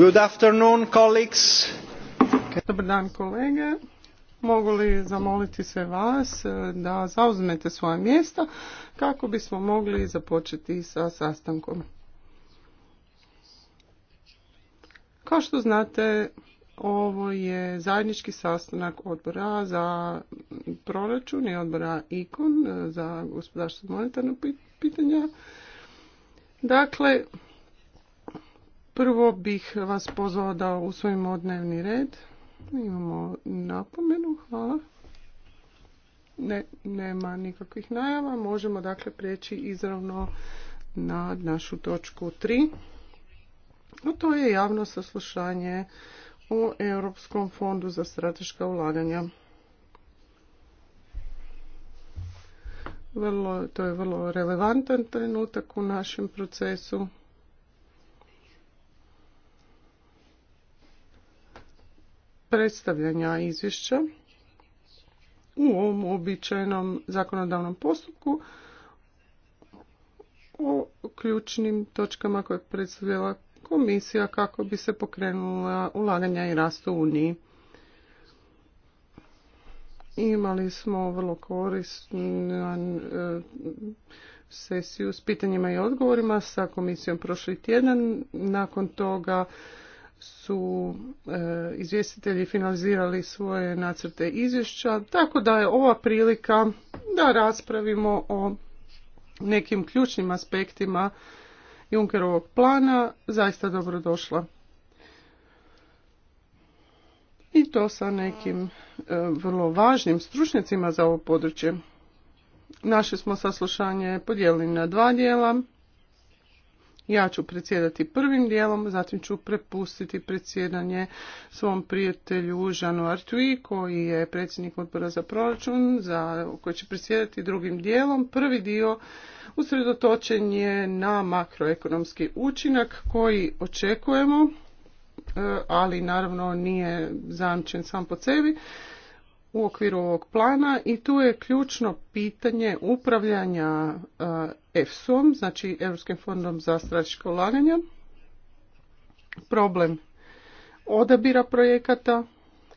Good afternoon, colleagues. Dobar dan kolege. Mogu li zamoliti sve vas eh, da zauzmete svoja mjesta kako bismo mogli započeti sa sastankom. Kao što znate, ovo je zajednički sastanak odbora za proračun i odbora IKON eh, za gospodarstvo monetarno pitanja. Dakle, Prvo bih vas pozvao da usvojimo dnevni red. Imamo napomenu, hvala. Ne, nema nikakvih najava. Možemo dakle prijeći izravno na našu točku 3. A to je javno saslušanje o Europskom fondu za strateška ulaganja. to je vrlo relevantan trenutak u našem procesu. predstavljanja izvješća u ovom običajnom zakonodavnom postupku o ključnim točkama koje je predstavljala komisija kako bi se pokrenula ulaganja i rast u Uniji. Imali smo vrlo korisnu eh, sesiju s pitanjima i odgovorima sa komisijom prošli tjedan. Nakon toga su e, izvjestitelji finalizirali svoje nacrte izvješća, tako da je ova prilika da raspravimo o nekim ključnim aspektima Junkerovog plana zaista dobro I to sa nekim e, vrlo važnim stručnjacima za ovo područje. Naše smo saslušanje podijelili na dva dijela. Ja ću predsjedati prvim dijelom, zatim ću prepustiti predsjedanje svom prijatelju Žanu Artui, koji je predsjednik odbora za proračun, za, koji će predsjedati drugim dijelom. Prvi dio usredotočen je na makroekonomski učinak koji očekujemo, e, ali naravno nije zamčen sam po sebi u okviru ovog plana i tu je ključno pitanje upravljanja e, EFSU-om, znači Europskim fondom za strateško ulaganja, problem odabira projekata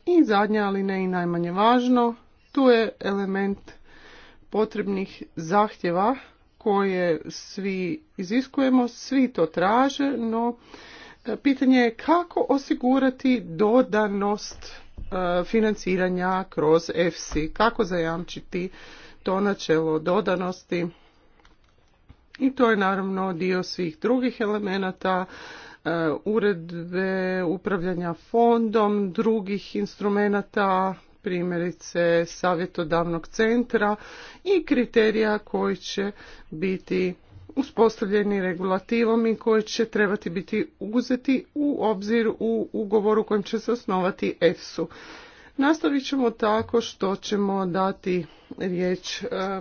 i zadnja, ali ne i najmanje važno, tu je element potrebnih zahtjeva koje svi iziskujemo, svi to traže, no e, pitanje je kako osigurati dodanost E, financiranja kroz EFSI, kako zajamčiti to načelo dodanosti i to je naravno dio svih drugih elemenata e, uredbe upravljanja fondom, drugih instrumenata, primjerice savjetodavnog centra i kriterija koji će biti uspostavljeni regulativom i koji će trebati biti uzeti u obzir u ugovoru kojim će se osnovati EFSU. Nastavit ćemo tako što ćemo dati riječ e, e,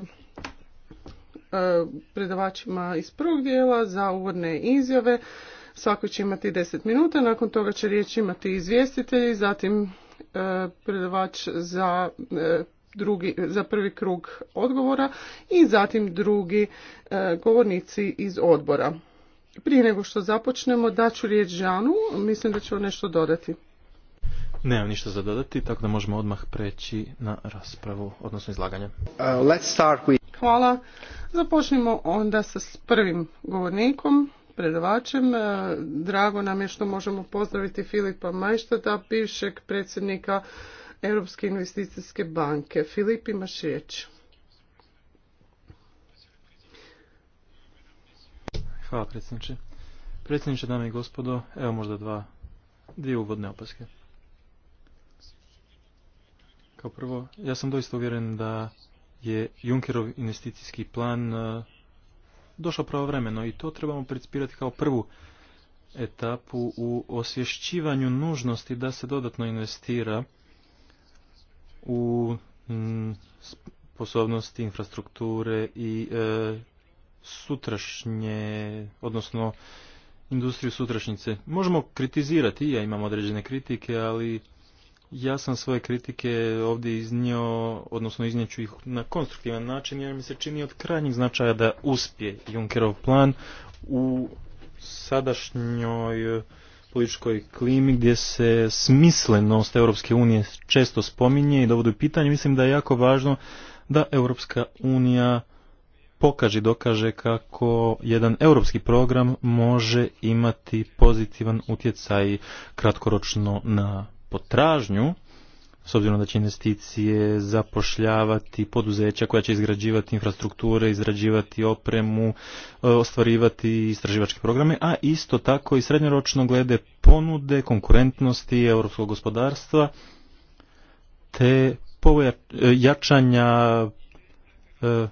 predavačima iz prvog dijela za uvodne izjave. Svako će imati 10 minuta, nakon toga će riječ imati izvjestitelji, zatim e, predavač za drugi, za prvi krug odgovora i zatim drugi e, govornici iz odbora. Prije nego što započnemo, daću riječ Žanu, mislim da ću nešto dodati. Nemam ništa za dodati, tako da možemo odmah preći na raspravu, odnosno izlaganje. Uh, Hvala. Započnimo onda sa prvim govornikom, predavačem. E, drago nam je što možemo pozdraviti Filipa Majštata, bivšeg predsjednika Europske investicijske banke. Filip, imaš riječ. Hvala predsjedniče. Predsjedniče, dame i gospodo, evo možda dva, dvije uvodne opaske. Kao prvo, ja sam doista uvjeren da je Junkerov investicijski plan e, došao pravovremeno i to trebamo principirati kao prvu etapu u osvješćivanju nužnosti da se dodatno investira u mm, sposobnosti infrastrukture i e, sutrašnje, odnosno industriju sutrašnjice. Možemo kritizirati, ja imam određene kritike, ali ja sam svoje kritike ovdje iznio, odnosno ću ih na konstruktivan način, jer mi se čini od krajnjeg značaja da uspije Junkerov plan u sadašnjoj političkoj klimi gdje se smislenost Europske unije često spominje i dovodi u pitanje, mislim da je jako važno da Europska unija pokaže i dokaže kako jedan europski program može imati pozitivan utjecaj kratkoročno na potražnju, s obzirom da će investicije zapošljavati poduzeća koja će izgrađivati infrastrukture, izrađivati opremu, e, ostvarivati istraživačke programe, a isto tako i srednjoročno glede ponude, konkurentnosti europskog gospodarstva te e, jačanja e,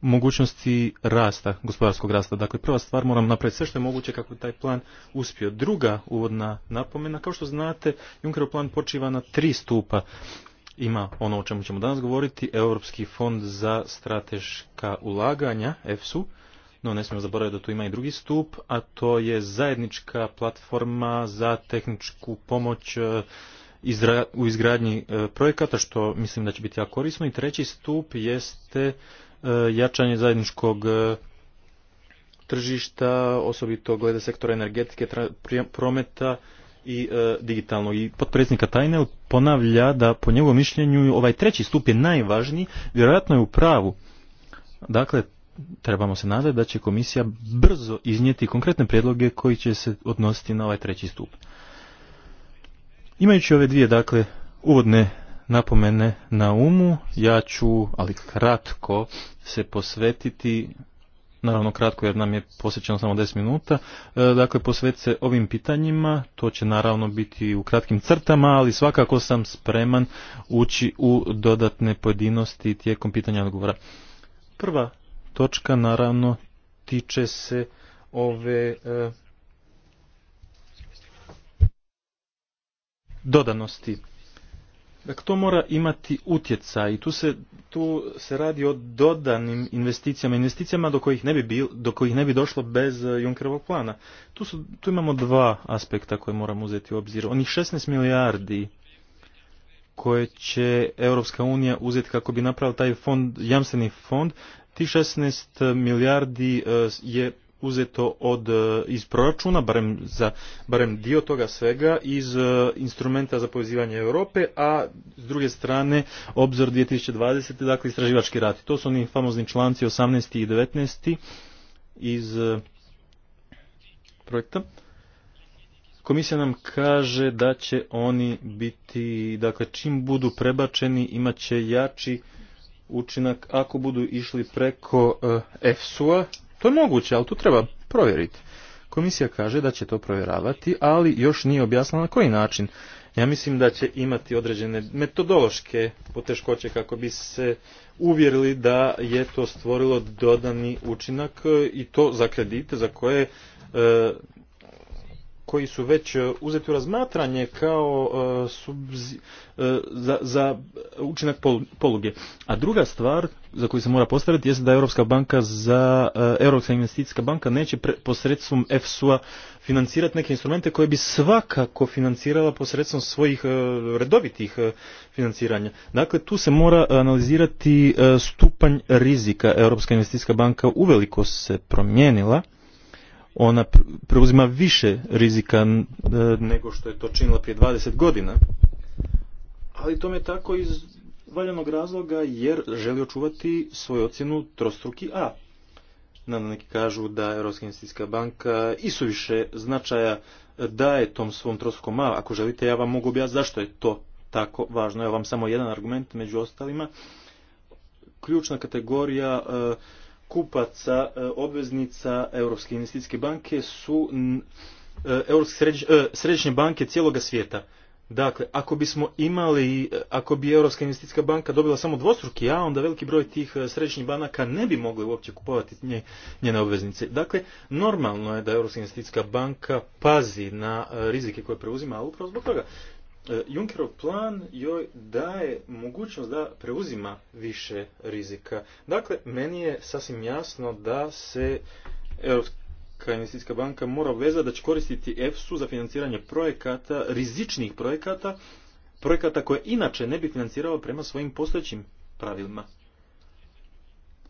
mogućnosti rasta, gospodarskog rasta. Dakle, prva stvar moram napraviti sve što je moguće kako bi taj plan uspio. Druga uvodna napomena, kao što znate, Junckerov plan počiva na tri stupa. Ima ono o čemu ćemo danas govoriti, Europski fond za strateška ulaganja, EFSU, no ne smijemo zaboraviti da tu ima i drugi stup, a to je zajednička platforma za tehničku pomoć e, u izgradnji e, projekata, što mislim da će biti jako korisno. I treći stup jeste E, jačanje zajedničkog e, tržišta, osobito glede sektora energetike, prometa i digitalno. E, digitalnog. I potpredsjednika Tajne ponavlja da po njegovom mišljenju ovaj treći stup je najvažniji, vjerojatno je u pravu. Dakle, trebamo se nadati da će komisija brzo iznijeti konkretne prijedloge koji će se odnositi na ovaj treći stup. Imajući ove dvije, dakle, uvodne napomene na umu. Ja ću, ali kratko, se posvetiti naravno kratko jer nam je posjećeno samo 10 minuta. E, dakle, posvetiti se ovim pitanjima, to će naravno biti u kratkim crtama, ali svakako sam spreman ući u dodatne pojedinosti tijekom pitanja odgovora. Prva točka naravno tiče se ove e, dodanosti Dakle, to mora imati utjecaj i tu se, tu se radi o dodanim investicijama, investicijama do kojih ne bi, bil, do kojih ne bi došlo bez e, Junckerovog plana. Tu, su, tu imamo dva aspekta koje moramo uzeti u obzir. Onih 16 milijardi koje će Europska unija uzeti kako bi napravila taj fond, jamstveni fond, ti 16 milijardi e, je uzeto od, e, iz proračuna, barem, za, barem dio toga svega, iz e, instrumenta za povezivanje Europe, a s druge strane obzor 2020. dakle istraživački rat. To su oni famozni članci 18. i 19. iz e, projekta. Komisija nam kaže da će oni biti, dakle čim budu prebačeni imat će jači učinak ako budu išli preko EFSU-a, to je moguće, ali to treba provjeriti. Komisija kaže da će to provjeravati, ali još nije objasnila na koji način. Ja mislim da će imati određene metodološke poteškoće kako bi se uvjerili da je to stvorilo dodani učinak i to za kredite za koje e, koji su već e, uzeti u razmatranje kao e, e, za, učinak poluge. A druga stvar za koju se mora postaviti jest da Europska banka za Europska investicijska banka neće posredstvom EFSU-a financirati neke instrumente koje bi svakako financirala posredstvom svojih redovitih financiranja. Dakle, tu se mora analizirati stupanj rizika. Europska investicijska banka uveliko se promijenila ona preuzima više rizika e, nego što je to činila prije 20 godina. Ali tome je tako iz valjanog razloga jer želi očuvati svoju ocjenu trostruki A. Nadam neki kažu da Europska investicijska banka i suviše značaja daje tom svom trostrukom A. Ako želite ja vam mogu objasniti zašto je to tako važno. Evo vam samo jedan argument među ostalima. Ključna kategorija e, kupaca e, obveznica Europske investicijske banke su e, Europske e, središnje banke cijeloga svijeta. Dakle, ako bismo imali, ako bi Europska investicijska banka dobila samo dvostruki A, onda veliki broj tih središnjih banaka ne bi mogli uopće kupovati njene obveznice. Dakle, normalno je da Europska investicijska banka pazi na rizike koje preuzima, ali upravo zbog toga E, Junckerov plan joj daje mogućnost da preuzima više rizika. Dakle, meni je sasvim jasno da se Europska investicijska banka mora obvezati da će koristiti EFSU za financiranje projekata, rizičnih projekata, projekata koje inače ne bi financirao prema svojim postojećim pravilima.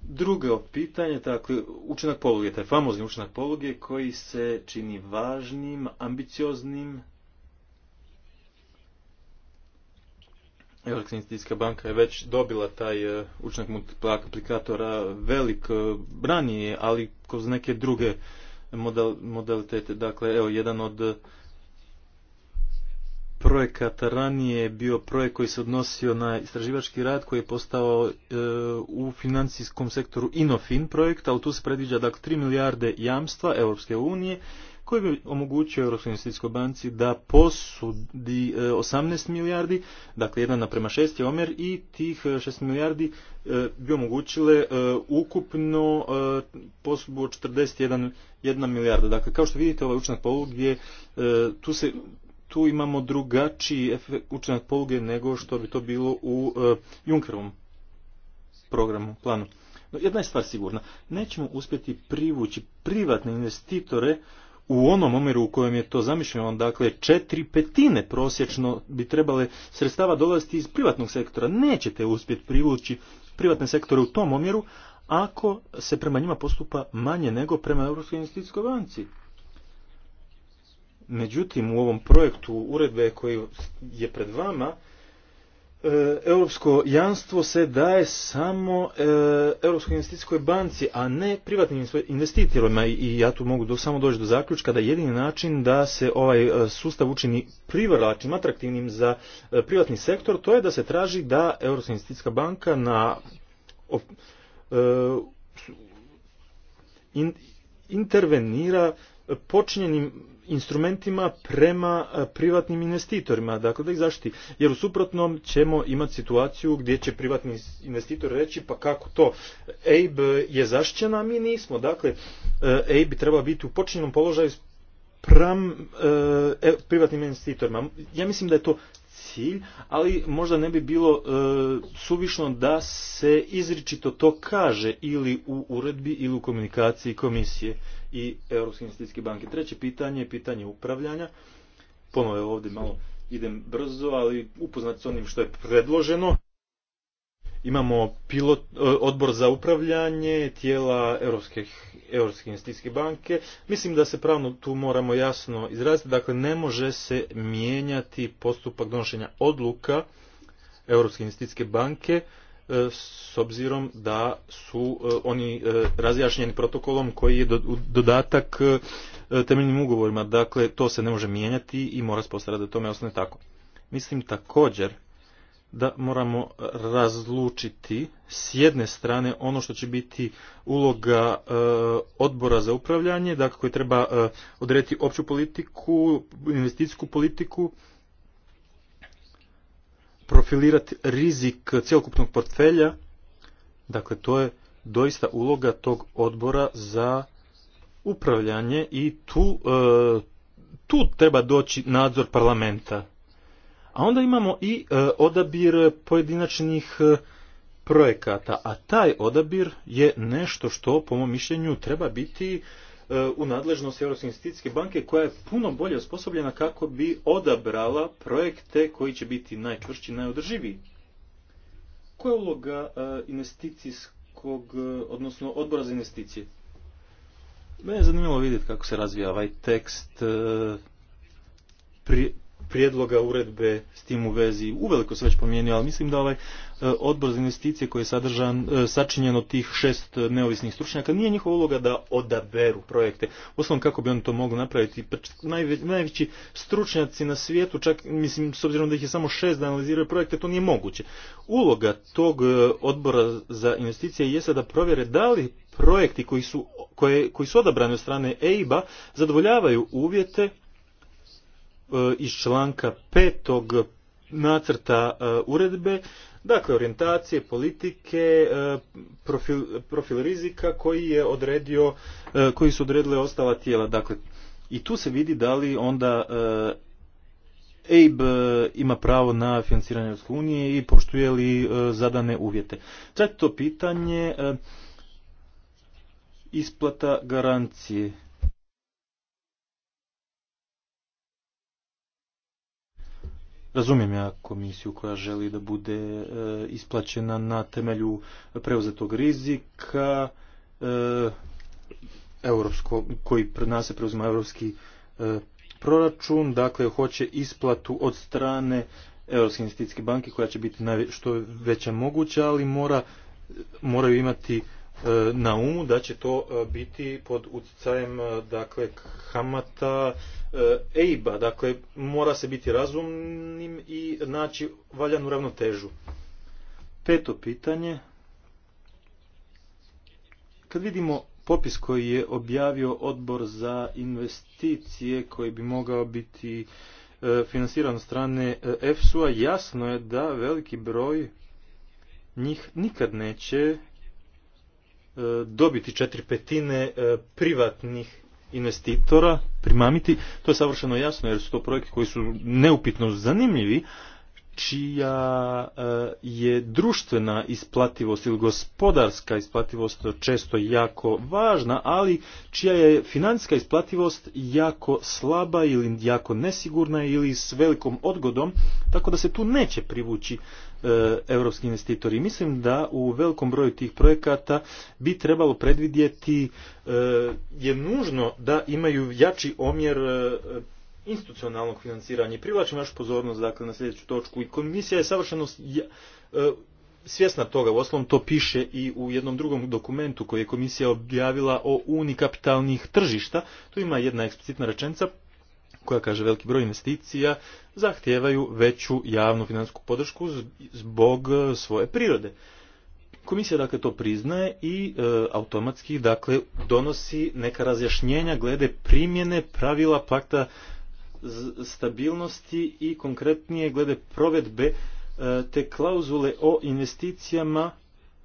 Drugo pitanje, dakle, učinak poluge, taj famozni učinak poluge koji se čini važnim, ambicioznim, Europska investicijska banka je već dobila taj e, učinak multiplikatora velik e, ranije, ali kroz neke druge modalitete. Dakle, evo, jedan od projekata ranije je bio projekt koji se odnosio na istraživački rad koji je postao e, u financijskom sektoru Inofin projekt, ali tu se predviđa dakle 3 milijarde jamstva Europske unije koji bi omogućio Europskoj investicijskoj banci da posudi 18 e, milijardi, dakle na naprema šest je omjer i tih e, šest milijardi e, bi omogućile ukupno posudbu od 41 milijarda. Dakle, kao što vidite ovaj učinak polugdje tu se tu imamo drugačiji učinak poluge nego što bi to bilo u Junkerovom programu, planu. Jedna je stvar sigurna. Nećemo uspjeti privući privatne investitore u onom omjeru u kojem je to zamišljeno, dakle četiri petine prosječno bi trebale sredstava dolaziti iz privatnog sektora. Nećete uspjeti privući privatne sektore u tom omjeru ako se prema njima postupa manje nego prema Europskoj investicijskoj banci. Međutim, u ovom projektu uredbe koji je pred vama, E, europsko jamstvo se daje samo e, Europskoj investicijskoj banci, a ne privatnim investitorima i ja tu mogu samo doći do zaključka da jedini način da se ovaj e, sustav učini privlačnim, atraktivnim za privatni sektor, to je da se traži da Europska investicijska banka na intervenira počinjenim instrumentima prema e, privatnim investitorima, dakle da ih zaštiti. Jer u suprotnom ćemo imati situaciju gdje će privatni investitor reći pa kako to, EIB je zaštićena a mi nismo. Dakle, EIB treba biti u počinjenom položaju pram e, e, privatnim investitorima. Ja mislim da je to cilj, ali možda ne bi bilo suvišno da se izričito to kaže ili u uredbi ili u komunikaciji komisije i Europske investicijske banke. Treće pitanje je pitanje upravljanja. Ponovo je ovdje malo idem brzo, ali upoznat s onim što je predloženo. Imamo pilot, e, odbor za upravljanje tijela Europske, Europske investicijske banke. Mislim da se pravno tu moramo jasno izraziti. Dakle, ne može se mijenjati postupak donošenja odluka Europske investicijske banke E, s obzirom da su e, oni e, razjašnjeni protokolom koji je dodatak temeljnim ugovorima. Dakle, to se ne može mijenjati i mora se da tome ostane tako. Mislim također da moramo razlučiti s jedne strane ono što će biti uloga odbora za upravljanje, dakle koji treba e, odrediti opću politiku, investicijsku politiku profilirati rizik cjelokupnog portfelja, dakle to je doista uloga tog odbora za upravljanje i tu, e, tu treba doći nadzor parlamenta. A onda imamo i e, odabir pojedinačnih e, projekata, a taj odabir je nešto što po mom mišljenju treba biti u nadležnost Europske investicijske banke koja je puno bolje osposobljena kako bi odabrala projekte koji će biti najčvršći, najodrživiji. Koja je uloga e, investicijskog, e, odnosno odbora za investicije? Mene je zanimljivo vidjeti kako se razvija ovaj tekst. E, pri, prijedloga uredbe s tim u vezi. Uveliko se već promijenio, ali mislim da ovaj e, odbor za investicije koji je sadržan, e, sačinjen od tih šest neovisnih stručnjaka nije njihova uloga da odaberu projekte. Osnovno kako bi oni to mogli napraviti. Pa najveći stručnjaci na svijetu, čak mislim s obzirom da ih je samo šest da analiziraju projekte, to nije moguće. Uloga tog e, odbora za investicije je da provjere da li projekti koji su, koje, koji su odabrani od strane EIB-a zadovoljavaju uvjete E, iz članka petog nacrta e, uredbe, dakle orijentacije, politike, e, profil, rizika koji je odredio, koji su odredile ostala tijela. Dakle, i tu se vidi da li onda EIB ima pravo na financiranje Europske unije i poštuje li zadane uvjete. to pitanje, isplata garancije. Razumijem ja komisiju koja želi da bude e, isplaćena na temelju preuzetog rizika europsko, koji pred nas se preuzima europski e, proračun, dakle hoće isplatu od strane Europske investicijske banke koja će biti što veća moguća, ali mora, moraju imati E, na umu da će to e, biti pod utjecajem e, dakle hamata EIBA, dakle mora se biti razumnim i naći valjanu ravnotežu. Peto pitanje. Kad vidimo popis koji je objavio odbor za investicije koji bi mogao biti financiran od strane EFSU-a, jasno je da veliki broj njih nikad neće E, dobiti četiri petine e, privatnih investitora, primamiti, to je savršeno jasno jer su to projekti koji su neupitno zanimljivi, čija e, je društvena isplativost ili gospodarska isplativost često jako važna, ali čija je financijska isplativost jako slaba ili jako nesigurna ili s velikom odgodom, tako da se tu neće privući europski investitori. Mislim da u velikom broju tih projekata bi trebalo predvidjeti e, je nužno da imaju jači omjer e, institucionalnog financiranja. Privlačim vašu pozornost dakle, na sljedeću točku i komisija je savršeno e, svjesna toga, u uostalom to piše i u jednom drugom dokumentu koji je komisija objavila o unikapitalnih tržišta. Tu ima jedna eksplicitna rečenica koja kaže veliki broj investicija zahtijevaju veću javnu financijsku podršku zbog e, svoje prirode. Komisija dakle to priznaje i e, automatski dakle donosi neka razjašnjenja glede primjene pravila pakta stabilnosti i konkretnije glede provedbe e, te klauzule o investicijama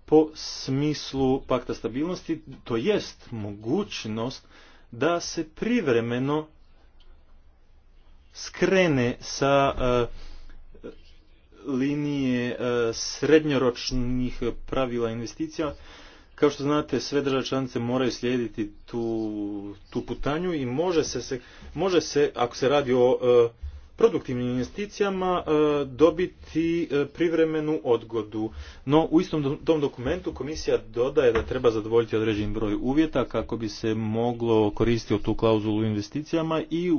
po smislu pakta stabilnosti, to jest mogućnost da se privremeno skrene sa e, linije e, srednjoročnih pravila investicija. Kao što znate, sve države članice moraju slijediti tu, putanju i se, može se, ako se radi o e, produktivnim investicijama e, dobiti e, privremenu odgodu. No, u istom tom dokumentu komisija dodaje da treba zadovoljiti određen broj uvjeta kako bi se moglo koristiti tu klauzulu u investicijama i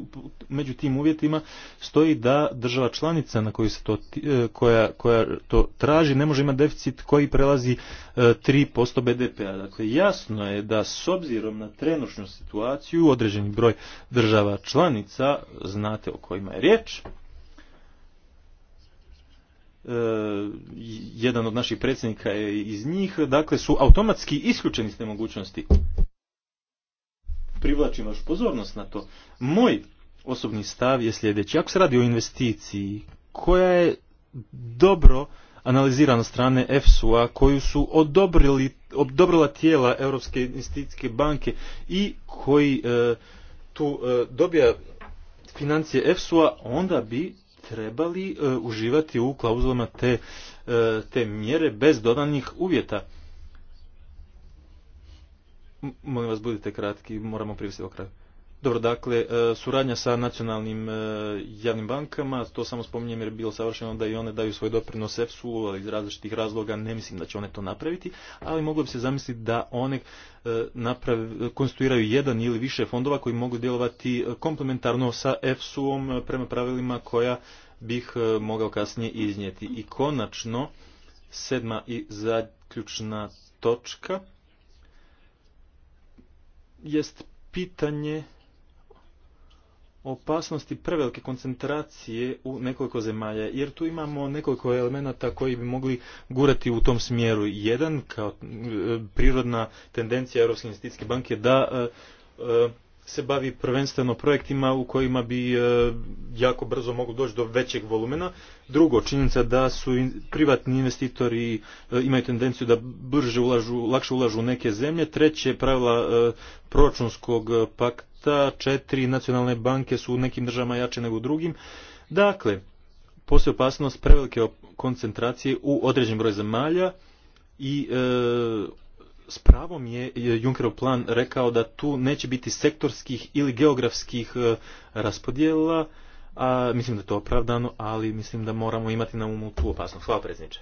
među tim uvjetima stoji da država članica na koju se to, e, koja, to traži ne može imati deficit koji prelazi 3% BDP-a. Dakle, jasno je da s obzirom na trenutnu situaciju određeni broj država članica, znate o kojima je riječ, E, jedan od naših predsjednika je iz njih, dakle su automatski isključeni s te mogućnosti. Privlačim vaš pozornost na to. Moj osobni stav je sljedeći. Ako se radi o investiciji koja je dobro analizirana strane EFSU-a koju su odobrili, odobrila tijela Europske investicijske banke i koji e, tu e, dobija financije EFSU-a, onda bi trebali e, uživati u klauzulama te, e, te mjere bez dodanih uvjeta. M molim vas, budite kratki, moramo privesti o kraju. Dobro, dakle, e, suradnja sa nacionalnim e, javnim bankama, to samo spominjem jer je bilo savršeno da i one daju svoj doprinos EFSU, ali iz različitih razloga ne mislim da će one to napraviti, ali moglo bi se zamisliti da one e, naprave, konstituiraju jedan ili više fondova koji mogu djelovati komplementarno sa EFSU-om prema pravilima koja bih mogao kasnije iznijeti. I konačno, sedma i zaključna točka jest pitanje opasnosti prevelike koncentracije u nekoliko zemalja, jer tu imamo nekoliko elemenata koji bi mogli gurati u tom smjeru. Jedan, kao e, prirodna tendencija Europske investicijske banke, da e, e, se bavi prvenstveno projektima u kojima bi jako brzo moglo doći do većeg volumena. Drugo, činjenica da su privatni investitori imaju tendenciju da brže ulažu, lakše ulažu u neke zemlje. Treće, pravila proračunskog pakta četiri nacionalne banke su u nekim državama jače nego u drugim. Dakle, postoji opasnost prevelike koncentracije u određen broj zemalja i e, s pravom je Junckerov plan rekao da tu neće biti sektorskih ili geografskih e, raspodjela, a mislim da je to opravdano, ali mislim da moramo imati na umu tu opasnost. Hvala predsjedniče.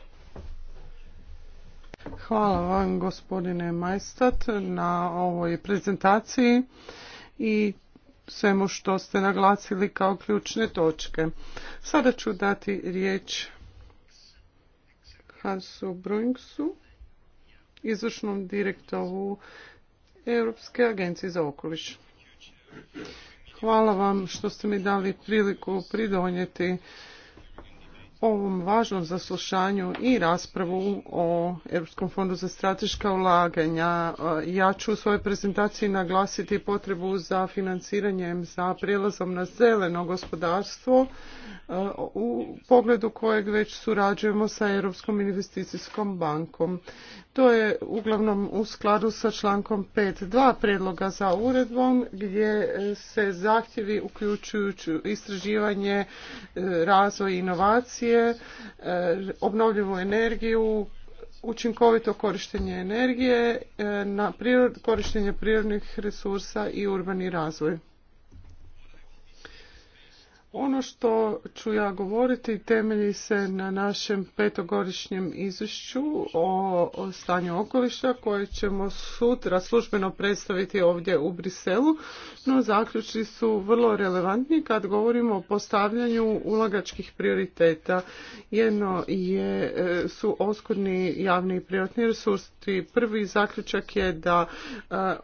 Hvala vam gospodine Majstat na ovoj prezentaciji i svemu što ste naglasili kao ključne točke. Sada ću dati riječ Hansu Bruingsu, izvršnom direktoru Europske agencije za okoliš. Hvala vam što ste mi dali priliku pridonijeti ovom važnom zaslušanju i raspravu o Europskom fondu za strateška ulaganja. E, ja ću u svojoj prezentaciji naglasiti potrebu za financiranjem za prijelazom na zeleno gospodarstvo e, u pogledu kojeg već surađujemo sa Europskom investicijskom bankom. To je uglavnom u skladu sa člankom 5.2 predloga za uredbom gdje se zahtjevi uključujući istraživanje, e, razvoj i inovacije energije, e, obnovljivu energiju, učinkovito korištenje energije, e, na korištenje prirodnih resursa i urbani razvoj. Ono što ću ja govoriti temelji se na našem petogodišnjem izvješću o stanju okoliša koje ćemo sutra službeno predstaviti ovdje u Briselu, no zaključci su vrlo relevantni kad govorimo o postavljanju ulagačkih prioriteta. Jedno je, e, su oskudni javni i privatni resursi. Prvi zaključak je da e,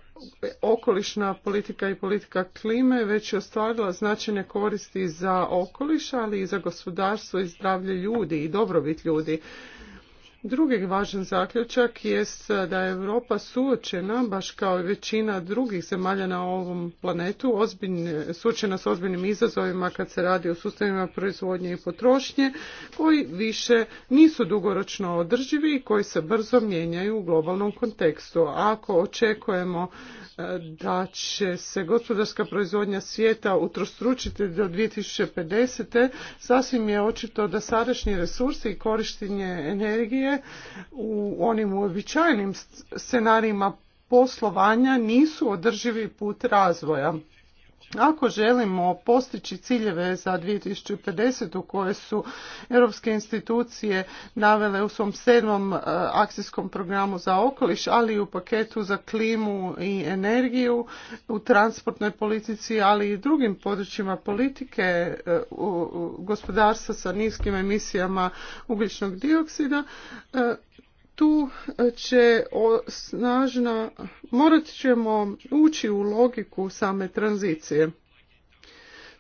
okolišna politika i politika klime već je ostvarila značajne koristi za okoliš, ali i za gospodarstvo i zdravlje ljudi i dobrobit ljudi. Drugi važan zaključak jest da je Europa suočena, baš kao i većina drugih zemalja na ovom planetu, suočena s ozbiljnim izazovima kad se radi o sustavima proizvodnje i potrošnje, koji više nisu dugoročno održivi i koji se brzo mijenjaju u globalnom kontekstu. Ako očekujemo e, da će se gospodarska proizvodnja svijeta utrostručiti do 2050. sasvim je očito da sadašnji resursi i korištenje energije u onim uobičajenim scenarijima poslovanja nisu održivi put razvoja ako želimo postići ciljeve za 2050. koje su europske institucije navele u svom sedmom e, akcijskom programu za okoliš, ali i u paketu za klimu i energiju, u transportnoj politici, ali i drugim područjima politike e, gospodarstva sa niskim emisijama ugljičnog dioksida, e, tu e, će snažna, morat ćemo ući u logiku same tranzicije.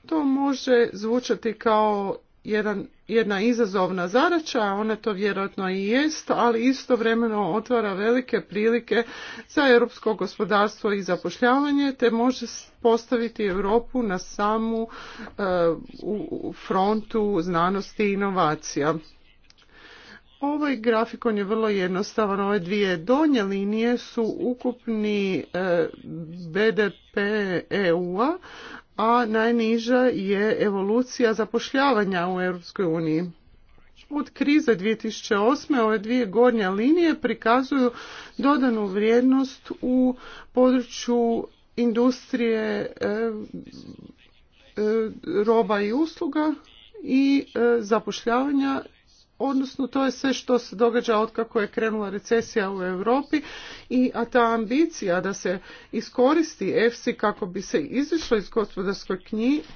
To može zvučati kao jedan, jedna izazovna zadaća, ona to vjerojatno i jest, ali istovremeno otvara velike prilike za europsko gospodarstvo i zapošljavanje, te može postaviti Europu na samu e, u frontu znanosti i inovacija. Ovaj grafikon je vrlo jednostavan. Ove dvije donje linije su ukupni e, BDP EU-a, a najniža je evolucija zapošljavanja u Europskoj uniji. Od krize 2008. ove dvije gornje linije prikazuju dodanu vrijednost u području industrije e, e, roba i usluga i zapošljavanja odnosno to je sve što se događa otkako je krenula recesija u Europi i a ta ambicija da se iskoristi EFSI kako bi se izišlo iz gospodarske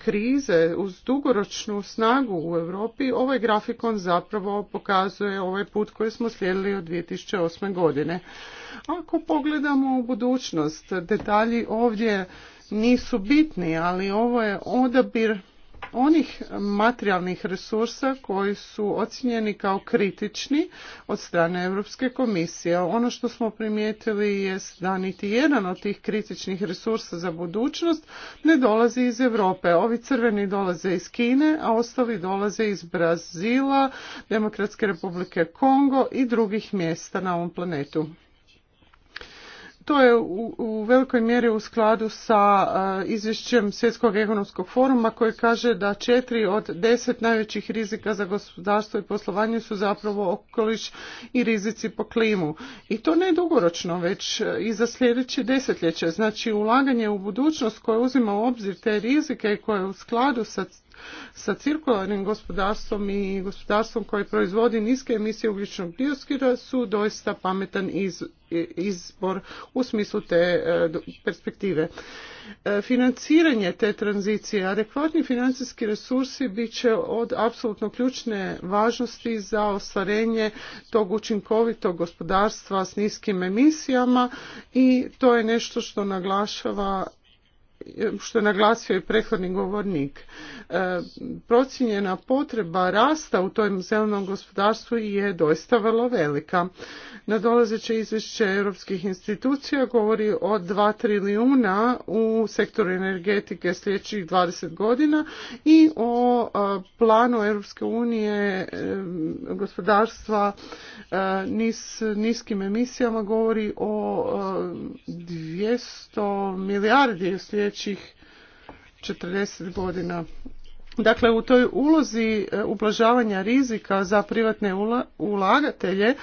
krize uz dugoročnu snagu u Europi, ovaj grafikon zapravo pokazuje ovaj put koji smo slijedili od 2008. godine. Ako pogledamo u budućnost, detalji ovdje nisu bitni, ali ovo je odabir onih materijalnih resursa koji su ocijenjeni kao kritični od strane Europske komisije. Ono što smo primijetili je da niti jedan od tih kritičnih resursa za budućnost ne dolazi iz Europe. Ovi crveni dolaze iz Kine, a ostali dolaze iz Brazila, Demokratske republike Kongo i drugih mjesta na ovom planetu. To je u, velikoj mjeri u skladu sa e, izvješćem Svjetskog ekonomskog foruma koji kaže da četiri od deset najvećih rizika za gospodarstvo i poslovanje su zapravo okoliš i rizici po klimu. I to ne dugoročno, već e, i za sljedeće desetljeće. Znači ulaganje u budućnost koje uzima u obzir te rizike i koje je u skladu sa sa cirkularnim gospodarstvom i gospodarstvom koje proizvodi niske emisije ugljičnog dioksida su doista pametan izbor u smislu te e, perspektive. E, financiranje te tranzicije, adekvatni financijski resursi bit će od apsolutno ključne važnosti za ostvarenje tog učinkovitog gospodarstva s niskim emisijama i to je nešto što naglašava što je naglasio i prethodni govornik. E, procijenjena potreba rasta u tom zelenom gospodarstvu je doista vrlo velika. Nadolazeće izvješće europskih institucija govori o 2 trilijuna u sektoru energetike sljedećih 20 godina i o e, planu Europske unije e, gospodarstva nis, niskim emisijama govori o 200 milijardi sljedećih sljedećih 40 godina. Dakle, u toj ulozi e, ublažavanja rizika za privatne ulagatelje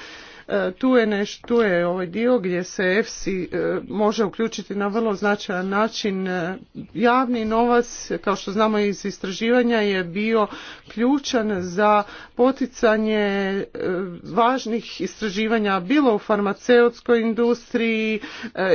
E, tu je, neš, tu je ovaj dio gdje se EFSI može uključiti na vrlo značajan način. E, javni novac, kao što znamo iz istraživanja, je bio ključan za poticanje e, važnih istraživanja bilo u farmaceutskoj industriji,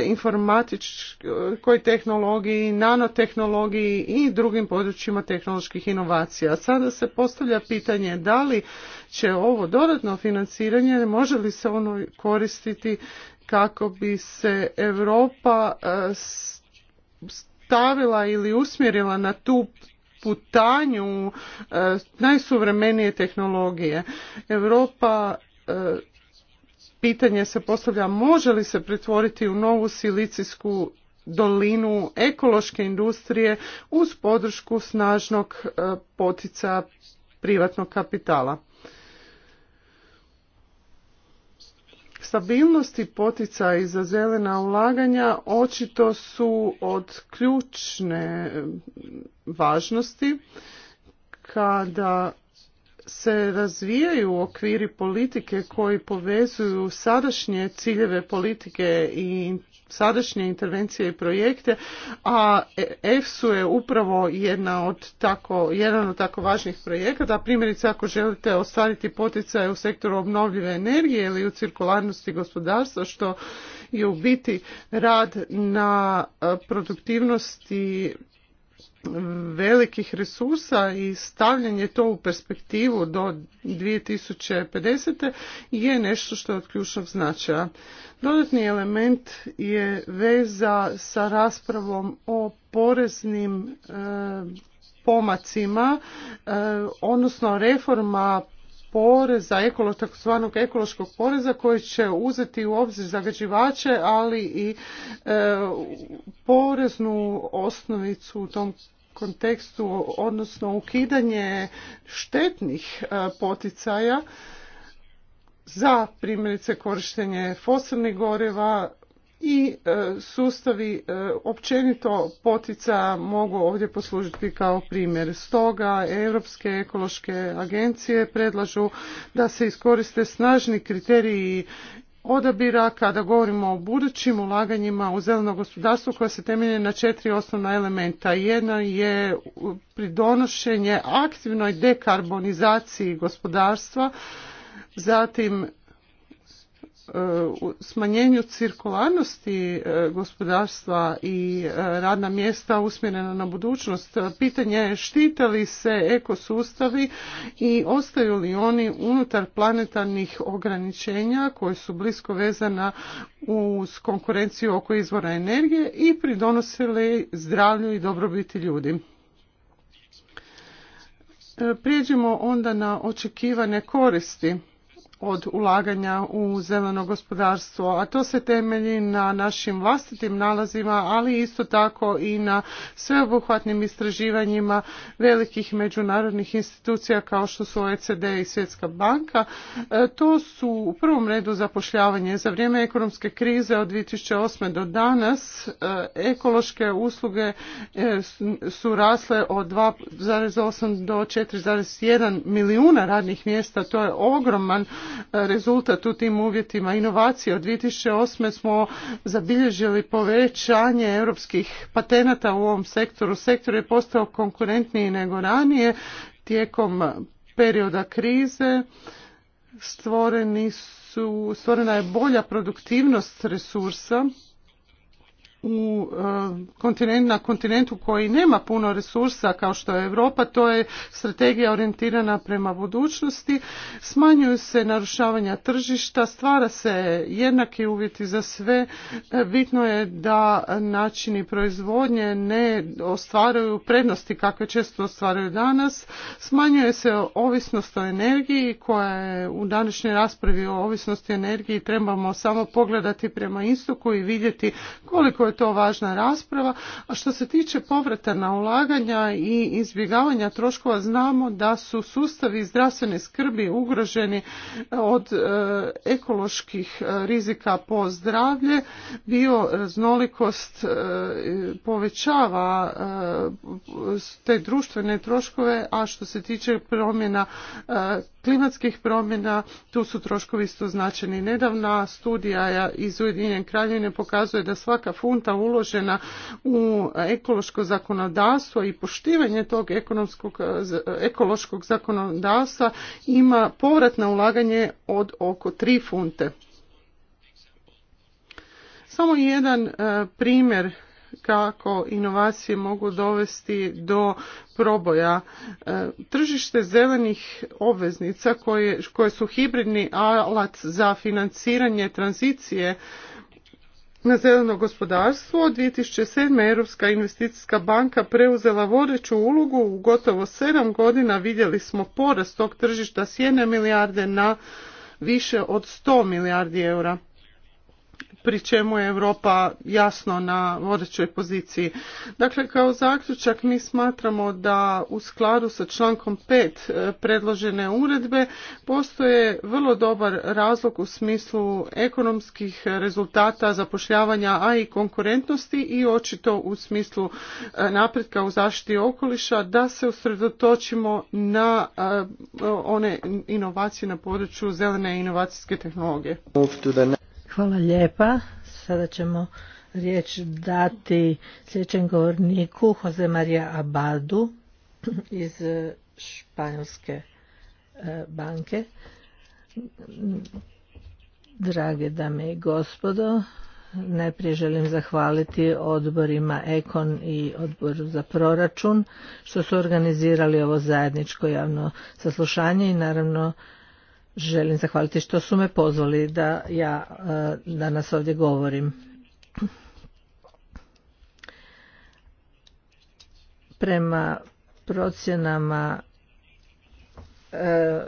informatičkoj tehnologiji, nanotehnologiji i drugim područjima tehnoloških inovacija. Sada se postavlja pitanje da li će ovo dodatno financiranje, može li se se ono koristiti kako bi se Europa e, stavila ili usmjerila na tu putanju e, najsuvremenije tehnologije. Europa e, pitanje se postavlja može li se pretvoriti u novu silicijsku dolinu ekološke industrije uz podršku snažnog potica privatnog kapitala. Stabilnosti i poticaj za zelena ulaganja očito su od ključne važnosti kada se razvijaju okviri politike koji povezuju sadašnje ciljeve politike i sadašnje intervencije i projekte, a EFSU je upravo jedna od tako, jedan od tako važnih projekata. Primjerice, ako želite ostvariti poticaje u sektoru obnovljive energije ili u cirkularnosti gospodarstva, što je u biti rad na eh, produktivnosti velikih resursa i stavljanje to u perspektivu do 2050. je nešto što je od ključnog značaja. Dodatni element je veza sa raspravom o poreznim e, pomacima, e, odnosno reforma poreza, ekolo, takozvanog ekološkog poreza koji će uzeti u obzir zagađivače, ali i e, poreznu osnovicu u tom kontekstu, odnosno ukidanje štetnih e, poticaja za primjerice korištenje fosilnih goriva i e, sustavi e, općenito potica mogu ovdje poslužiti kao primjer. Stoga Europske ekološke agencije predlažu da se iskoriste snažni kriteriji odabira kada govorimo o budućim ulaganjima u zeleno gospodarstvo koja se temelje na četiri osnovna elementa. Jedna je pridonošenje aktivnoj dekarbonizaciji gospodarstva, zatim u smanjenju cirkularnosti e, gospodarstva i e, radna mjesta usmjerena na budućnost. Pitanje je štite li se ekosustavi i ostaju li oni unutar planetarnih ograničenja koji su blisko vezana uz konkurenciju oko izvora energije i pridonosili zdravlju i dobrobiti ljudi. E, prijeđimo onda na očekivane koristi od ulaganja u zeleno gospodarstvo, a to se temelji na našim vlastitim nalazima, ali isto tako i na sveobuhvatnim istraživanjima velikih međunarodnih institucija kao što su OECD i Svjetska banka. E, to su u prvom redu zapošljavanje. Za vrijeme ekonomske krize od 2008. do danas e, ekološke usluge e, su rasle od 2,8 do 4,1 milijuna radnih mjesta. To je ogroman rezultat u tim uvjetima inovacije. Od 2008. smo zabilježili povećanje europskih patenata u ovom sektoru. Sektor je postao konkurentniji nego ranije tijekom perioda krize. Stvoreni su, stvorena je bolja produktivnost resursa u e, kontinent, na kontinentu koji nema puno resursa kao što je Europa, to je strategija orijentirana prema budućnosti, smanjuju se narušavanja tržišta, stvara se jednaki uvjeti za sve, e, bitno je da načini proizvodnje ne ostvaraju prednosti kakve često ostvaraju danas, smanjuje se ovisnost o energiji koja je u današnjoj raspravi o ovisnosti energiji trebamo samo pogledati prema istoku i vidjeti koliko je je to važna rasprava. A što se tiče povrata na ulaganja i izbjegavanja troškova, znamo da su sustavi zdravstvene skrbi ugroženi e, od e, ekoloških e, rizika po zdravlje. raznolikost povećava te društvene troškove, a što se tiče promjena klimatskih promjena, tu su troškovi isto značeni. Nedavna studija iz Ujedinjene kraljevine pokazuje da svaka funta uložena u ekološko zakonodavstvo i poštivanje tog ekološkog zakonodavstva ima povrat ulaganje od oko 3 funte. Samo jedan e, primjer kako inovacije mogu dovesti do proboja. E, tržište zelenih obveznica koje, koje su hibridni alat za financiranje tranzicije na zeleno gospodarstvo, 2007. Europska investicijska banka preuzela vodeću ulogu, u gotovo 7 godina vidjeli smo porast tog tržišta s 1 milijarde na više od 100 milijardi eura pri čemu je Europa jasno na vodećoj poziciji. Dakle, kao zaključak mi smatramo da u skladu sa člankom 5 e, predložene uredbe postoje vrlo dobar razlog u smislu ekonomskih rezultata zapošljavanja, a i konkurentnosti i očito u smislu e, napretka u zaštiti okoliša da se usredotočimo na e, one inovacije na području zelene inovacijske tehnologije. Hvala lijepa. Sada ćemo riječ dati sljedećem govorniku Jose Maria Abadu iz e, Španjolske e, banke. Drage dame i gospodo, najprije želim zahvaliti odborima Ekon i odboru za proračun što su organizirali ovo zajedničko javno saslušanje i naravno želim zahvaliti što su me pozvali da ja e, danas ovdje govorim. Prema procjenama e,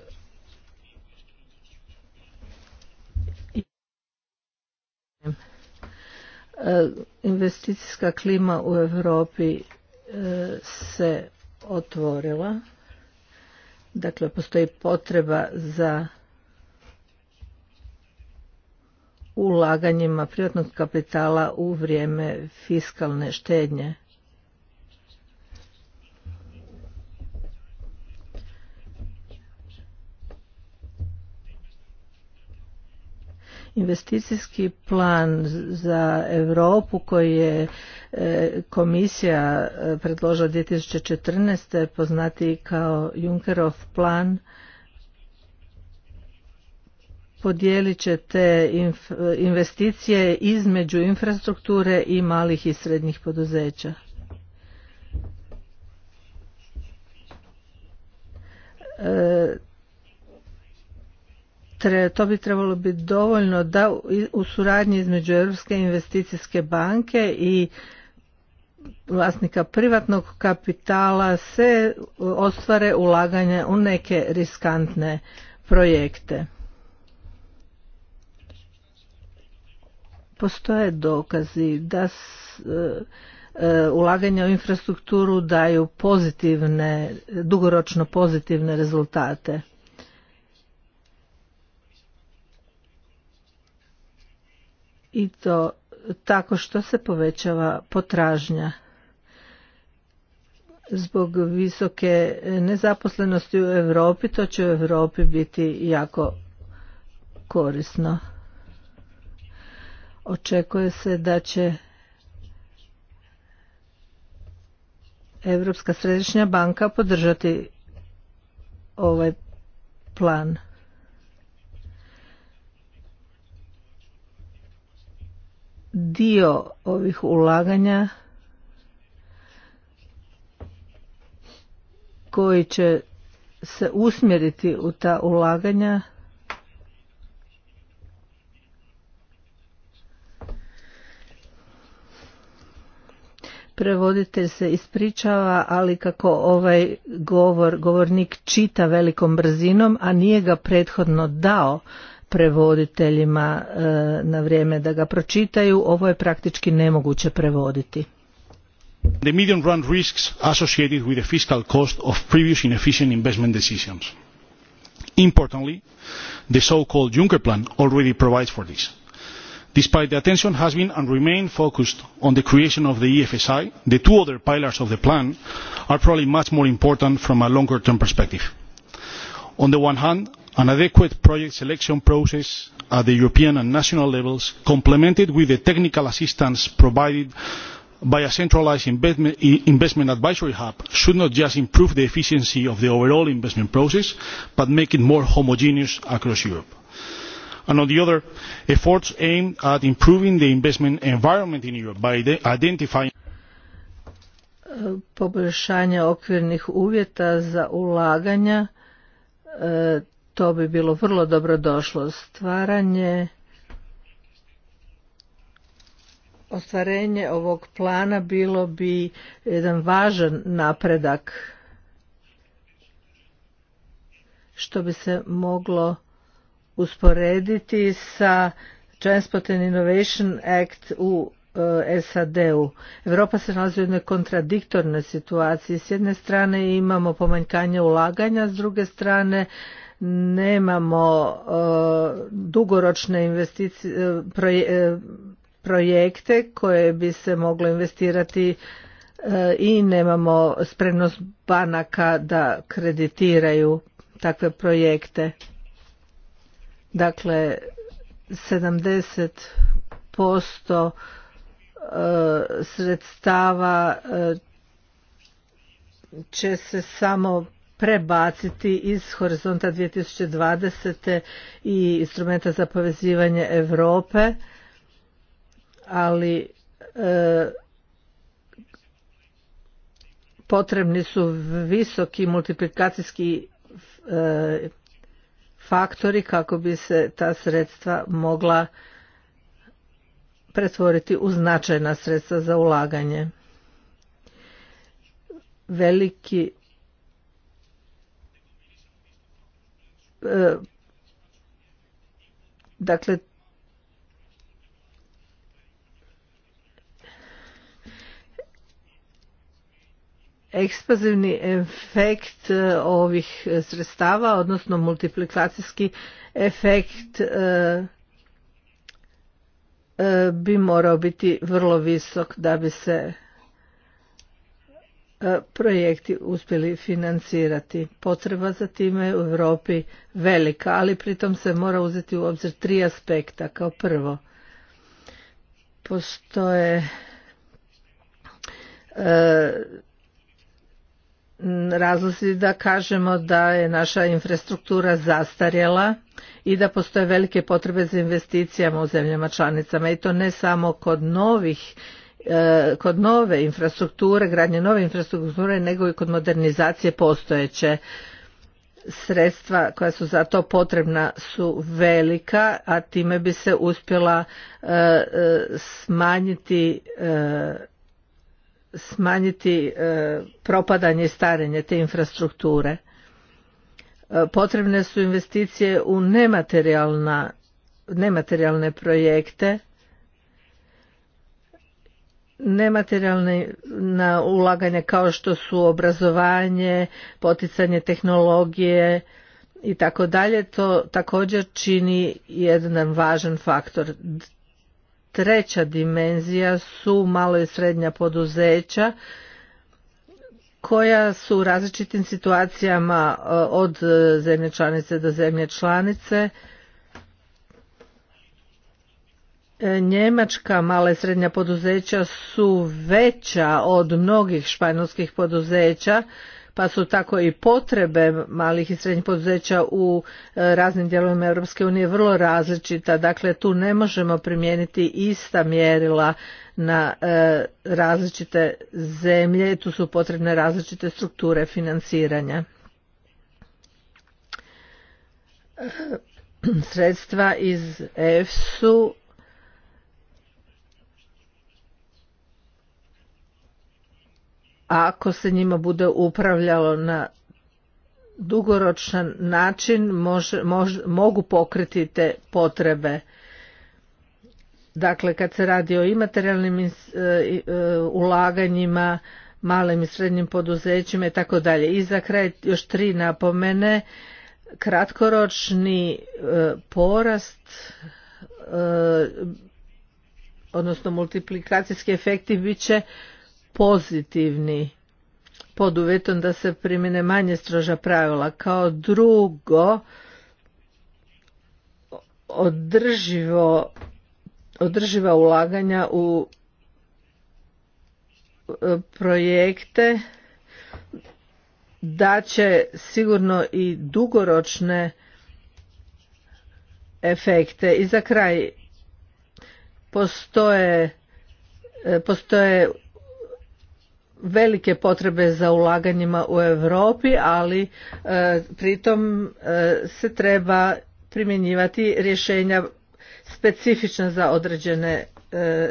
e, investicijska klima u Europi se otvorila Dakle, postoji potreba za ulaganjima privatnog kapitala u vrijeme fiskalne štednje. Investicijski plan za Europu koji je komisija e, predložila 2014. poznati kao Junckerov plan podijelit će te investicije između infrastrukture i malih i srednjih poduzeća. E, to bi trebalo biti dovoljno da u suradnji između Europske investicijske banke i vlasnika privatnog kapitala se ostvare ulaganje u neke riskantne projekte. Postoje dokazi da e, e, ulaganje u infrastrukturu daju pozitivne, dugoročno pozitivne rezultate. I to tako što se povećava potražnja zbog visoke nezaposlenosti u Europi to će u Europi biti jako korisno očekuje se da će Europska središnja banka podržati ovaj plan dio ovih ulaganja koji će se usmjeriti u ta ulaganja prevoditelj se ispričava, ali kako ovaj govor, govornik čita velikom brzinom, a nije ga prethodno dao prevoditeljima e, na vrijeme da ga pročitaju ovo je praktički nemoguće prevoditi The medium run risks associated with the fiscal cost of previous inefficient investment decisions Importantly the so-called Juncker plan already provides for this Despite the attention has been and remained focused on the creation of the EFSI, the two other pillars of the plan are probably much more important from a longer term perspective. On the one hand, an adequate project selection process at the european and national levels complemented with the technical assistance provided by a centralised investment advisory hub should not just improve the efficiency of the overall investment process but make it more homogeneous across europe. on the other efforts aimed at improving the investment environment in europe by identifying poboljšanje okvirnih uvjeta za ulaganja e, to bi bilo vrlo dobro došlo. Stvaranje ostvarenje ovog plana bilo bi jedan važan napredak što bi se moglo usporediti sa Transport and Innovation Act u e, SAD-u. Europa se nalazi u jednoj kontradiktornoj situaciji. S jedne strane imamo pomanjkanje ulaganja, s druge strane nemamo e, dugoročne investicije, e, e, projekte koje bi se moglo investirati i nemamo spremnost banaka da kreditiraju takve projekte. Dakle, 70% sredstava će se samo prebaciti iz horizonta 2020. i instrumenta za povezivanje Europe, ali e, potrebni su visoki multiplikacijski e, faktori kako bi se ta sredstva mogla pretvoriti u značajna sredstva za ulaganje. Veliki E, dakle ekspazivni efekt e, ovih sredstava odnosno multiplikacijski efekt e, bi morao biti vrlo visok da bi se E, projekti uspjeli financirati. Potreba za time je u Europi velika, ali pritom se mora uzeti u obzir tri aspekta. Kao prvo, postoje e, razlozi da kažemo da je naša infrastruktura zastarjela i da postoje velike potrebe za investicijama u zemljama članicama i to ne samo kod novih E, kod nove infrastrukture, gradnje nove infrastrukture, nego i kod modernizacije postojeće. Sredstva koja su za to potrebna su velika, a time bi se uspjela e, e, smanjiti smanjiti propadanje i starenje te infrastrukture. Potrebne su investicije u nematerijalna nematerijalne projekte nematerijalne na ulaganje kao što su obrazovanje, poticanje tehnologije i tako dalje, to također čini jedan važan faktor. Treća dimenzija su malo i srednja poduzeća koja su u različitim situacijama e, od e, zemlje članice do zemlje članice E, Njemačka mala i srednja poduzeća su veća od mnogih španjolskih poduzeća, pa su tako i potrebe malih i srednjih poduzeća u e, raznim dijelovima Europske unije vrlo različita. Dakle, tu ne možemo primijeniti ista mjerila na e, različite zemlje, tu su potrebne različite strukture financiranja. Sredstva iz EFSU a ako se njima bude upravljalo na dugoročan način može, mogu pokriti te potrebe. Dakle, kad se radi o imaterijalnim e, e, ulaganjima, malim i srednjim poduzećima i tako dalje. I za kraj još tri napomene. Kratkoročni e, porast, odnosno multiplikacijski efekti bit će pozitivni pod uvjetom da se primjene manje stroža pravila. Kao drugo, održivo, održiva ulaganja u e, projekte da će sigurno i dugoročne efekte. I za kraj postoje, e, postoje velike potrebe za ulaganjima u Europi, ali e, pritom e, se treba primjenjivati rješenja specifična za određene e,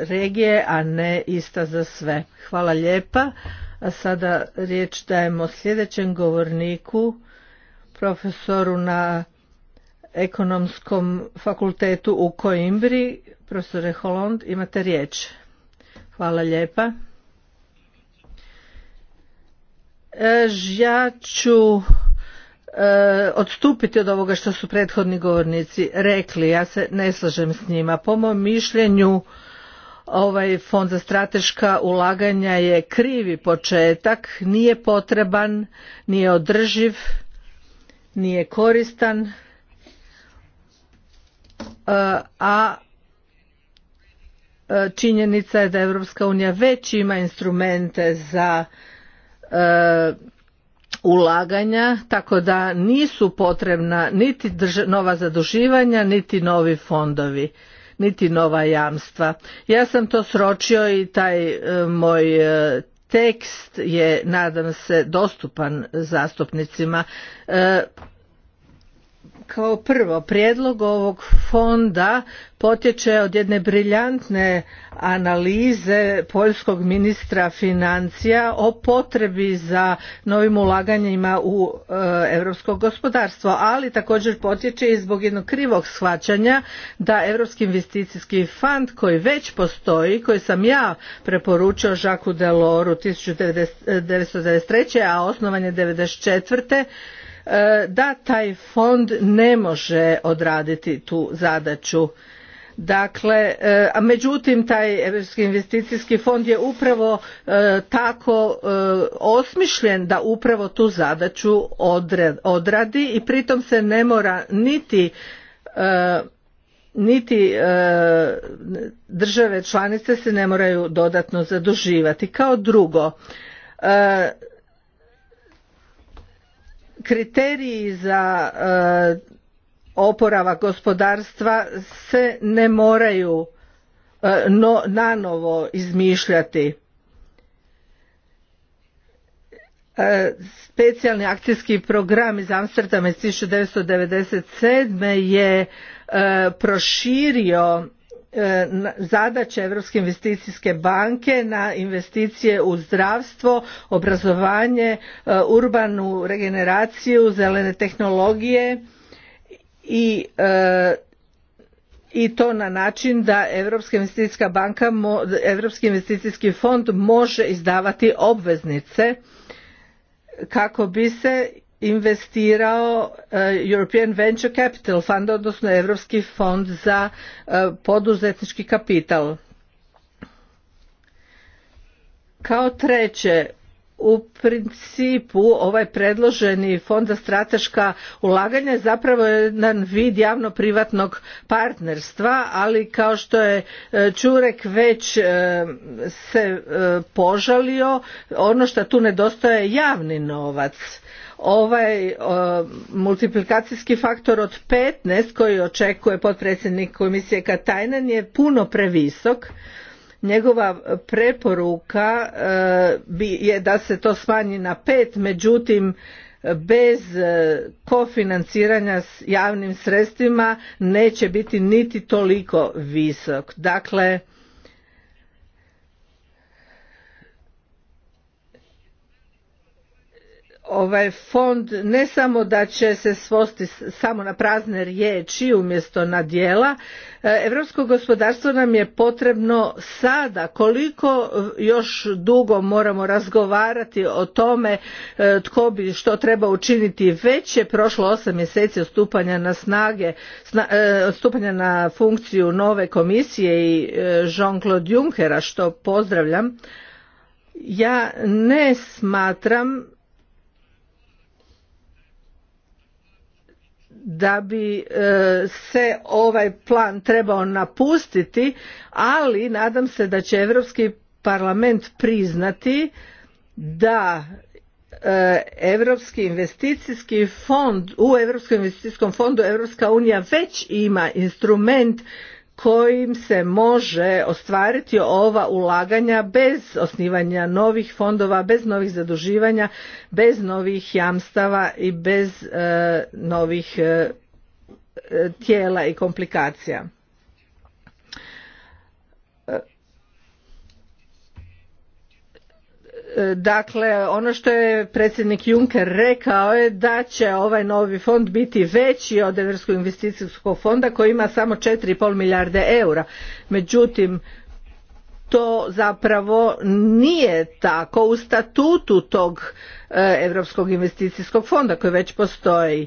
regije, a ne ista za sve. Hvala lijepa. A sada riječ dajemo sljedećem govorniku, profesoru na ekonomskom fakultetu u Koimbri. Profesore Holond, imate riječ. Hvala lijepa. E, ja ću e, odstupiti od ovoga što su prethodni govornici rekli ja se ne slažem s njima po mom mišljenju ovaj fond za strateška ulaganja je krivi početak nije potreban nije održiv nije koristan e, a činjenica je da Europska unija već ima instrumente za E, ulaganja tako da nisu potrebna niti nova zaduživanja niti novi fondovi niti nova jamstva ja sam to sročio i taj e, moj e, tekst je nadam se dostupan zastupnicima kao prvo, prijedlog ovog fonda potječe od jedne briljantne analize poljskog ministra financija o potrebi za novim ulaganjima u europsko gospodarstvo, ali također potječe i zbog jednog krivog shvaćanja da Europski investicijski fond koji već postoji, koji sam ja preporučio Žaku Deloru 1993. a osnovan je 1994 E, da taj fond ne može odraditi tu zadaću. Dakle, e, a međutim taj Europski investicijski fond je upravo e, tako osmišljen da upravo tu zadaću odradi i pritom se ne mora niti niti države članice se ne moraju dodatno zaduživati. Kao drugo, kriteriji za e, oporavak gospodarstva se ne moraju e, nanovo izmišljati. E, specijalni akcijski program iz Amsterdama iz 1997. je proširio E, zadaće Europske investicijske banke na investicije u zdravstvo, obrazovanje, e, urbanu regeneraciju, zelene tehnologije i e, i to na način da Europska investicijska banka, Europski investicijski fond može izdavati obveznice kako bi se investirao e, European Venture Capital Fund, odnosno Europski fond za e, poduzetnički kapital. Kao treće, u principu ovaj predloženi fond za strateška ulaganja je zapravo jedan vid javno privatnog partnerstva ali kao što je e, Čurek već se požalio ono što tu nedostaje je javni novac ovaj e, multiplikacijski faktor od 15 koji očekuje potpredsjednik komisije Katajnen je puno previsok njegova preporuka e, je da se to smanji na pet međutim bez e, kofinanciranja s javnim sredstvima neće biti niti toliko visok dakle ovaj fond ne samo da će se svosti samo na prazne riječi umjesto na djela europsko gospodarstvo nam je potrebno sada koliko još dugo moramo razgovarati o tome e, tko bi što treba učiniti već je prošlo osam mjeseci od stupanja na snage e, od stupanja na funkciju nove komisije i e, Jean Claude Junckera što pozdravljam ja ne smatram da bi e, se ovaj plan trebao napustiti, ali nadam se da će Europski parlament priznati da Europski investicijski fond u Europskom investicijskom fondu Europska unija već ima instrument kojim se može ostvariti ova ulaganja bez osnivanja novih fondova, bez novih zaduživanja, bez novih jamstava i bez e, novih e, e, tijela i komplikacija. Dakle, ono što je predsjednik Juncker rekao je da će ovaj novi fond biti veći od Europskog investicijskog fonda koji ima samo 4,5 milijarde eura. Međutim, to zapravo nije tako u statutu tog e, Europskog investicijskog fonda koji već postoji.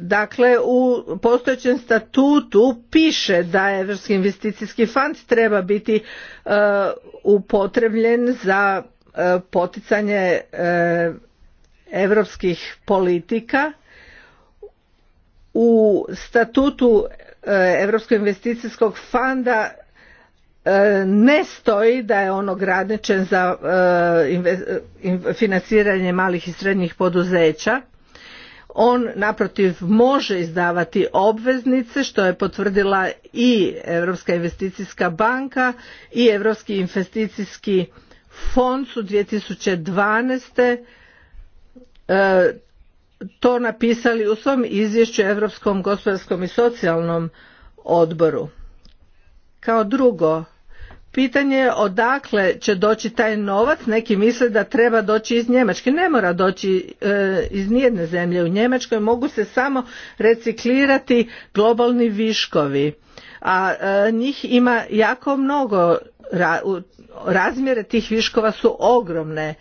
Dakle, u postojećem statutu piše da Evropski investicijski fond treba biti e, upotrebljen za e, poticanje europskih evropskih politika. U statutu e, Evropskog investicijskog fonda ne stoji da je on ograničen za financiranje malih i srednjih poduzeća on naprotiv može izdavati obveznice što je potvrdila i Europska investicijska banka i Europski investicijski fond su 2012. E, to napisali u svom izvješću Europskom gospodarskom i socijalnom odboru. Kao drugo, pitanje je odakle će doći taj novac, neki misle da treba doći iz Njemačke, ne mora doći e, iz nijedne zemlje u Njemačkoj, mogu se samo reciklirati globalni viškovi, a e, njih ima jako mnogo, razmjere tih viškova su ogromne. E,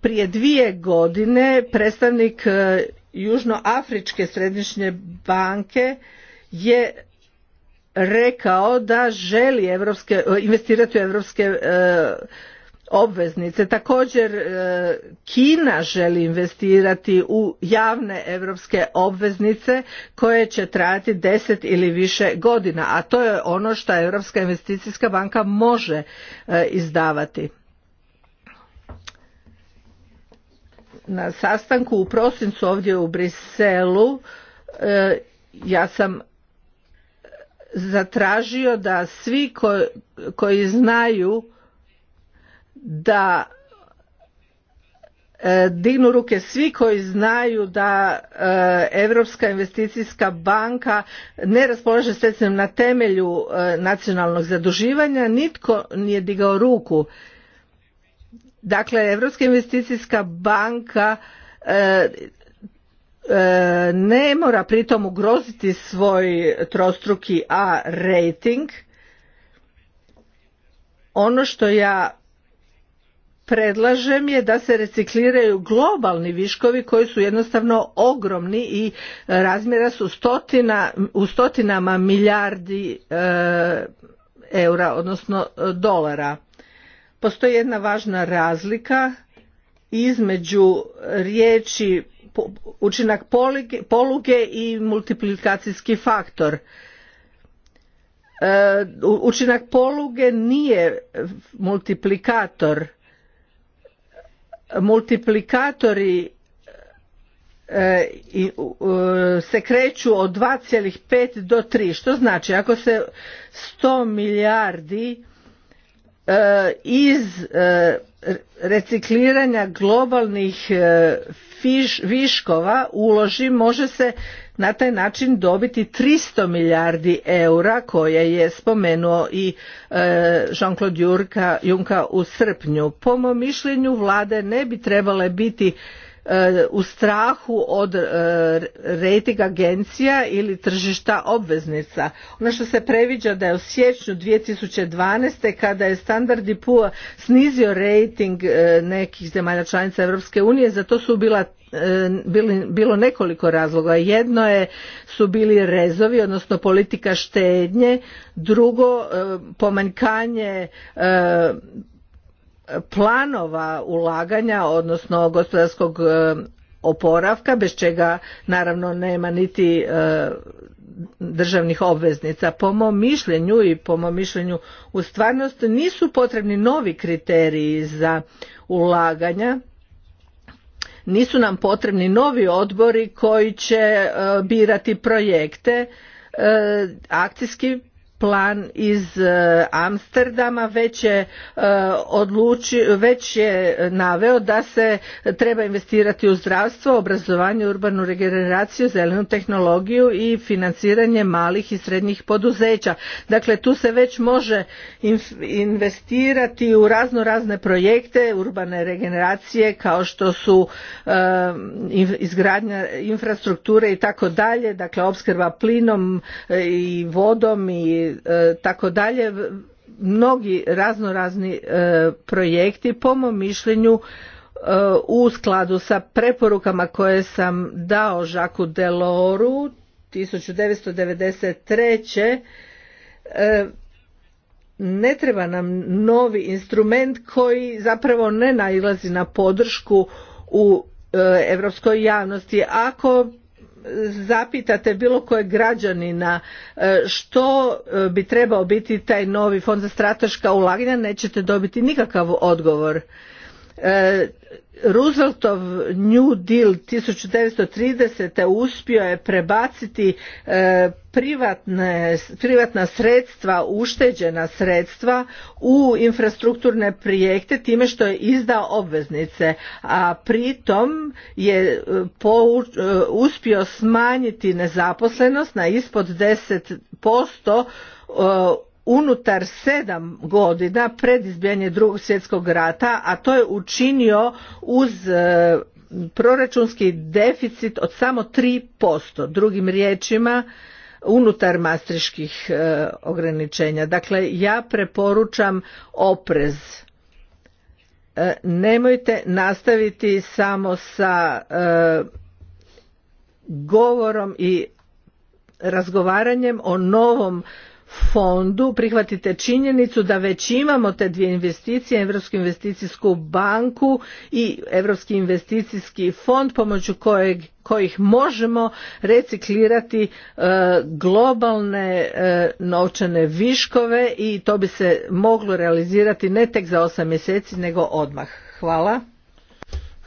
prije dvije godine predstavnik Južnoafričke središnje banke je rekao da želi evropske, investirati u evropske e, obveznice. Također e, Kina želi investirati u javne europske obveznice koje će trajati deset ili više godina, a to je ono što Europska investicijska banka može e, izdavati. Na sastanku u prosincu ovdje u Briselu ja sam zatražio da svi koji, koji znaju da e, dignu ruke svi koji znaju da Europska investicijska banka ne raspolaže sredstvima na temelju e, nacionalnog zaduživanja, nitko nije digao ruku. Dakle, Europska investicijska banka e, E, ne mora pritom ugroziti svoj trostruki A rating. Ono što ja predlažem je da se recikliraju globalni viškovi koji su jednostavno ogromni i razmjera su stotina, u stotinama milijardi e, eura, odnosno e, dolara. Postoji jedna važna razlika između riječi učinak poluge i multiplikacijski faktor e, učinak poluge nije multiplikator multiplikatori e, se kreću od 2,5 do 3 što znači ako se 100 milijardi E, iz e, recikliranja globalnih e, viškova uloži može se na taj način dobiti 300 milijardi eura koje je spomenuo i Jean-Claude Juncker u srpnju. Po mom mišljenju vlade ne bi trebale biti u strahu od e, rating agencija ili tržišta obveznica. Ono što se previđa da je u siječnju 2012. kada je standardi PU snizio rating e, nekih zemalja članica Europske unije, za to su bila e, bilo nekoliko razloga. Jedno je su bili rezovi, odnosno politika štednje, drugo pomanjkanje planova ulaganja, odnosno gospodarskog e, oporavka, bez čega naravno nema niti e, državnih obveznica. Po mom mišljenju i po mom mišljenju u stvarnost nisu potrebni novi kriteriji za ulaganja, nisu nam potrebni novi odbori koji će e, birati projekte, akcijski plan iz e, Amsterdama već je e, odluči, već je naveo da se treba investirati u zdravstvo, obrazovanje, urbanu regeneraciju, zelenu tehnologiju i financiranje malih i srednjih poduzeća. Dakle, tu se već može investirati u razno razne projekte urbane regeneracije kao što su e, izgradnja infrastrukture i tako dalje, dakle opskrba plinom i vodom i E, tako dalje mnogi raznorazni e, projekti po mom mišljenju e, u skladu sa preporukama koje sam dao Žaku Deloru 1993. Ne treba nam novi instrument koji zapravo ne nailazi na podršku u europskoj javnosti. Ako zapitate bilo kojeg građanina e, što e, bi trebao biti taj novi fond za strateška ulaganja nećete dobiti nikakav odgovor E, Rooseveltov New Deal 1930. uspio je prebaciti e, privatne, privatna sredstva, ušteđena sredstva u infrastrukturne projekte time što je izdao obveznice, a pritom je e, uspio smanjiti nezaposlenost na ispod 10% unutar sedam godina pred izbijanje drugog svjetskog rata, a to je učinio uz e, proračunski deficit od samo 3%, drugim riječima unutar mastriških e, ograničenja. Dakle, ja preporučam oprez. E, nemojte nastaviti samo sa govorom i razgovaranjem o novom fondu prihvatite činjenicu da već imamo te dvije investicije, Europsku investicijsku banku i Europski investicijski fond pomoću kojeg, kojih možemo reciklirati e, globalne e, novčane viškove i to bi se moglo realizirati ne tek za 8 mjeseci nego odmah. Hvala.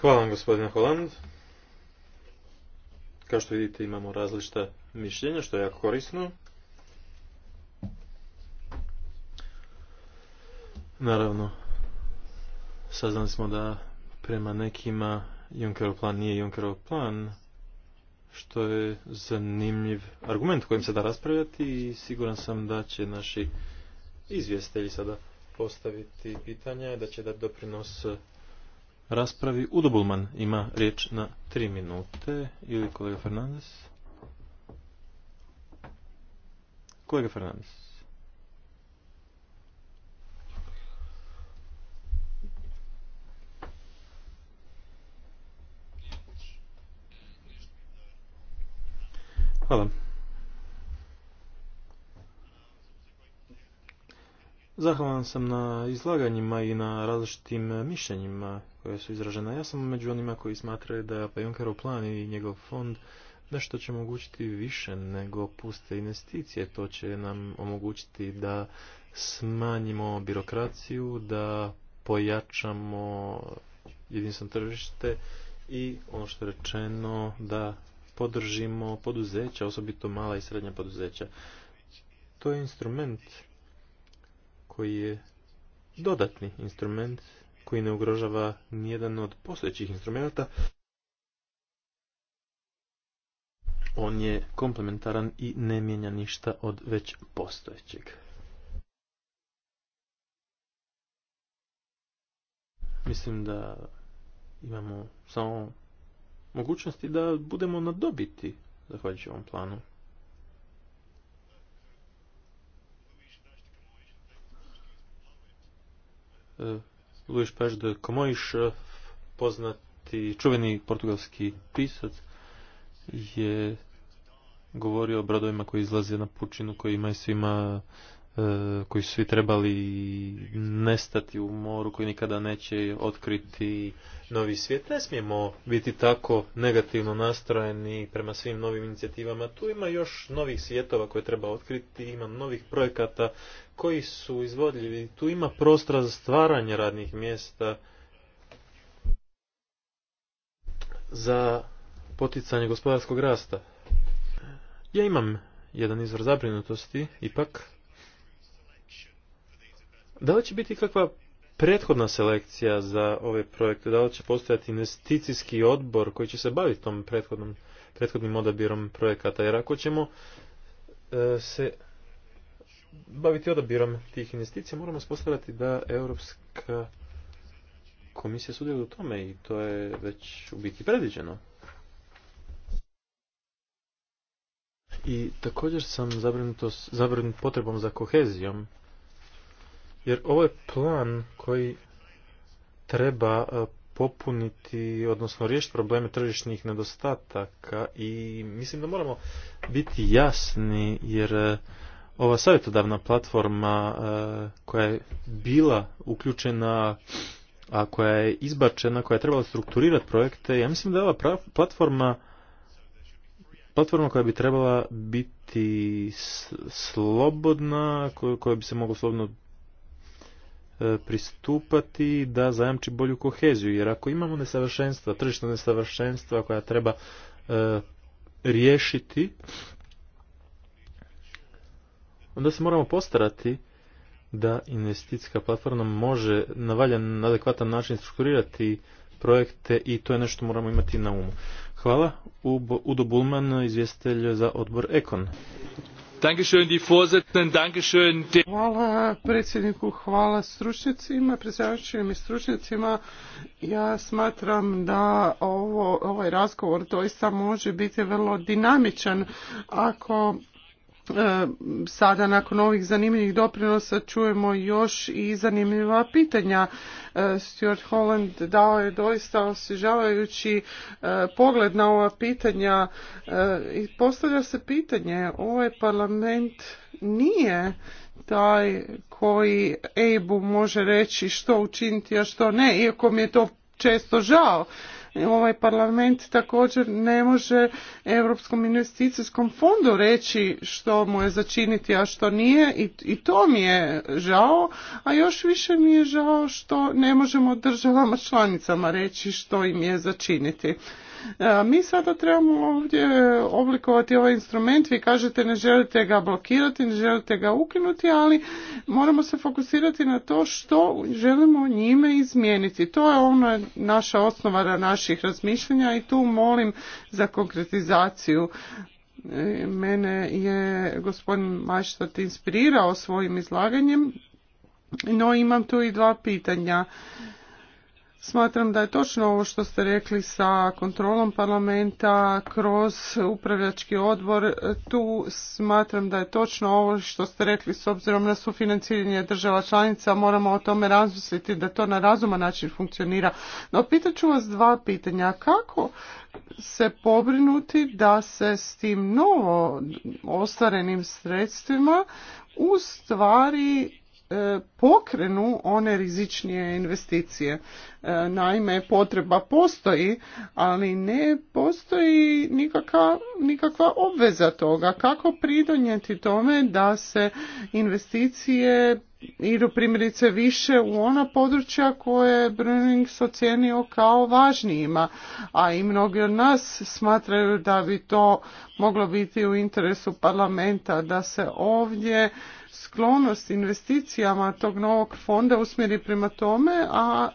Hvala vam gospodine Holand. Kao što vidite imamo različita mišljenja što je jako korisno. Naravno, saznali smo da prema nekima Juncker plan nije Junckerov plan, što je zanimljiv argument kojim se da raspravljati i siguran sam da će naši izvjestelji sada postaviti pitanja da će dati doprinos raspravi. Udobulman ima riječ na tri minute ili kolega Fernandez? Kolega Fernandez. Hvala. Zahvalan sam na izlaganjima i na različitim mišljenjima koje su izražena. Ja sam među onima koji smatraju da pa Junkerov plan i njegov fond nešto će omogućiti više nego puste investicije. To će nam omogućiti da smanjimo birokraciju, da pojačamo jedinstveno tržište i ono što je rečeno da podržimo poduzeća, osobito mala i srednja poduzeća. To je instrument koji je dodatni instrument koji ne ugrožava nijedan od postojećih instrumenta. On je komplementaran i ne mijenja ništa od već postojećeg. Mislim da imamo samo mogućnosti da budemo na dobiti zahvaljujući ovom planu. E, Luis Paz de poznati čuveni portugalski pisac, je govorio o brodovima koji izlaze na pučinu, koji imaju svima E, koji su svi trebali nestati u moru, koji nikada neće otkriti novi svijet. Ne smijemo biti tako negativno nastrojeni prema svim novim inicijativama. Tu ima još novih svijetova koje treba otkriti, ima novih projekata koji su izvodljivi. Tu ima prostora za stvaranje radnih mjesta, za poticanje gospodarskog rasta. Ja imam jedan izvor zabrinutosti, ipak da li će biti kakva prethodna selekcija za ove projekte? Da li će postojati investicijski odbor koji će se baviti tom prethodnom, prethodnim odabirom projekata? Jer ako ćemo e, se baviti odabirom tih investicija, moramo spostaviti da Europska komisija sudjeluje u tome i to je već u biti predviđeno. I također sam zabrinut potrebom za kohezijom jer ovo je plan koji treba e, popuniti, odnosno riješiti probleme tržišnih nedostataka i mislim da moramo biti jasni jer e, ova savjetodavna platforma e, koja je bila uključena a koja je izbačena, koja je trebala strukturirati projekte, ja mislim da je ova platforma platforma koja bi trebala biti slobodna, koja bi se mogla slobodno E, pristupati da zajamči bolju koheziju. Jer ako imamo nesavršenstva, tržišna nesavršenstva koja treba e, riješiti, onda se moramo postarati da investicijska platforma može na valjan, adekvatan način strukturirati projekte i to je nešto moramo imati na umu. Hvala. Udo Bulman, izvjestitelj za odbor Ekon. Hvala predsjedniku, hvala stručnjacima, predsjedavajućim i stručnjacima. Ja smatram da ovaj razgovor doista može biti vrlo dinamičan ako E, sada nakon ovih zanimljivih doprinosa čujemo još i zanimljiva pitanja. E, Stuart Holland dao je doista osježavajući e, pogled na ova pitanja i postavlja se pitanje ovaj parlament nije taj koji EBU može reći što učiniti, a što ne, iako mi je to često žao ovaj parlament također ne može Europskom investicijskom fondu reći što mu je začiniti, a što nije i, i to mi je žao, a još više mi je žao što ne možemo državama članicama reći što im je začiniti. Mi sada trebamo ovdje oblikovati ovaj instrument. Vi kažete ne želite ga blokirati, ne želite ga ukinuti, ali moramo se fokusirati na to što želimo njime izmijeniti. To je ono naša osnova naših razmišljanja i tu molim za konkretizaciju e, mene je gospodin Majštat inspirirao svojim izlaganjem, no imam tu i dva pitanja. Smatram da je točno ovo što ste rekli sa kontrolom parlamenta kroz upravljački odbor. Tu smatram da je točno ovo što ste rekli s obzirom na sufinanciranje država članica. Moramo o tome razmisliti da to na razuman način funkcionira. No, pitaću vas dva pitanja. Kako se pobrinuti da se s tim novo ostvarenim sredstvima u stvari E, pokrenu one rizičnije investicije. E, naime, potreba postoji, ali ne postoji nikakva, nikakva obveza toga. Kako pridonijeti tome da se investicije idu primjerice više u ona područja koje Brunings ocijenio kao važnijima, a i mnogi od nas smatraju da bi to moglo biti u interesu parlamenta da se ovdje sklonost investicijama tog novog fonda usmjeri prema tome, a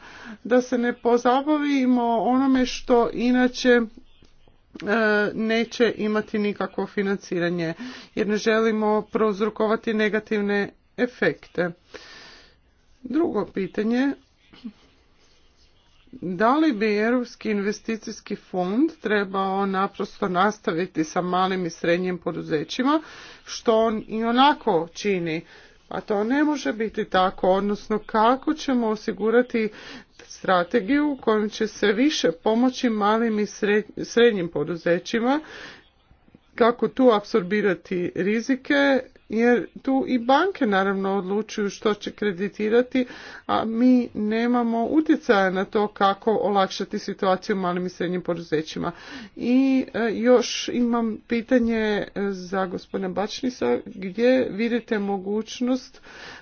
da se ne pozabavimo onome što inače e, neće imati nikakvo financiranje jer ne želimo prouzrokovati negativne efekte. Drugo pitanje da li bi Europski investicijski fond trebao naprosto nastaviti sa malim i srednjim poduzećima, što on i onako čini? A to ne može biti tako, odnosno kako ćemo osigurati strategiju u kojom će se više pomoći malim i srednjim poduzećima kako tu apsorbirati rizike jer tu i banke naravno odlučuju što će kreditirati, a mi nemamo utjecaja na to kako olakšati situaciju malim i srednjim poduzećima. I e, još imam pitanje e, za gospodina Bačnisa gdje vidite mogućnost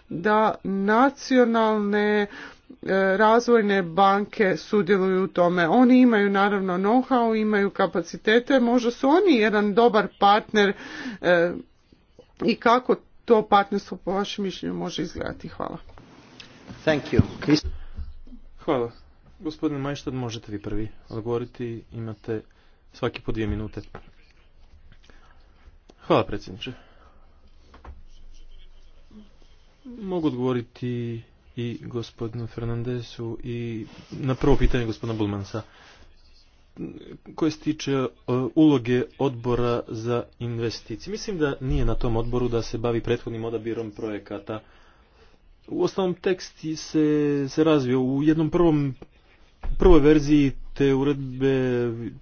da nacionalne E, razvojne banke sudjeluju u tome. Oni imaju naravno know-how, imaju kapacitete, možda su oni jedan dobar partner e, i kako to partnerstvo po vašem mišljenju može izgledati. Hvala. Thank you. Hvala. Gospodine Majštad, možete vi prvi odgovoriti. Imate svaki po dvije minute. Hvala predsjedniče. Mogu odgovoriti i gospodinu Fernandesu i na prvo pitanje gospodina Bulmansa koje se tiče e, uloge odbora za investicije. Mislim da nije na tom odboru da se bavi prethodnim odabirom projekata. U osnovnom teksti se, se razvio u jednom prvom prvoj verziji te uredbe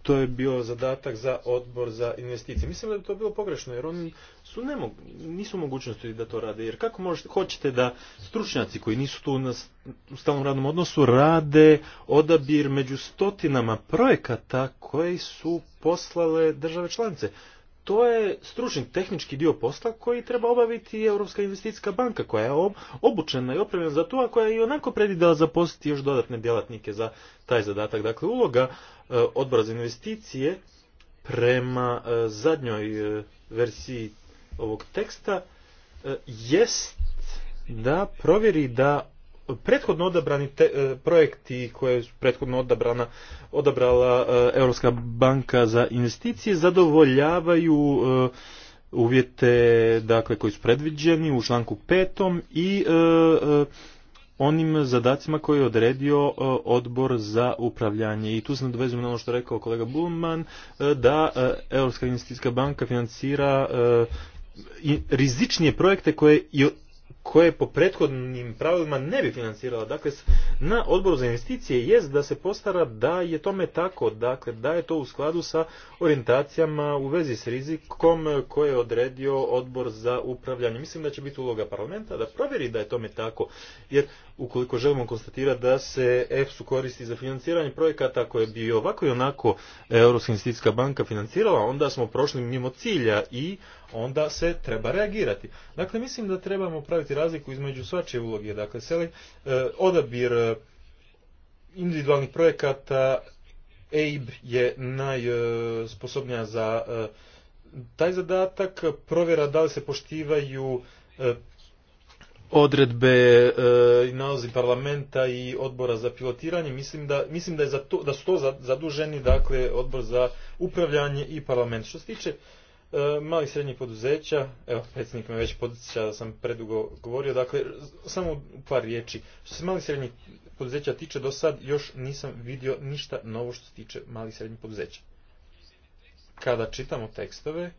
to je bio zadatak za odbor za investicije. Mislim da bi to bilo pogrešno jer oni su nisu u mogućnosti da to rade. Jer kako možete, hoćete da stručnjaci koji nisu tu na, u stalnom radnom odnosu rade odabir među stotinama projekata koji su poslale države članice to je stručni tehnički dio posla koji treba obaviti Europska investicijska banka koja je obučena i opremljena za to, a koja je i onako predvidjela zaposliti još dodatne djelatnike za taj zadatak. Dakle, uloga e, odbora za investicije prema e, zadnjoj e, versiji ovog teksta jest da provjeri da prethodno odabrani te, e, projekti koje je prethodno odabrana, odabrala e, Europska banka za investicije zadovoljavaju e, uvjete dakle koji su predviđeni u članku petom i onim zadacima koje je odredio odbor za upravljanje. I tu se nadovezujem na ono što je rekao kolega Bulman, da Europska investicijska banka financira rizičnije projekte koje koje po prethodnim pravilima ne bi financirala. Dakle, na odboru za investicije jest da se postara da je tome tako, dakle da je to u skladu sa orijentacijama u vezi s rizikom koje je odredio odbor za upravljanje. Mislim da će biti uloga parlamenta da provjeri da je tome tako, jer ukoliko želimo konstatirati da se EFSU koristi za financiranje projekata koje bi ovako i onako Europska investicijska banka financirala, onda smo prošli mimo cilja i onda se treba reagirati. Dakle, mislim da trebamo praviti razliku između svačije uloge. Dakle, e, odabir e, individualnih projekata EIB je najsposobnija za e, taj zadatak, provjera da li se poštivaju odredbe e, i nalazi parlamenta i odbora za pilotiranje. Mislim da, mislim da, je za to, da su to zaduženi, dakle, odbor za upravljanje i parlament. Što se tiče e, malih srednjih poduzeća, evo predsjednik me već podsjeća da sam predugo govorio, dakle samo par riječi. Što se malih srednjih poduzeća tiče do sad još nisam vidio ništa novo što se tiče malih srednjih poduzeća. Kada čitamo tekstove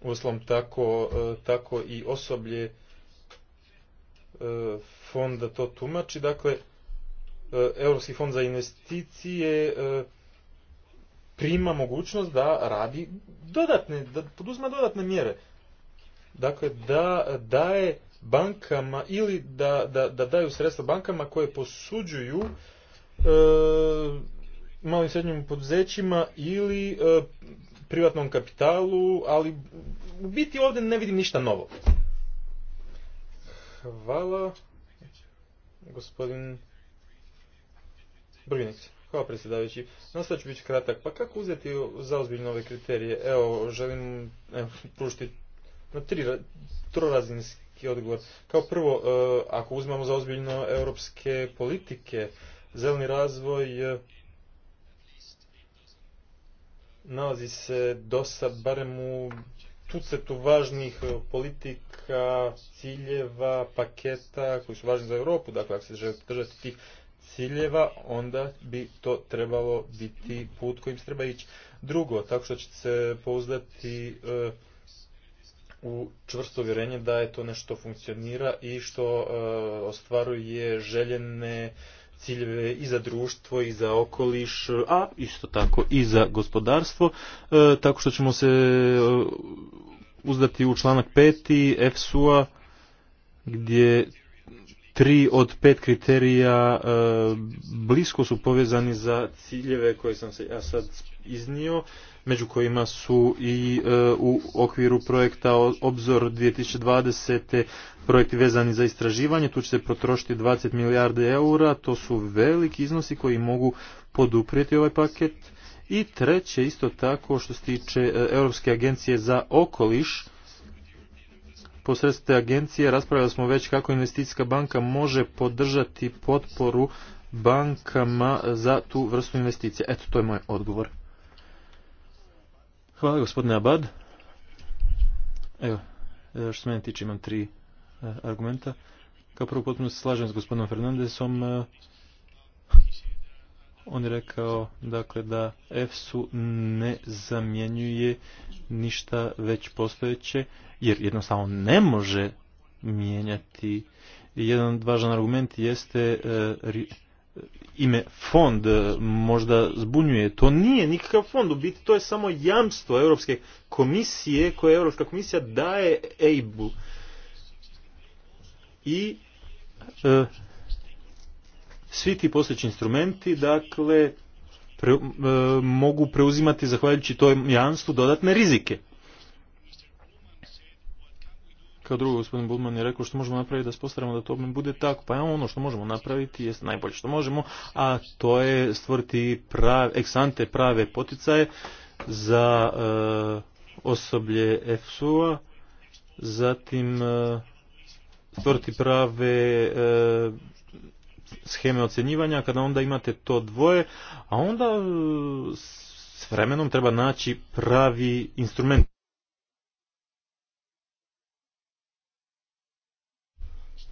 uslom tako, e, tako i osoblje e, fonda to tumači. Dakle, e, Europski fond za investicije prima mogućnost da radi dodatne, da poduzma dodatne mjere. Dakle, da daje bankama ili da, da, da daju sredstva bankama koje posuđuju e, malim srednjim poduzećima ili privatnom kapitalu, ali u biti ovdje ne vidim ništa novo. Hvala, gospodin Brvinic. Hvala predsjedavajući. Nastavit ću biti kratak. Pa kako uzeti zaozbiljno ove kriterije? Evo, želim pružiti na tri, trorazinski odgovor. Kao prvo, e, ako uzmemo zaozbiljno europske politike, zeleni razvoj, nalazi se do barem u tucetu važnih e, politika, ciljeva, paketa koji su važni za Europu. Dakle, ako se želite držati tih ciljeva, onda bi to trebalo biti put kojim se treba ići. Drugo, tako što će se pouzdati e, u čvrsto uvjerenje da je to nešto funkcionira i što e, ostvaruje željene ciljeve i za društvo i za okoliš, a isto tako i za gospodarstvo, e, tako što ćemo se e, uzdati u članak 5. EFSU-a gdje tri od pet kriterija e, blisko su povezani za ciljeve koje sam se ja sad iznio među kojima su i e, u okviru projekta Obzor 2020. projekti vezani za istraživanje. Tu će se potrošiti 20 milijarde eura. To su veliki iznosi koji mogu poduprijeti ovaj paket. I treće, isto tako, što se tiče e, Europske agencije za okoliš, posredstvom te agencije raspravljali smo već kako investicijska banka može podržati potporu bankama za tu vrstu investicija. Eto, to je moj odgovor. Hvala gospodine Abad. Evo, e, što se mene tiče imam tri e, argumenta. Kao prvo potpuno se slažem s gospodinom Fernandesom. E, on je rekao dakle, da EFSU ne zamjenjuje ništa već postojeće, jer jednostavno ne može mijenjati. Jedan važan argument jeste ime fond e, možda zbunjuje. To nije nikakav fond, u biti to je samo jamstvo Europske komisije koje Europska komisija daje EIB-u. I e, svi ti postojeći instrumenti, dakle, e, mogu preuzimati, zahvaljujući tom jamstvu, dodatne rizike. Kao drugo, gospodin Budman je rekao što možemo napraviti da spostaramo da to bude tako. Pa ono što možemo napraviti jest najbolje što možemo, a to je stvoriti eksante prave poticaje za e, osoblje fsu a zatim e, stvoriti prave e, scheme ocjenjivanja, kada onda imate to dvoje, a onda e, s vremenom treba naći pravi instrument.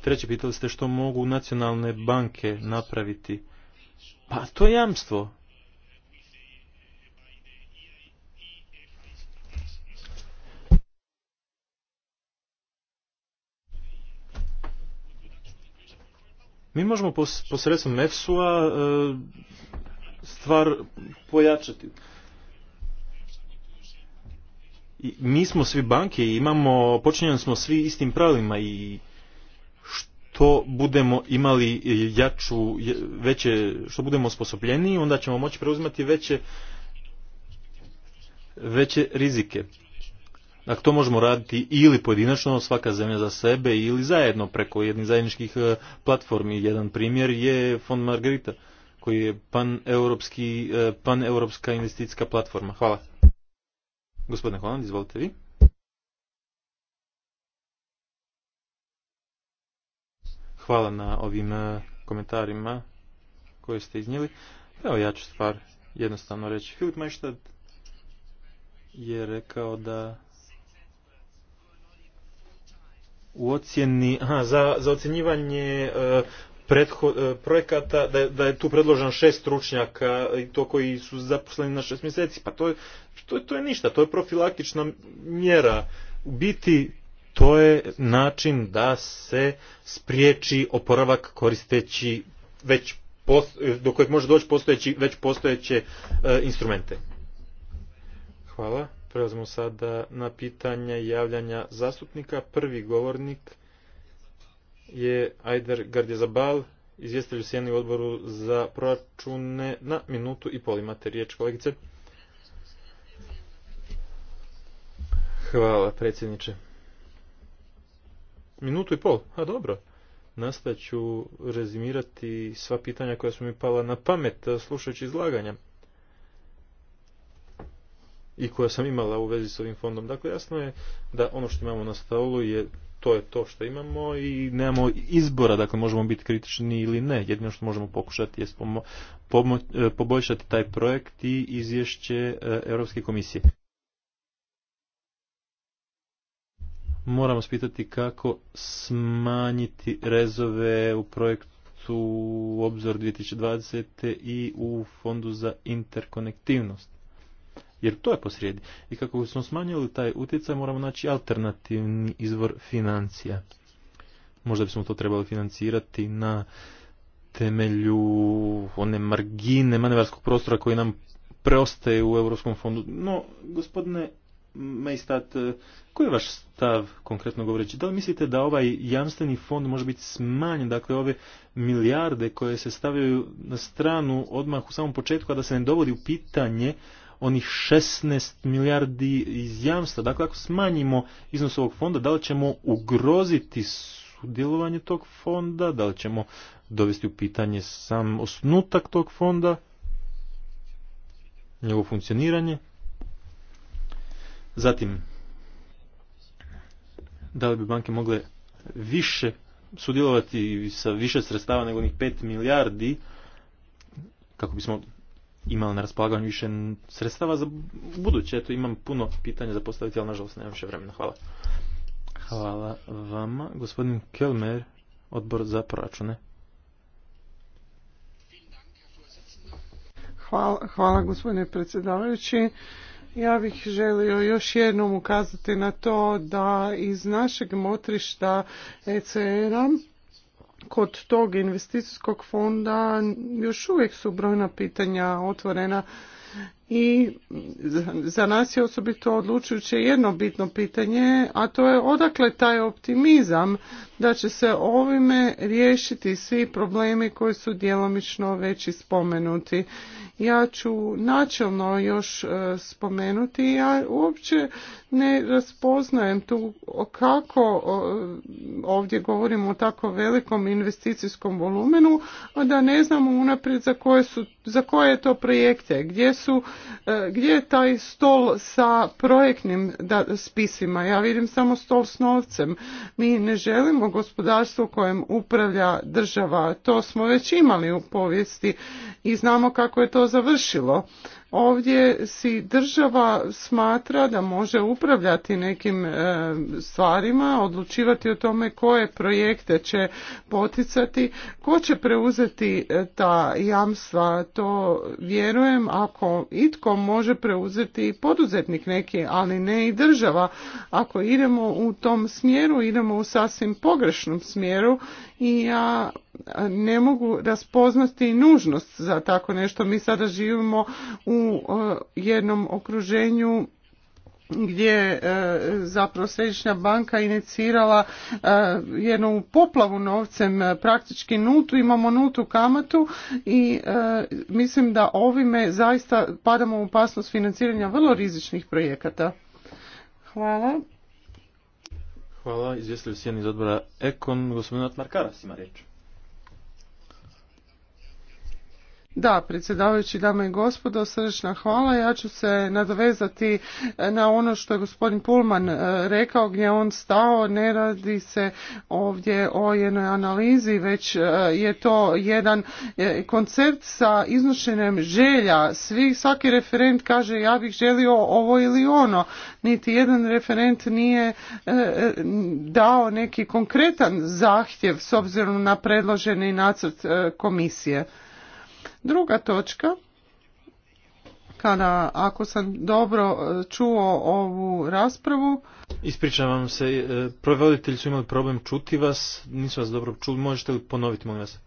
Treće, pitali ste što mogu nacionalne banke napraviti. Pa to je jamstvo. Mi možemo posredstvom efsu e, stvar pojačati. I mi smo svi banke i imamo, počinjeni smo svi istim pravilima i što budemo imali jaču, veće, što budemo osposobljeniji, onda ćemo moći preuzimati veće, veće rizike. Dakle, to možemo raditi ili pojedinačno, svaka zemlja za sebe, ili zajedno preko jednih zajedničkih e, platformi. Jedan primjer je fond Margarita, koji je e, pan-europska pan investicijska platforma. Hvala. Gospodine Holand, izvolite vi. Hvala na ovim e, komentarima koje ste iznijeli. Evo ja ću stvar jednostavno reći. Filip Majštad je rekao da u ocjeni, aha, za, za ocjenjivanje e, e, projekata da je, da je tu predloženo šest stručnjaka i to koji su zaposleni na šest mjeseci, pa to je, to, to je ništa, to je profilaktična mjera. U biti to je način da se spriječi oporavak koristeći već do kojeg može doći postojeći, već postojeće e, instrumente. Hvala. Prelazimo sada na pitanje javljanja zastupnika. Prvi govornik je Ajder Gardjezabal, izvjestitelj u Sjeni odboru za proračune na minutu i pol. Imate riječ, kolegice. Hvala, predsjedniče. Minutu i pol, a dobro. Nastat ću rezimirati sva pitanja koja su mi pala na pamet eh, slušajući izlaganja i koja sam imala u vezi s ovim fondom. Dakle, jasno je da ono što imamo na stolu je to je to što imamo i nemamo izbora, dakle možemo biti kritični ili ne. Jedino što možemo pokušati je eh, poboljšati taj projekt i izvješće eh, Europske komisije. moramo spitati kako smanjiti rezove u projektu Obzor 2020. i u Fondu za interkonektivnost. Jer to je posrijedi. I kako bismo smanjili taj utjecaj, moramo naći alternativni izvor financija. Možda bismo to trebali financirati na temelju one margine manevarskog prostora koji nam preostaje u Europskom fondu. No, gospodine Majstat, e, koji je vaš stav konkretno govoreći? Da li mislite da ovaj jamstveni fond može biti smanjen, dakle ove milijarde koje se stavljaju na stranu odmah u samom početku, a da se ne dovodi u pitanje onih 16 milijardi iz jamstva. Dakle, ako smanjimo iznos ovog fonda, da li ćemo ugroziti sudjelovanje tog fonda, da li ćemo dovesti u pitanje sam osnutak tog fonda, njegovo funkcioniranje? Zatim, da li bi banke mogle više sudjelovati sa više sredstava nego onih 5 milijardi kako bismo imali na raspolaganju više sredstava za buduće. Eto, imam puno pitanja za postaviti, ali nažalost nemam više vremena. Hvala. Hvala vama. Gospodin Kelmer, odbor za proračune. Hvala, hvala gospodine predsjedavajući. Ja bih želio još jednom ukazati na to da iz našeg motrišta ECR-a kod tog investicijskog fonda još uvijek su brojna pitanja otvorena i za nas je osobito odlučujuće jedno bitno pitanje, a to je odakle taj optimizam da će se ovime riješiti svi problemi koji su djelomično već spomenuti ja ću načelno još e, spomenuti. Ja uopće ne raspoznajem tu kako ovdje govorimo o tako velikom investicijskom volumenu, a da ne znamo unaprijed za koje, su, za koje je to projekte, gdje, su, e, gdje je taj stol sa projektnim spisima. Ja vidim samo stol s novcem. Mi ne želimo gospodarstvo kojem upravlja država. To smo već imali u povijesti i znamo kako je to završilo Ovdje si država smatra da može upravljati nekim e, stvarima, odlučivati o tome koje projekte će poticati, ko će preuzeti e, ta jamstva, to vjerujem ako itko može preuzeti poduzetnik neki, ali ne i država. Ako idemo u tom smjeru, idemo u sasvim pogrešnom smjeru i ja e, ne mogu raspoznati nužnost za tako nešto. Mi sada živimo u u e, jednom okruženju gdje je zapravo središnja banka inicirala e, jednu poplavu novcem e, praktički nutu, imamo nutu kamatu i mislim da ovime zaista padamo u opasnost financiranja vrlo rizičnih projekata. Hvala. Hvala, izvjestili iz odbora Ekon, gospodin Otmar ima riječ. Da, predsjedavajući dame i gospodo, srdečna hvala. Ja ću se nadovezati e, na ono što je gospodin Pulman e, rekao gdje je on stao. Ne radi se ovdje o jednoj analizi, već e, je to jedan koncept sa iznošenjem želja. Svi, svaki referent kaže ja bih želio ovo ili ono. Niti jedan referent nije dao neki konkretan zahtjev s obzirom na predloženi nacrt komisije. Druga točka, kada, ako sam dobro e, čuo ovu raspravu... Ispričavam se, e, provoditelji su imali problem čuti vas, nisu vas dobro čuli, možete li ponoviti, molim vas?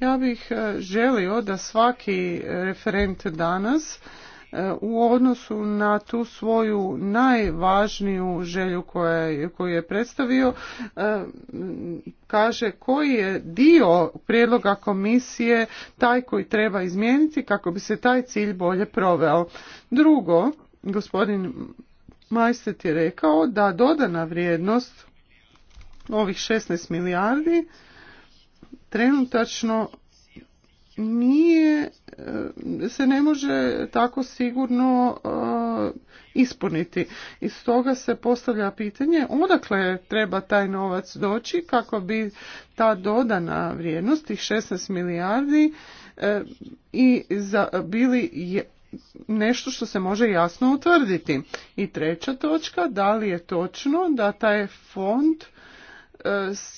Ja bih e, želio da svaki referent danas u odnosu na tu svoju najvažniju želju koju je predstavio e, kaže koji je dio prijedloga komisije taj koji treba izmijeniti kako bi se taj cilj bolje proveo. Drugo, gospodin Majstet je rekao da dodana vrijednost ovih 16 milijardi trenutačno nije, eh, se ne može tako sigurno eh, ispuniti. I stoga se postavlja pitanje odakle treba taj novac doći kako bi ta dodana vrijednost, tih 16 milijardi, eh, i za, bili nešto što se može jasno utvrditi. I treća točka, da li je točno da taj fond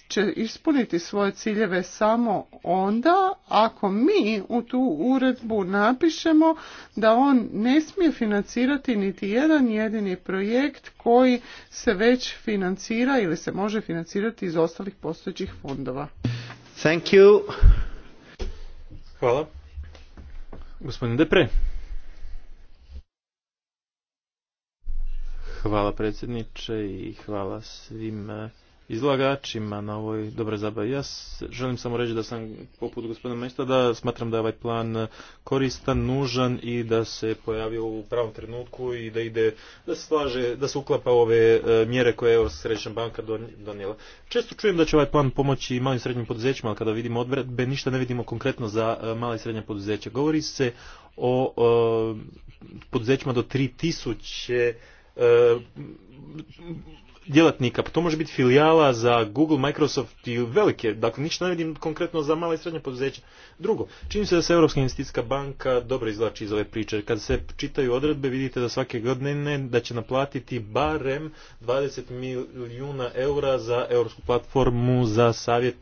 će ispuniti svoje ciljeve samo onda ako mi u tu uredbu napišemo da on ne smije financirati niti jedan jedini projekt koji se već financira ili se može financirati iz ostalih postojećih fondova. Thank you. Hvala. Gospodin Depre. Hvala predsjedniče i hvala svim izlagačima na ovoj dobroj zabavi. Ja želim samo reći da sam poput gospodina Mesta da smatram da je ovaj plan koristan, nužan i da se pojavio u pravom trenutku i da ide, da se slaže, da se uklapa ove e, mjere koje je Središnja banka donijela. Često čujem da će ovaj plan pomoći malim i srednjim poduzećima, ali kada vidimo odredbe ništa ne vidimo konkretno za e, mala i srednja poduzeća. Govori se o, e, poduzećima do 3000 E, djelatnika, pa to može biti filijala za Google, Microsoft i velike, dakle ništa ne vidim konkretno za mala i srednja poduzeća. Drugo, čini se da se Europska investicijska banka dobro izlači iz ove priče. Kad se čitaju odredbe vidite da svake godine da će naplatiti barem 20 milijuna eura za europsku platformu za savjet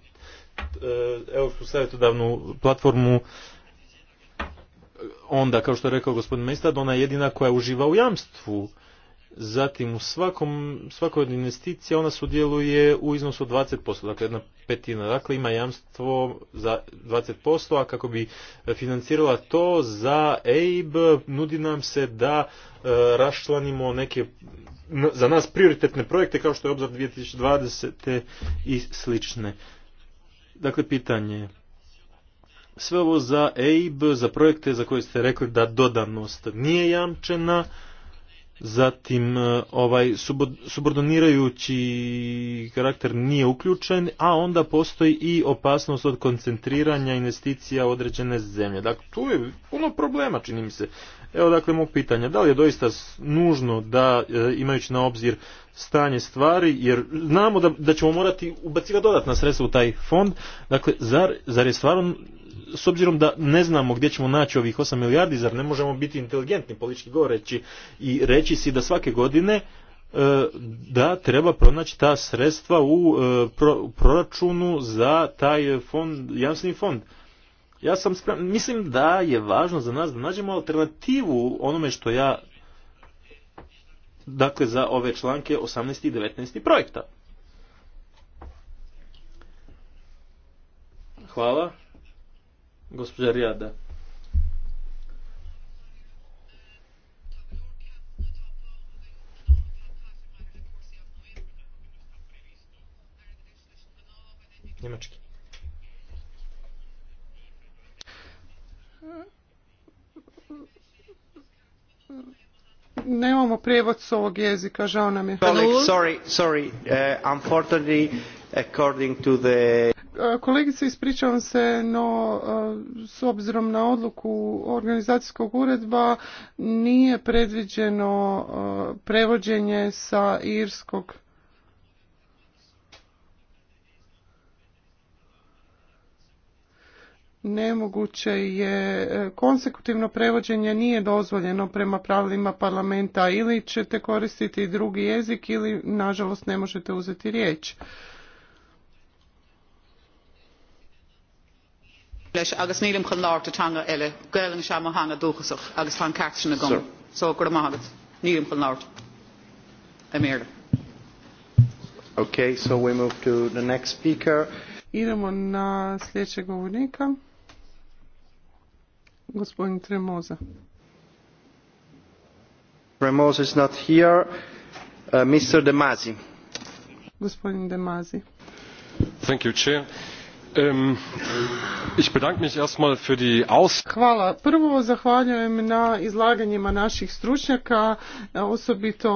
eh, europsku savjetodavnu platformu onda, kao što je rekao gospodin Mestad, ona je jedina koja uživa u jamstvu Zatim u svakom, svakoj od investicija ona sudjeluje u iznosu 20%, dakle jedna petina. Dakle ima jamstvo za 20%, a kako bi e, financirala to za EIB nudi nam se da e, raščlanimo neke za nas prioritetne projekte kao što je obzor 2020. i slične. Dakle pitanje sve ovo za EIB, za projekte za koje ste rekli da dodanost nije jamčena, zatim e, ovaj subordinirajući karakter nije uključen, a onda postoji i opasnost od koncentriranja investicija u određene zemlje. Dakle, tu je puno problema, čini mi se. Evo, dakle, mog pitanja, da li je doista nužno da, e, imajući na obzir stanje stvari, jer znamo da, ćemo morati ubacivati dodatna sredstva u taj fond, dakle, zar, zar je stvarno s obzirom da ne znamo gdje ćemo naći ovih 8 milijardi, zar ne možemo biti inteligentni politički govoreći i reći si da svake godine e, da treba pronaći ta sredstva u e, proračunu za taj fond, fond. Ja sam sprem, mislim da je važno za nas da nađemo alternativu onome što ja dakle za ove članke 18. i 19. projekta. Hvala. Gospođa Rijada. Njemački. Nemamo prijevod s ovog jezika, žao nam je. Sorry, sorry, uh, unfortunately, according to the E, kolegice, ispričavam se, no e, s obzirom na odluku organizacijskog uredba nije predviđeno e, prevođenje sa irskog. Nemoguće je konsekutivno prevođenje nije dozvoljeno prema pravilima parlamenta ili ćete koristiti drugi jezik ili nažalost ne možete uzeti riječ. leis agus nílim chun láirtatanga eile gaalann se mo hanga dúchasach agus tá cena gom só gur amgat nílim chun láirt a méle. Okay, so we move to the next speaker. Idemo na sljedećeg govornika. Gospodin Tremoza. Tremoza is not here. Uh, Mr. Demazi. Gospodin De Demazi. Thank you, Chair. Ähm, Hvala. Prvo zahvaljujem na izlaganjima naših stručnjaka, osobito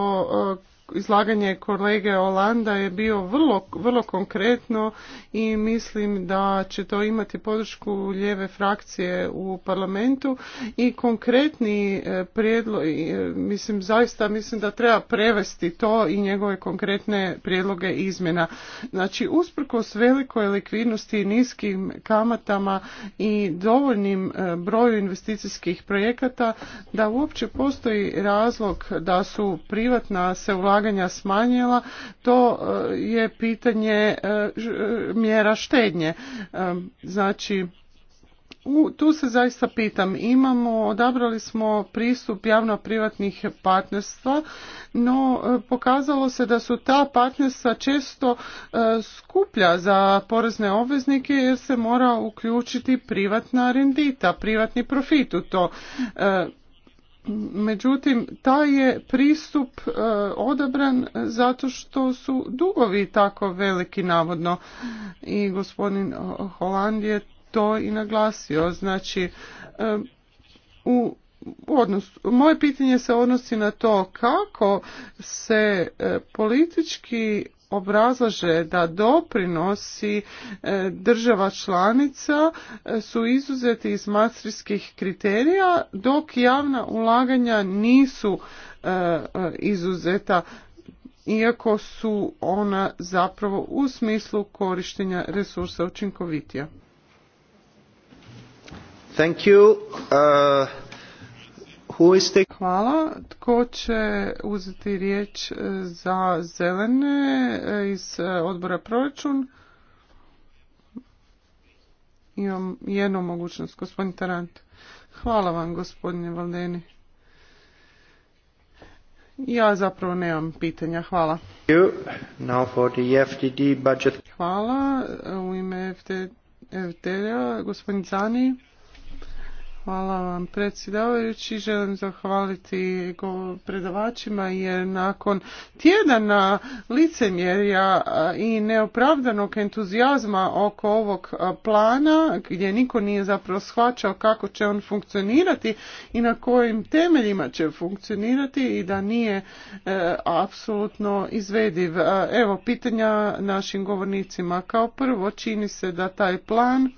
izlaganje kolege Olanda je bio vrlo, vrlo konkretno i mislim da će to imati podršku lijeve frakcije u parlamentu i konkretni e, prijedlog, e, mislim zaista mislim da treba prevesti to i njegove konkretne prijedloge izmjena. Znači usprkos velikoj likvidnosti i niskim kamatama i dovoljnim e, broju investicijskih projekata da uopće postoji razlog da su privatna se ulaganja smanjila, to eh, je pitanje eh, eh, mjera štednje. Znači, tu se zaista pitam, imamo, odabrali smo pristup javno-privatnih partnerstva, no pokazalo se da su ta partnerstva često skuplja za porezne obveznike jer se mora uključiti privatna rendita, privatni profit u to. Međutim, taj je pristup e, odabran zato što su dugovi tako veliki navodno i gospodin Holand je to i naglasio. Znači, e, u odnos, moje pitanje se odnosi na to kako se e, politički obrazlaže da doprinosi e, država članica e, su izuzeti iz masterskih kriterija dok javna ulaganja nisu e, izuzeta iako su ona zapravo u smislu korištenja resursa učinkovitija. Thank uh, Hvala. Tko će uzeti riječ e, za zelene e, iz e, odbora proračun? Imam jednu mogućnost, gospodin Tarant. Hvala vam, gospodine Valdeni. Ja zapravo nemam pitanja, hvala. Now for the FTD budget. Hvala, u ime FTD-a, gospodin Zani. Hvala vam predsjedavajući. Želim zahvaliti predavačima jer nakon tjedana licemjerja i neopravdanog entuzijazma oko ovog plana gdje niko nije zapravo shvaćao kako će on funkcionirati i na kojim temeljima će funkcionirati i da nije e, apsolutno izvediv. Evo pitanja našim govornicima. Kao prvo čini se da taj plan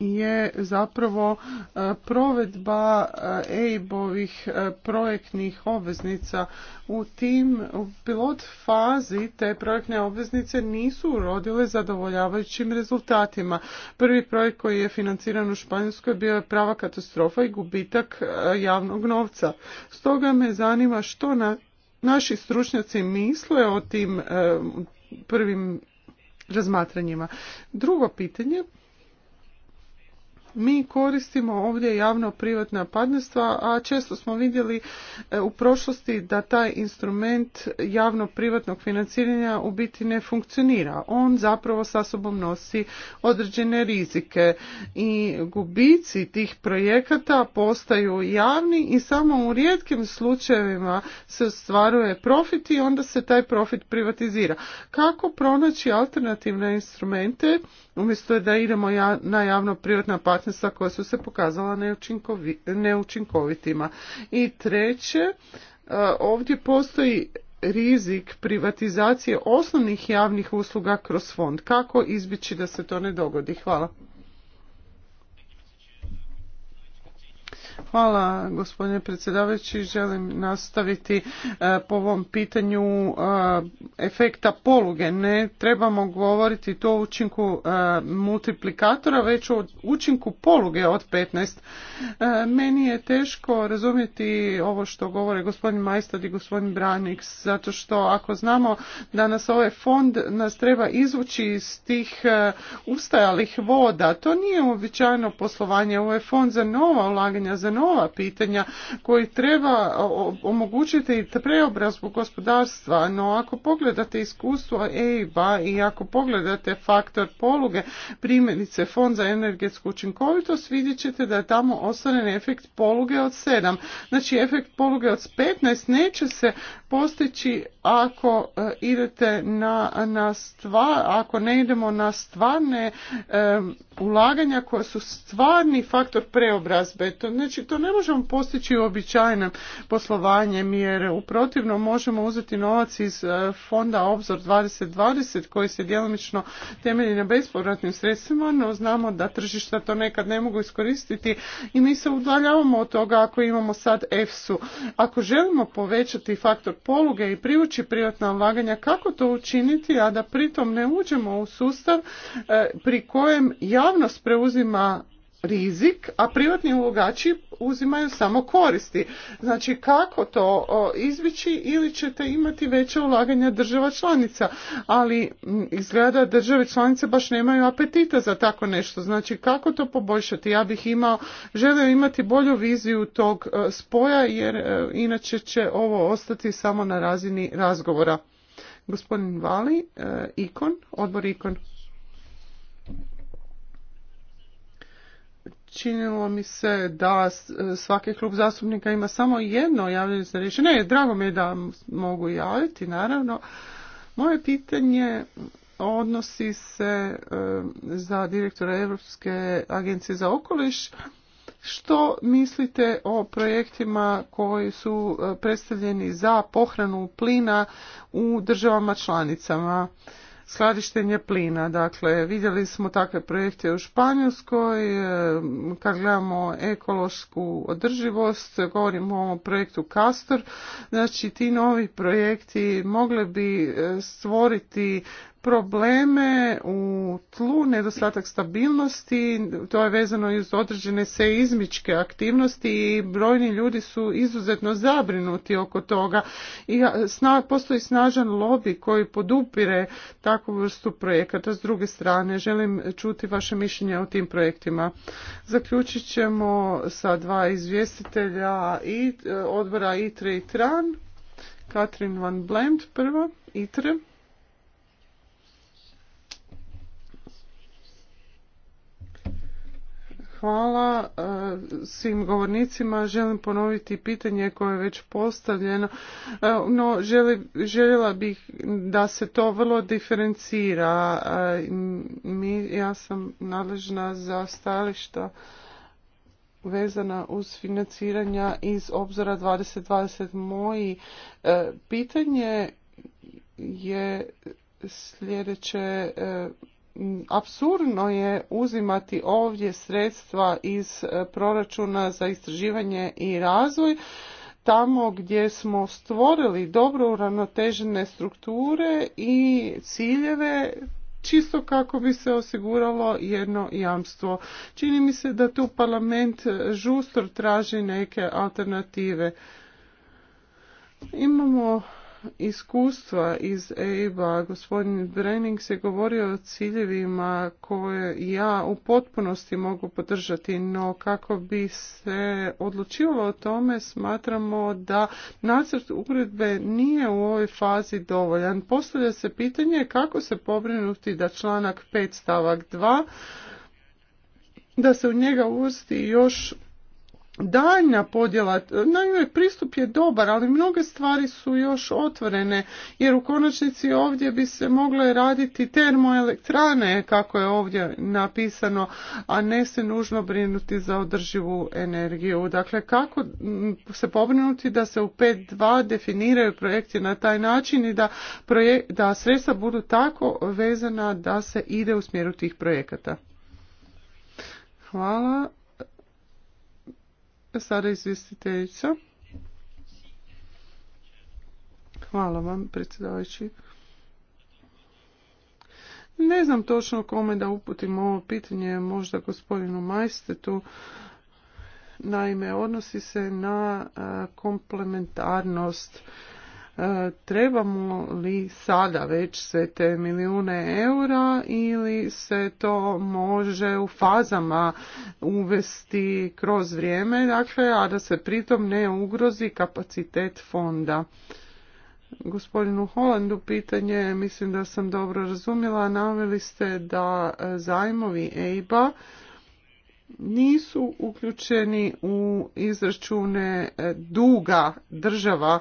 je zapravo e, provedba EIB-ovih e e, projektnih obveznica. U tim pilot fazi te projektne obveznice nisu urodile zadovoljavajućim rezultatima. Prvi projekt koji je financiran u Španjolskoj bio je prava katastrofa i gubitak javnog novca. Stoga me zanima što na, naši stručnjaci misle o tim prvim razmatranjima. Drugo pitanje mi koristimo ovdje javno-privatna partnerstva, a često smo vidjeli e, u prošlosti da taj instrument javno-privatnog financiranja u biti ne funkcionira. On zapravo sa sobom nosi određene rizike i gubici tih projekata postaju javni i samo u rijetkim slučajevima se ostvaruje profit i onda se taj profit privatizira. Kako pronaći alternativne instrumente umjesto da idemo na javno-privatna partnerstva koja su se pokazala neučinkovitima. I treće, e, ovdje postoji rizik privatizacije osnovnih javnih usluga kroz fond. Kako izbjeći da se to ne dogodi? Hvala. Hvala gospodine predsjedavajući. Želim nastaviti e, po ovom pitanju e, efekta poluge. Ne trebamo govoriti to o učinku e, multiplikatora, već o učinku poluge od 15. Meni je teško razumjeti ovo što govore gospodin Majstad i gospodin Branik, zato što ako znamo da nas ovaj fond nas treba izvući iz tih ustajalih voda, to nije uobičajeno poslovanje. Ovo je fond za nova ulaganja, za nova pitanja koji treba omogućiti preobrazbu gospodarstva, no ako pogledate iskustvo eib i ako pogledate faktor poluge, primjerice Fond za energetsku učinkovitost, vidjet ćete da je tamo ostvaren efekt poluge od 7. Znači efekt poluge od 15 neće se postići ako e, idete na, na stvar, ako ne idemo na stvarne e, ulaganja koja su stvarni faktor preobrazbe. To znači postići. Znači, to ne možemo postići uobičajenim poslovanjem jer u protivnom možemo uzeti novac iz e, fonda Obzor 2020 koji se djelomično temelji na bespovratnim sredstvima, no znamo da tržišta to nekad ne mogu iskoristiti i mi se udaljavamo od toga ako imamo sad EFSU. Ako želimo povećati faktor poluge i privući privatna ulaganja, kako to učiniti, a da pritom ne uđemo u sustav e, pri kojem javnost preuzima rizik, a privatni ulogači uzimaju samo koristi. Znači kako to izvići ili ćete imati veće ulaganja država članica, ali izgleda države članice baš nemaju apetita za tako nešto. Znači kako to poboljšati? Ja bih imao, želio imati bolju viziju tog e, spoja jer e, inače će ovo ostati samo na razini razgovora. Gospodin Vali, e, Ikon, odbor Ikon činilo mi se da e, svaki klub zastupnika ima samo jedno javljanje za riječ. Ne, drago mi je da mogu javiti, naravno. Moje pitanje odnosi se e, za direktora Europske agencije za okoliš. Što mislite o projektima koji su e, predstavljeni za pohranu plina u državama članicama? skladištenje plina. Dakle, vidjeli smo takve projekte u Španjolskoj, e, kad gledamo ekološku održivost, govorimo o projektu Castor, znači ti novi projekti mogli bi e, stvoriti probleme u tlu, nedostatak stabilnosti, to je vezano i uz određene seizmičke aktivnosti i brojni ljudi su izuzetno zabrinuti oko toga. I postoji snažan lobby koji podupire takvu vrstu projekata. S druge strane, želim čuti vaše mišljenje o tim projektima. Zaključit ćemo sa dva izvjestitelja i e, odbora ITRE i TRAN. Katrin van Blend, prva, ITRE. Hvala e, svim govornicima. Želim ponoviti pitanje koje je već postavljeno, e, no željela bih da se to vrlo diferencira. E, ja sam nadležna za stajališta vezana uz financiranja iz obzora 2020. Moji pitanje je sljedeće Apsurdno je uzimati ovdje sredstva iz e, proračuna za istraživanje i razvoj tamo gdje smo stvorili dobro uravnotežene strukture i ciljeve čisto kako bi se osiguralo jedno jamstvo. Čini mi se da tu parlament žustro traži neke alternative. Imamo iskustva iz EIB-a, gospodin Brennings se govorio o ciljevima koje ja u potpunosti mogu podržati, no kako bi se odlučivalo o tome smatramo da nacrt uredbe nije u ovoj fazi dovoljan. Postavlja se pitanje kako se pobrinuti da članak 5 stavak 2 da se u njega uvrsti još daljna podjela, na njoj pristup je dobar, ali mnoge stvari su još otvorene, jer u konačnici ovdje bi se mogle raditi termoelektrane, kako je ovdje napisano, a ne se nužno brinuti za održivu energiju. Dakle, kako se pobrinuti da se u 5.2 definiraju projekti na taj način i da, da sredstva budu tako vezana da se ide u smjeru tih projekata. Hvala. Sada izvjestiteljica. Hvala vam, predsjedavajući. Ne znam točno kome da uputim ovo pitanje, možda gospodinu Majstetu. Naime, odnosi se na komplementarnost E, trebamo li sada već sve te milijune eura ili se to može u fazama uvesti kroz vrijeme, dakle, a da se pritom ne ugrozi kapacitet fonda. Gospodinu Holandu pitanje, mislim da sam dobro razumjela, naveli ste da e, zajmovi EIBA nisu uključeni u izračune e, duga država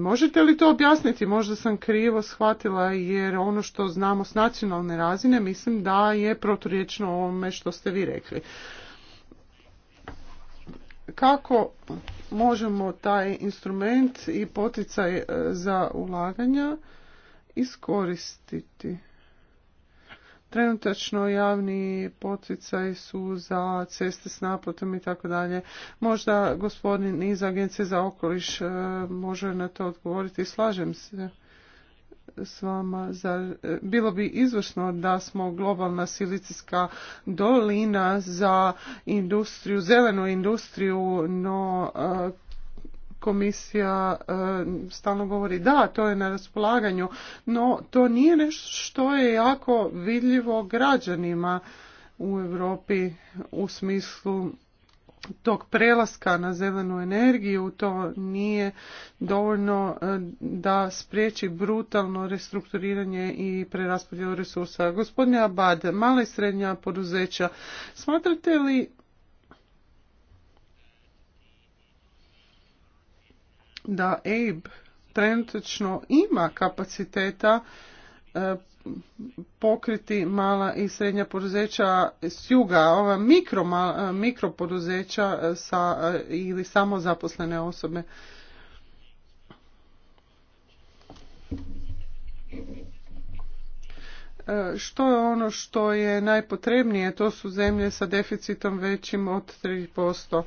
Možete li to objasniti? Možda sam krivo shvatila jer ono što znamo s nacionalne razine mislim da je proturječno ovome što ste vi rekli. Kako možemo taj instrument i poticaj e, za ulaganja iskoristiti? Trenutačno javni poticaj su za ceste s naplatom i tako dalje. Možda gospodin iz Agencije za okoliš e, može na to odgovoriti. Slažem se s vama. E, bilo bi izvrsno da smo globalna silicijska dolina za industriju, zelenu industriju, no e, komisija e, stalno govori da, to je na raspolaganju, no to nije nešto što je jako vidljivo građanima u Europi u smislu tog prelaska na zelenu energiju, to nije dovoljno e, da spriječi brutalno restrukturiranje i preraspodjelu resursa. Gospodine Abad, mala i srednja poduzeća, smatrate li da EIB trenutno ima kapaciteta e, pokriti mala i srednja poduzeća s juga, ova mikro, e, mikro poduzeća e, sa, ili samo zaposlene osobe. Što je ono što je najpotrebnije? To su zemlje sa deficitom većim od 3%.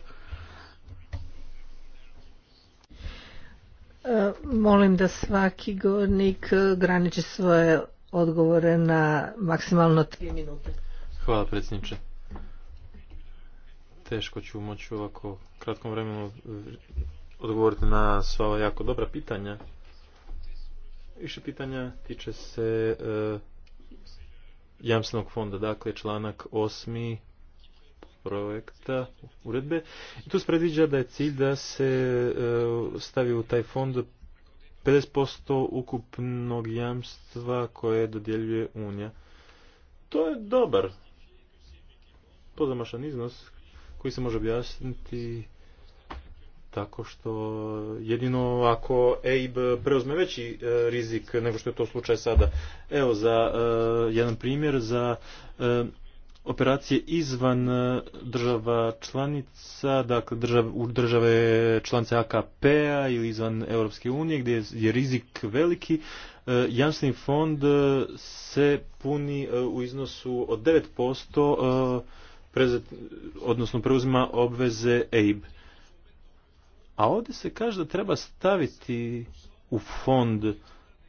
Molim da svaki govornik e, graniči svoje odgovore na maksimalno tri minute. Hvala predsjedniče. Teško ću moći ovako kratkom vremenu e, odgovoriti na sva ova jako dobra pitanja. Više pitanja tiče se uh, jamstvenog fonda, dakle članak osmi projekta uredbe. I tu se predviđa da je cilj da se e, stavi u taj fond 50% ukupnog jamstva koje dodjeljuje Unija. To je dobar pozamašan iznos koji se može objasniti tako što jedino ako EIB preuzme veći e, rizik nego što je to slučaj sada. Evo za e, jedan primjer, za operacije izvan e, država članica, dakle države, u države članice AKP-a ili izvan Europske unije gdje je rizik veliki, e, jamstveni fond e, se puni u iznosu od 9% odnosno preuzima obveze EIB. A ovdje se kaže da treba staviti u fond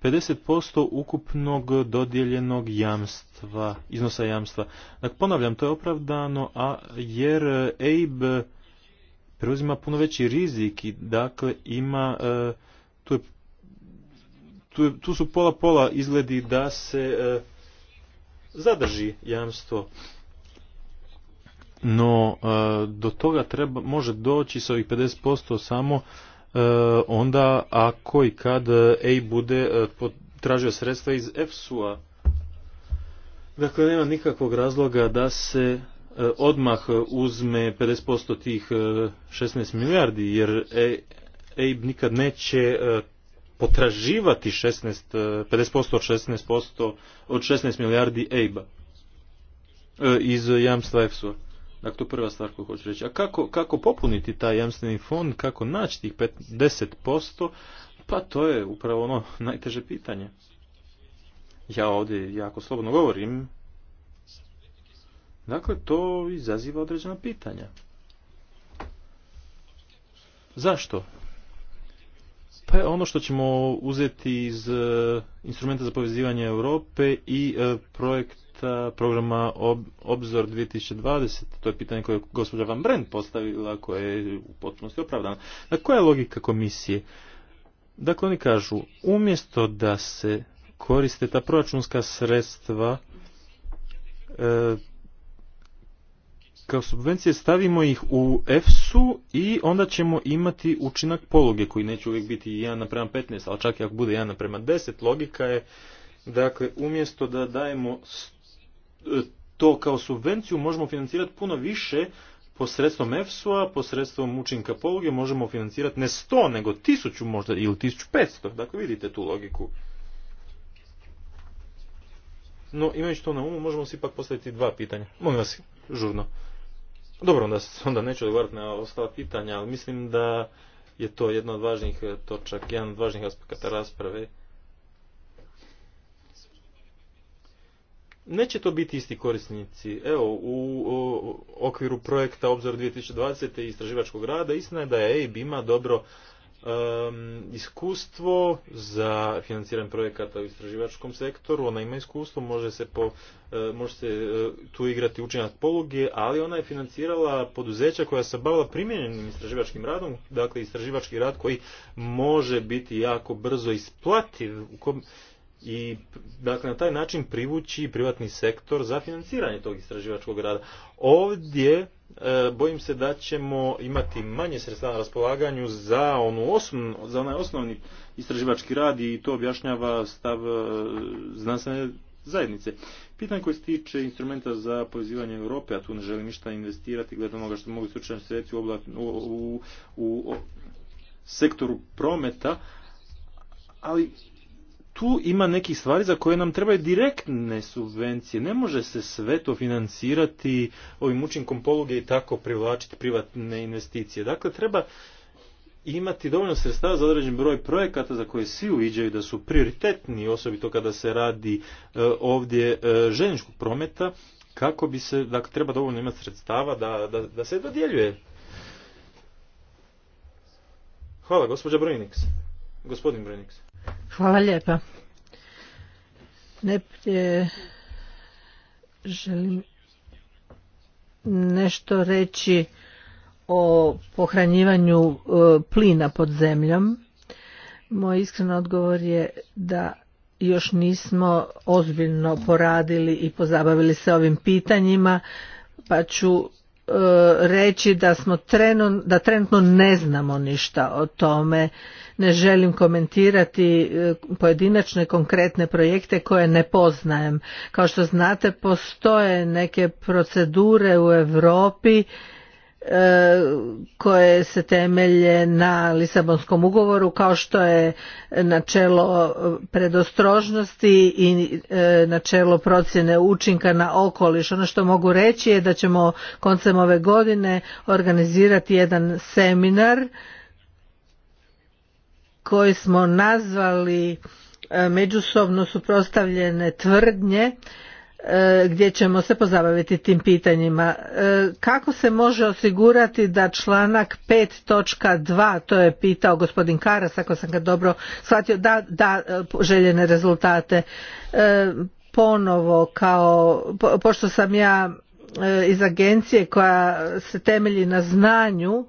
50% ukupnog dodijeljenog jamstva, iznosa jamstva. Dakle, ponavljam, to je opravdano, a jer e, EIB preuzima puno veći rizik i dakle ima, e, tu, je, tu, su pola pola izgledi da se e, zadrži jamstvo. No, do toga treba, može doći sa ovih 50% samo E, onda ako i kad e, A bude e, tražio sredstva iz EFSU-a. Dakle, nema nikakvog razloga da se odmah uzme 50% tih 16 milijardi, jer EIB nikad neće potraživati 16, 50% od 16%, od 16 milijardi EIB-a iz jamstva EFSU-a. Dakle, to prva stvar koju hoću reći. A kako, kako popuniti taj jamstveni fond, kako naći tih 10%, pa to je upravo ono najteže pitanje. Ja ovdje jako slobodno govorim. Dakle, to izaziva određena pitanja. Zašto? Pa je ono što ćemo uzeti iz eh, instrumenta za povezivanje Europe i eh, projekt E, programa Obzor 2020, to je pitanje koje je gospođa Van Brent postavila, koje je u potpunosti opravdano. Na koja je logika komisije? Dakle, oni kažu, umjesto da se koriste ta proračunska sredstva e, kao subvencije stavimo ih u EFSU i onda ćemo imati učinak pologe koji neće uvijek biti 1 naprema 15, ali čak i ako bude 1 naprema 10, logika je dakle umjesto da dajemo to kao subvenciju možemo financirati puno više posredstvom EFSU-a, posredstvom učinka poluge možemo financirati ne sto, nego tisuću možda ili 1500 petsto. Dakle, vidite tu logiku. No, imajući to na umu, možemo si ipak postaviti dva pitanja. Molim vas, žurno. Dobro, onda, onda neću odgovarati na ostala pitanja, ali mislim da je to jedna od važnijih eh, točak, jedan od važnijih aspekata rasprave. Neće to biti isti korisnici. Evo, u okviru projekta Obzor 2020. i istraživačkog rada, istina je da je EIB ima dobro iskustvo za financiranje projekata u istraživačkom sektoru. Ona ima iskustvo, može se, po, e, može se e, tu igrati učinak poluge, ali ona je financirala poduzeća koja se bavila primjenjenim istraživačkim radom, dakle istraživački rad koji može biti jako brzo isplativ, u kom i dakle na taj način privući privatni sektor za financiranje tog istraživačkog rada. Ovdje e, bojim se da ćemo imati manje sredstava na raspolaganju za, onu za onaj osnovni istraživački rad i to objašnjava stav e, znanstvene zajednice. Pitanje koje se tiče instrumenta za povezivanje Europe, a tu ne želim ništa investirati glede onoga što mogu slučajno srediti u, u, u, sektoru prometa, ali tu ima nekih stvari za koje nam trebaju direktne subvencije. Ne može se sve to financirati ovim učinkom poluge i tako privlačiti privatne investicije. Dakle, treba imati dovoljno sredstava za određen broj projekata za koje svi uviđaju da su prioritetni, osobito kada se radi e, ovdje e, željezničkog prometa, kako bi se, dakle, treba dovoljno imati sredstava da, da, da se dodjeljuje. Hvala, gospođa Brojniks. Gospodin Brojniks. Hvala lijepa. Najprije želim nešto reći o pohranjivanju e, plina pod zemljom. Moj iskren odgovor je da još nismo ozbiljno poradili i pozabavili se ovim pitanjima, pa ću E, reći da smo da trenutno ne znamo ništa o tome. Ne želim komentirati e, pojedinačne konkretne projekte koje ne poznajem. Kao što znate, postoje neke procedure u Europi E, koje se temelje na Lisabonskom ugovoru kao što je načelo predostrožnosti i e, načelo procjene učinka na okoliš. Ono što mogu reći je da ćemo koncem ove godine organizirati jedan seminar koji smo nazvali e, međusobno suprotstavljene tvrdnje E, gdje ćemo se pozabaviti tim pitanjima. E, kako se može osigurati da članak 5.2, to je pitao gospodin Karas, ako sam ga dobro shvatio, da, da e, željene rezultate ponovo kao, pošto sam ja iz agencije koja se temelji na znanju,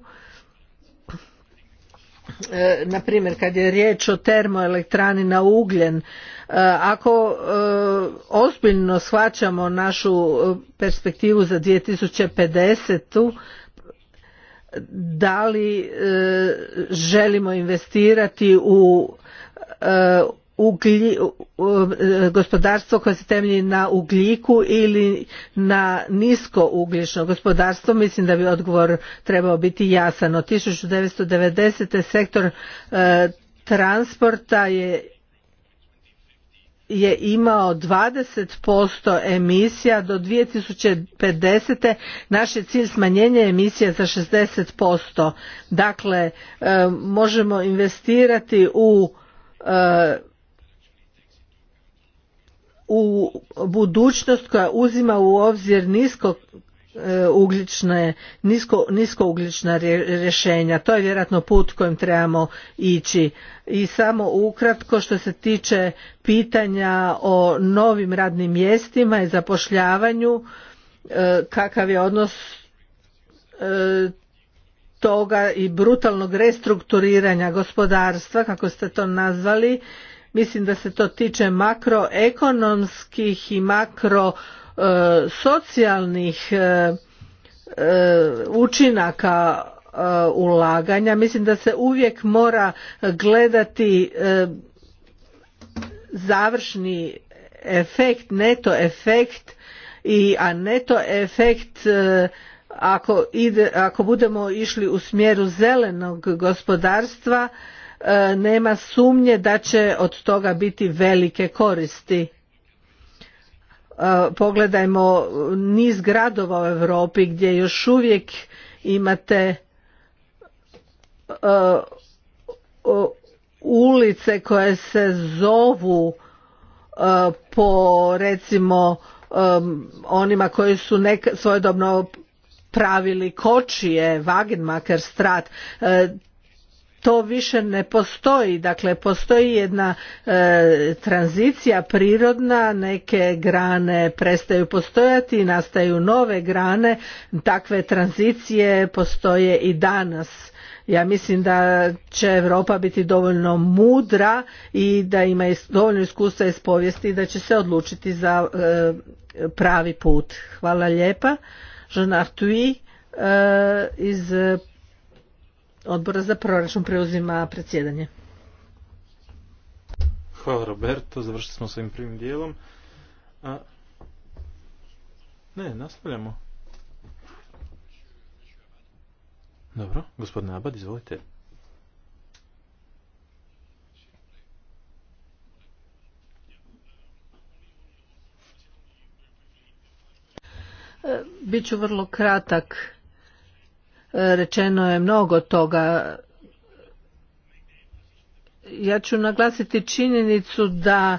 na primjer kad je riječ o termoelektrani na ugljen, Eh, ako eh, ozbiljno shvaćamo našu eh, perspektivu za 2050 da li želimo investirati u gospodarstvo koje se temelji na ugljiku ili na nisko ugljično gospodarstvo mislim da bi odgovor trebao biti jasan od 1990. sektor transporta je je imao 20% emisija do 2050. Naš je cilj smanjenja emisija za 60%. Dakle, e, možemo investirati u e, u budućnost koja uzima u obzir nisko E, ugljične, nisko, niskougljična rješenja. To je vjerojatno put kojim trebamo ići. I samo ukratko što se tiče pitanja o novim radnim mjestima i zapošljavanju, e, kakav je odnos e, toga i brutalnog restrukturiranja gospodarstva, kako ste to nazvali, mislim da se to tiče makroekonomskih i makro E, socijalnih e, e, učinaka ulaganja mislim da se uvijek mora gledati završni efekt neto efekt i a neto efekt ako, ako budemo išli u smjeru zelenog gospodarstva nema sumnje da će od toga biti velike koristi E, pogledajmo niz gradova u Europi gdje još uvijek imate e, ulice koje se zovu e, po recimo onima koji su svojedobno pravili kočije, Wagenmaker strat, to više ne postoji dakle postoji jedna e, tranzicija prirodna neke grane prestaju postojati nastaju nove grane takve tranzicije postoje i danas ja mislim da će Europa biti dovoljno mudra i da ima dovoljno iskustva iz povijesti i da će se odlučiti za e, pravi put hvala lijepa Jean Artui e, iz odbora za proračun preuzima predsjedanje. Hvala Roberto, završili smo s ovim prvim dijelom. A... Ne, nastavljamo. Dobro, gospodin Abad, izvolite. E, Biću vrlo kratak rečeno je mnogo toga. Ja ću naglasiti činjenicu da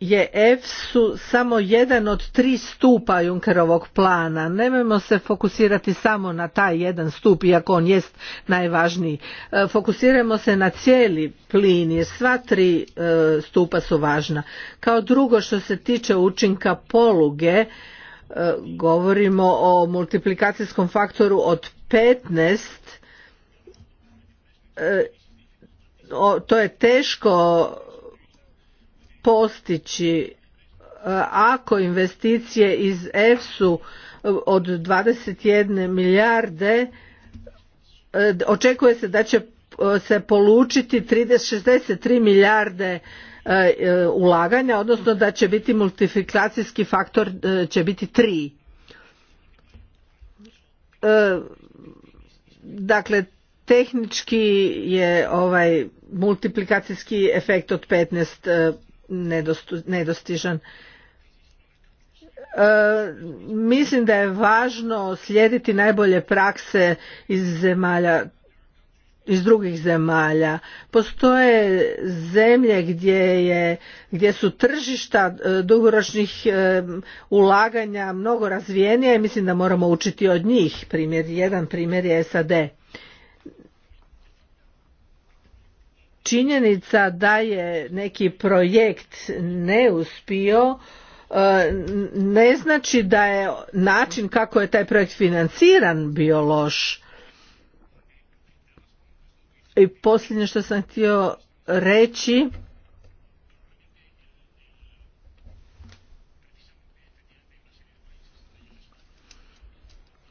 je EFSU samo jedan od tri stupa Junkerovog plana. Nemojmo se fokusirati samo na taj jedan stup, iako on jest najvažniji. E, Fokusiramo se na cijeli plin, jer sva tri e, stupa su važna. Kao drugo što se tiče učinka poluge, e, govorimo o multiplikacijskom faktoru od 15 e, to je teško postići e, ako investicije iz EFSU e, od 21 milijarde očekuje se da će se polučiti 63 milijarde ulaganja, odnosno da će biti multifikacijski faktor će biti 3 dakle tehnički je ovaj multiplikacijski efekt od 15 e, nedostižan. E, mislim da je važno slijediti najbolje prakse iz zemalja iz drugih zemalja. Postoje zemlje gdje, je, gdje su tržišta e, dugoročnih e, ulaganja mnogo razvijenija i mislim da moramo učiti od njih. Primjer, jedan primjer je SAD. Činjenica da je neki projekt neuspio e, ne znači da je način kako je taj projekt financiran bio loš i posljednje što sam htio reći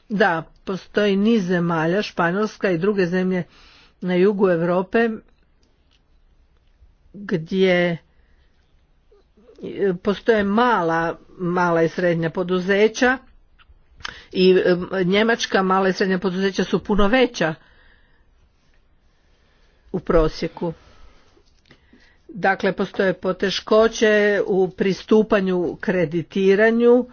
Da, postoji niz zemalja, Španjolska i druge zemlje na jugu Europe gdje postoje mala, mala i srednja poduzeća i e, njemačka mala i srednja poduzeća su puno veća u prosjeku. Dakle, postoje poteškoće u pristupanju kreditiranju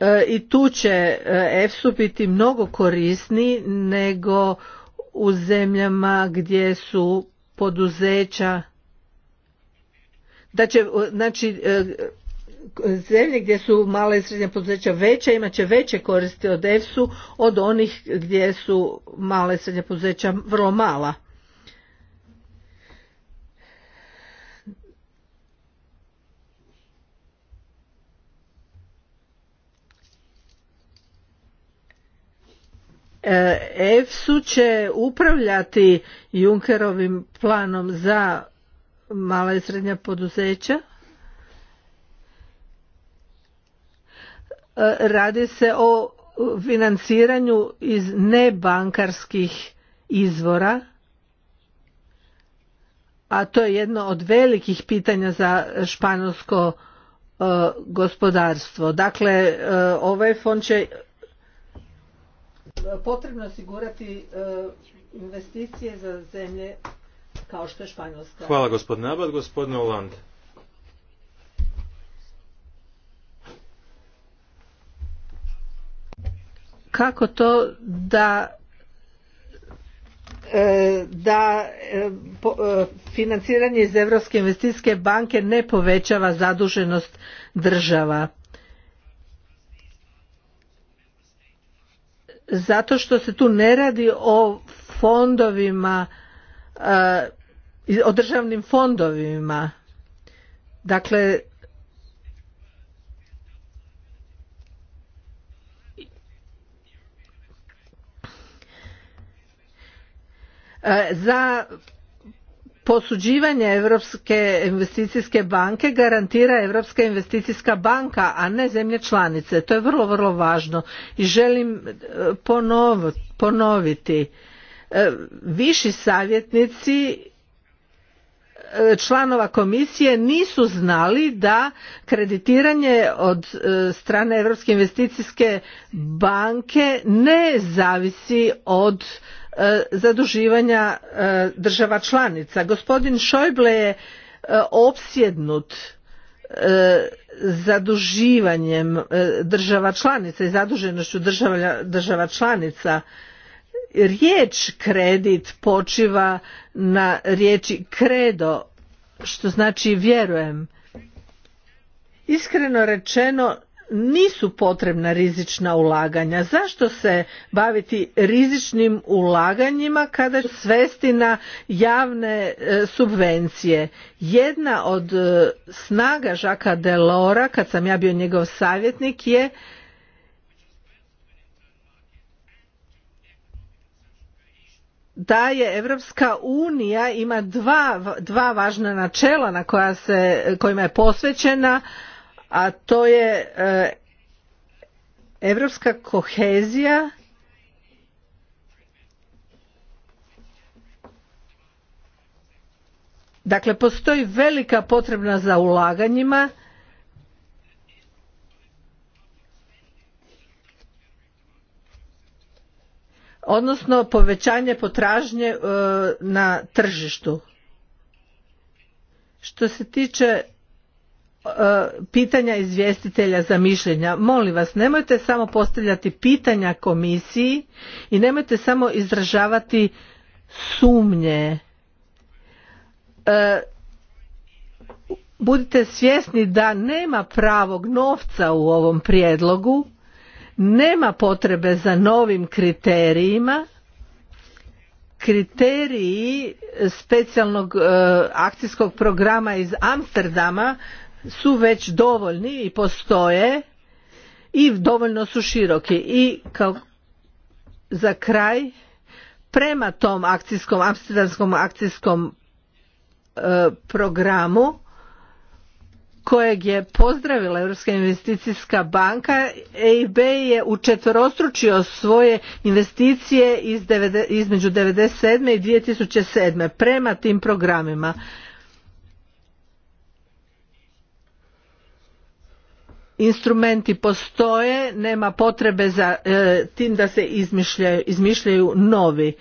e, i tu će e, EFSU biti mnogo korisni nego u zemljama gdje su poduzeća da će znači e, zemlje gdje su mala i srednja poduzeća veća imat će veće koristi od EFSU od onih gdje su mala i srednja poduzeća vrlo mala. EFSU e će upravljati Junkerovim planom za mala i srednja poduzeća. E, radi se o financiranju iz nebankarskih izvora, a to je jedno od velikih pitanja za španjolsko e, gospodarstvo. Dakle, ovaj fond će potrebno osigurati e, investicije za zemlje kao što je Španjolska. Hvala gospodine Abad, gospodine Kako to da e, da e, financiranje iz Europske investicijske banke ne povećava zaduženost država. zato što se tu ne radi o fondovima e, o državnim fondovima dakle e, za posuđivanje Europske investicijske banke garantira Europska investicijska banka, a ne zemlje članice. To je vrlo, vrlo važno i želim e, ponoviti. E, viši savjetnici e, članova komisije nisu znali da kreditiranje od strane Europske investicijske banke ne zavisi od E, zaduživanja e, država članica. Gospodin Šojble je e, opsjednut zaduživanjem država članica i zaduženošću država, članica riječ kredit počiva na riječi kredo, što znači vjerujem iskreno rečeno nisu potrebna rizična ulaganja. Zašto se baviti rizičnim ulaganjima kada svesti na javne e, subvencije? Jedna od e, snaga Žaka Delora, kad sam ja bio njegov savjetnik, je da je Europska unija ima dva, dva važna načela na koja se, kojima je posvećena, a to je europska kohezija Dakle, postoji velika potrebna za ulaganjima, odnosno povećanje potražnje e, na tržištu. Što se tiče E, pitanja izvjestitelja za mišljenja. Molim vas, nemojte samo postavljati pitanja komisiji i nemojte samo izražavati sumnje. E, budite svjesni da nema pravog novca u ovom prijedlogu, nema potrebe za novim kriterijima, kriteriji specijalnog e, akcijskog programa iz Amsterdama su već dovoljni i postoje i dovoljno su široki i kao za kraj prema tom akcijskom amsterdamskom akcijskom e, programu kojeg je pozdravila Europska investicijska banka, EIB je učetvorostručio svoje investicije iz, između 1997. i 2007. prema tim programima. instrumenti postoje nema potrebe za e, tim da se izmišljaju, novi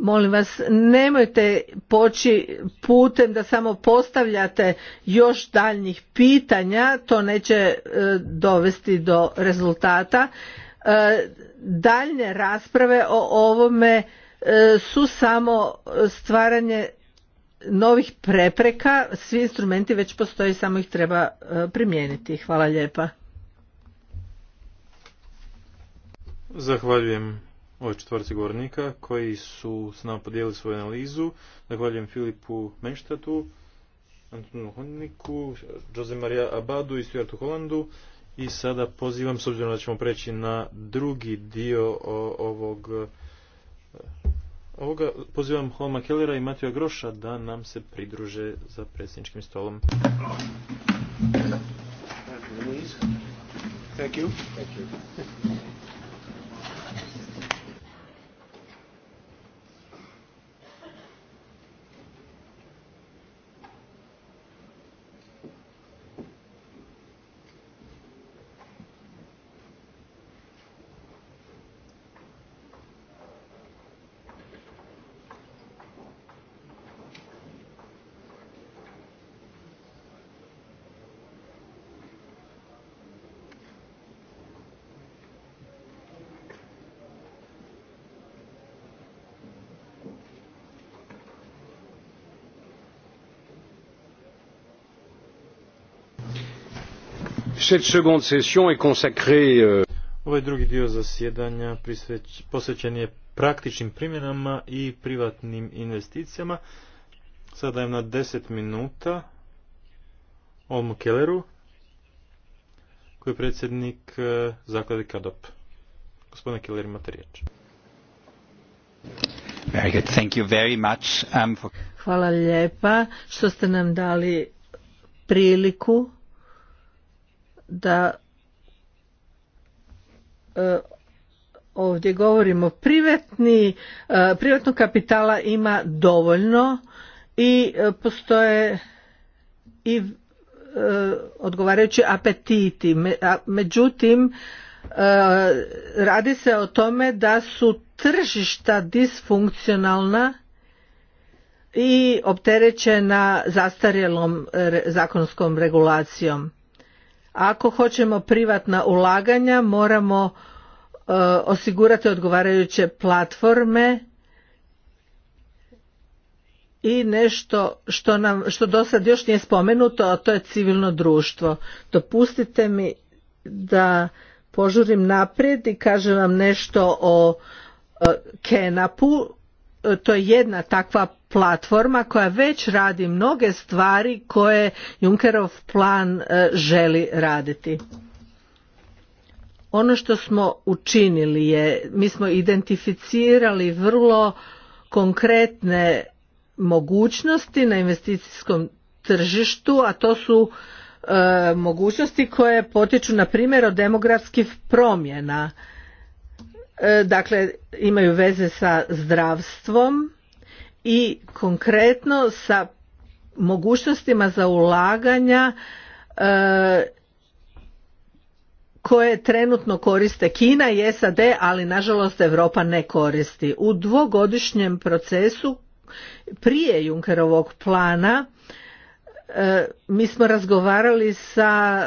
molim vas nemojte poći putem da samo postavljate još daljnjih pitanja to neće e, dovesti do rezultata e, daljnje rasprave o ovome su samo stvaranje novih prepreka, svi instrumenti već postoje, samo ih treba e, primijeniti. Hvala lijepa. Zahvaljujem ove četvorci govornika koji su s nama podijelili svoju analizu. Zahvaljujem Filipu Menštatu, Antonu Honniku, Jose Maria Abadu i Stuartu Holandu. I sada pozivam, s obzirom da ćemo preći na drugi dio ovog ovoga pozivam Holma Kellera i Matija Groša da nam se pridruže za predsjedničkim stolom. Thank you. Thank you. session euh, Ovaj drugi dio zasjedanja posvećen je praktičnim primjenama i privatnim investicijama. Sada dajem na deset minuta Olmu Kelleru, koji je predsjednik e, zaklade KADOP. Gospodine Keller, imate riječ. Um, Hvala lijepa što ste nam dali priliku da e, ovdje govorimo privatni, e, privatnog kapitala ima dovoljno i e, postoje i odgovarajući apetiti. Međutim, radi se o tome da su tržišta disfunkcionalna i opterećena zastarjelom zakonskom regulacijom. Ako hoćemo privatna ulaganja, moramo e, osigurati odgovarajuće platforme i nešto što, nam, što do sad još nije spomenuto, a to je civilno društvo. Dopustite mi da požurim naprijed i kažem vam nešto o e, Kenapu E, to je jedna takva platforma koja već radi mnoge stvari koje Junkerov plan e, želi raditi. Ono što smo učinili je, mi smo identificirali vrlo konkretne mogućnosti na investicijskom tržištu, a to su e, mogućnosti koje potiču na primjer od demografskih promjena. E, dakle imaju veze sa zdravstvom i konkretno sa mogućnostima za ulaganja e, koje trenutno koriste Kina i SAD, ali nažalost Europa ne koristi. U dvogodišnjem procesu prije Junkerovog plana e, mi smo razgovarali sa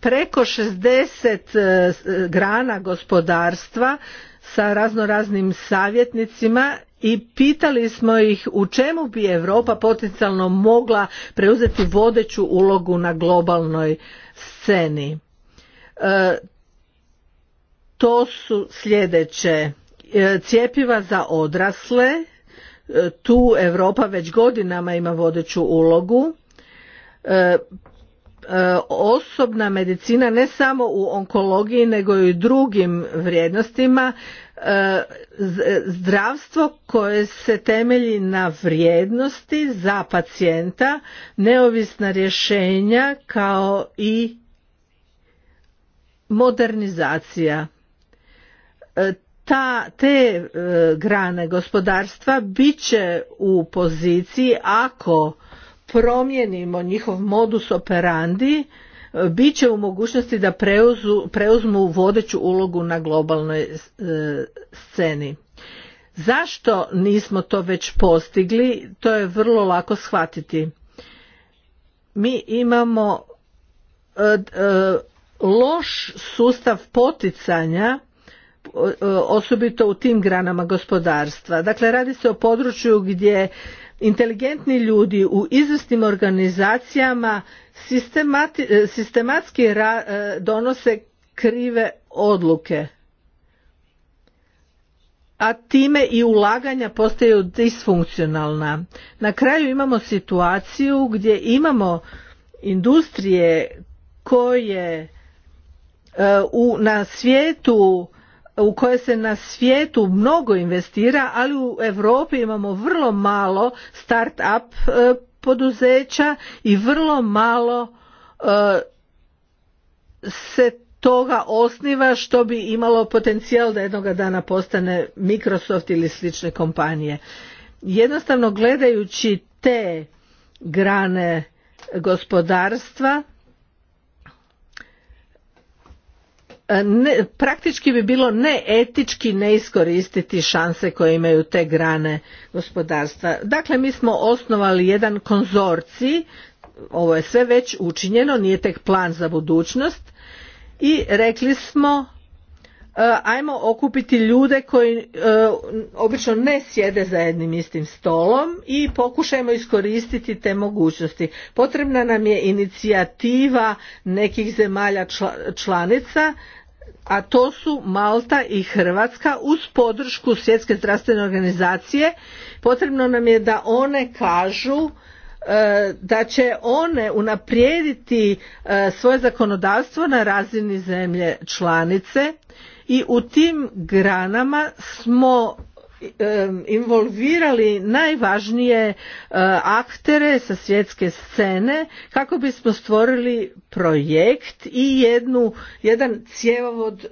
preko 60 e, e, grana gospodarstva sa raznoraznim savjetnicima i pitali smo ih u čemu bi Europa potencijalno mogla preuzeti vodeću ulogu na globalnoj sceni. E, to su sljedeće cijepiva za odrasle, tu Europa već godinama ima vodeću ulogu, E, osobna medicina ne samo u onkologiji nego i u drugim vrijednostima e, e, zdravstvo koje se temelji na vrijednosti za pacijenta neovisna rješenja kao i modernizacija ta te grane gospodarstva bit će u poziciji ako promijenimo njihov modus operandi, e, bit će u mogućnosti da preuzu, preuzmu vodeću ulogu na globalnoj e, sceni. Zašto nismo to već postigli, to je vrlo lako shvatiti. Mi imamo e, loš sustav poticanja osobito u tim granama gospodarstva. Dakle, radi se o području gdje inteligentni ljudi u izvrsnim organizacijama e, sistematski e, donose krive odluke a time i ulaganja postaju disfunkcionalna. Na kraju imamo situaciju gdje imamo industrije koje e, u, na svijetu u koje se na svijetu mnogo investira, ali u Europi imamo vrlo malo start-up e, poduzeća i vrlo malo e, se toga osniva što bi imalo potencijal da jednoga dana postane Microsoft ili slične kompanije. Jednostavno gledajući te grane gospodarstva E, ne, praktički bi bilo neetički ne iskoristiti šanse koje imaju te grane gospodarstva. Dakle, mi smo osnovali jedan konzorcij, ovo je sve već učinjeno, nije tek plan za budućnost i rekli smo e, ajmo okupiti ljude koji e, obično ne sjede za jednim istim stolom i pokušajmo iskoristiti te mogućnosti. Potrebna nam je inicijativa nekih zemalja članica a to su Malta i Hrvatska uz podršku svjetske zdravstvene organizacije. Potrebno nam je da one kažu e, da će one unaprijediti e, svoje zakonodavstvo na razini zemlje članice i u tim granama smo involvirali najvažnije e, aktere sa svjetske scene kako bismo stvorili projekt i jednu, jedan cjevovod e,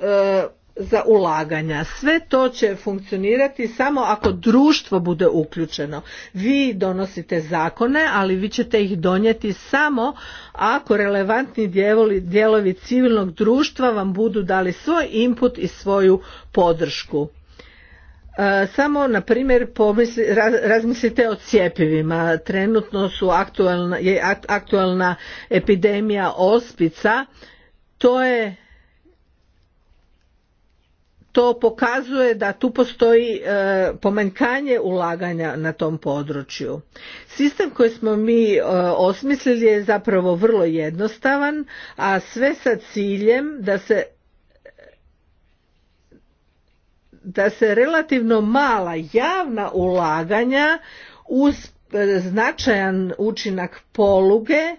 za ulaganja. Sve to će funkcionirati samo ako društvo bude uključeno. Vi donosite zakone, ali vi ćete ih donijeti samo ako relevantni dijelovi civilnog društva vam budu dali svoj input i svoju podršku. E, samo, na primjer, razmislite o cjepivima. Trenutno su aktualna, je aktualna epidemija ospica. To je to pokazuje da tu postoji e, pomanjkanje ulaganja na tom području. Sistem koji smo mi e, osmislili je zapravo vrlo jednostavan, a sve sa ciljem da se da se relativno mala javna ulaganja uz e, značajan učinak poluge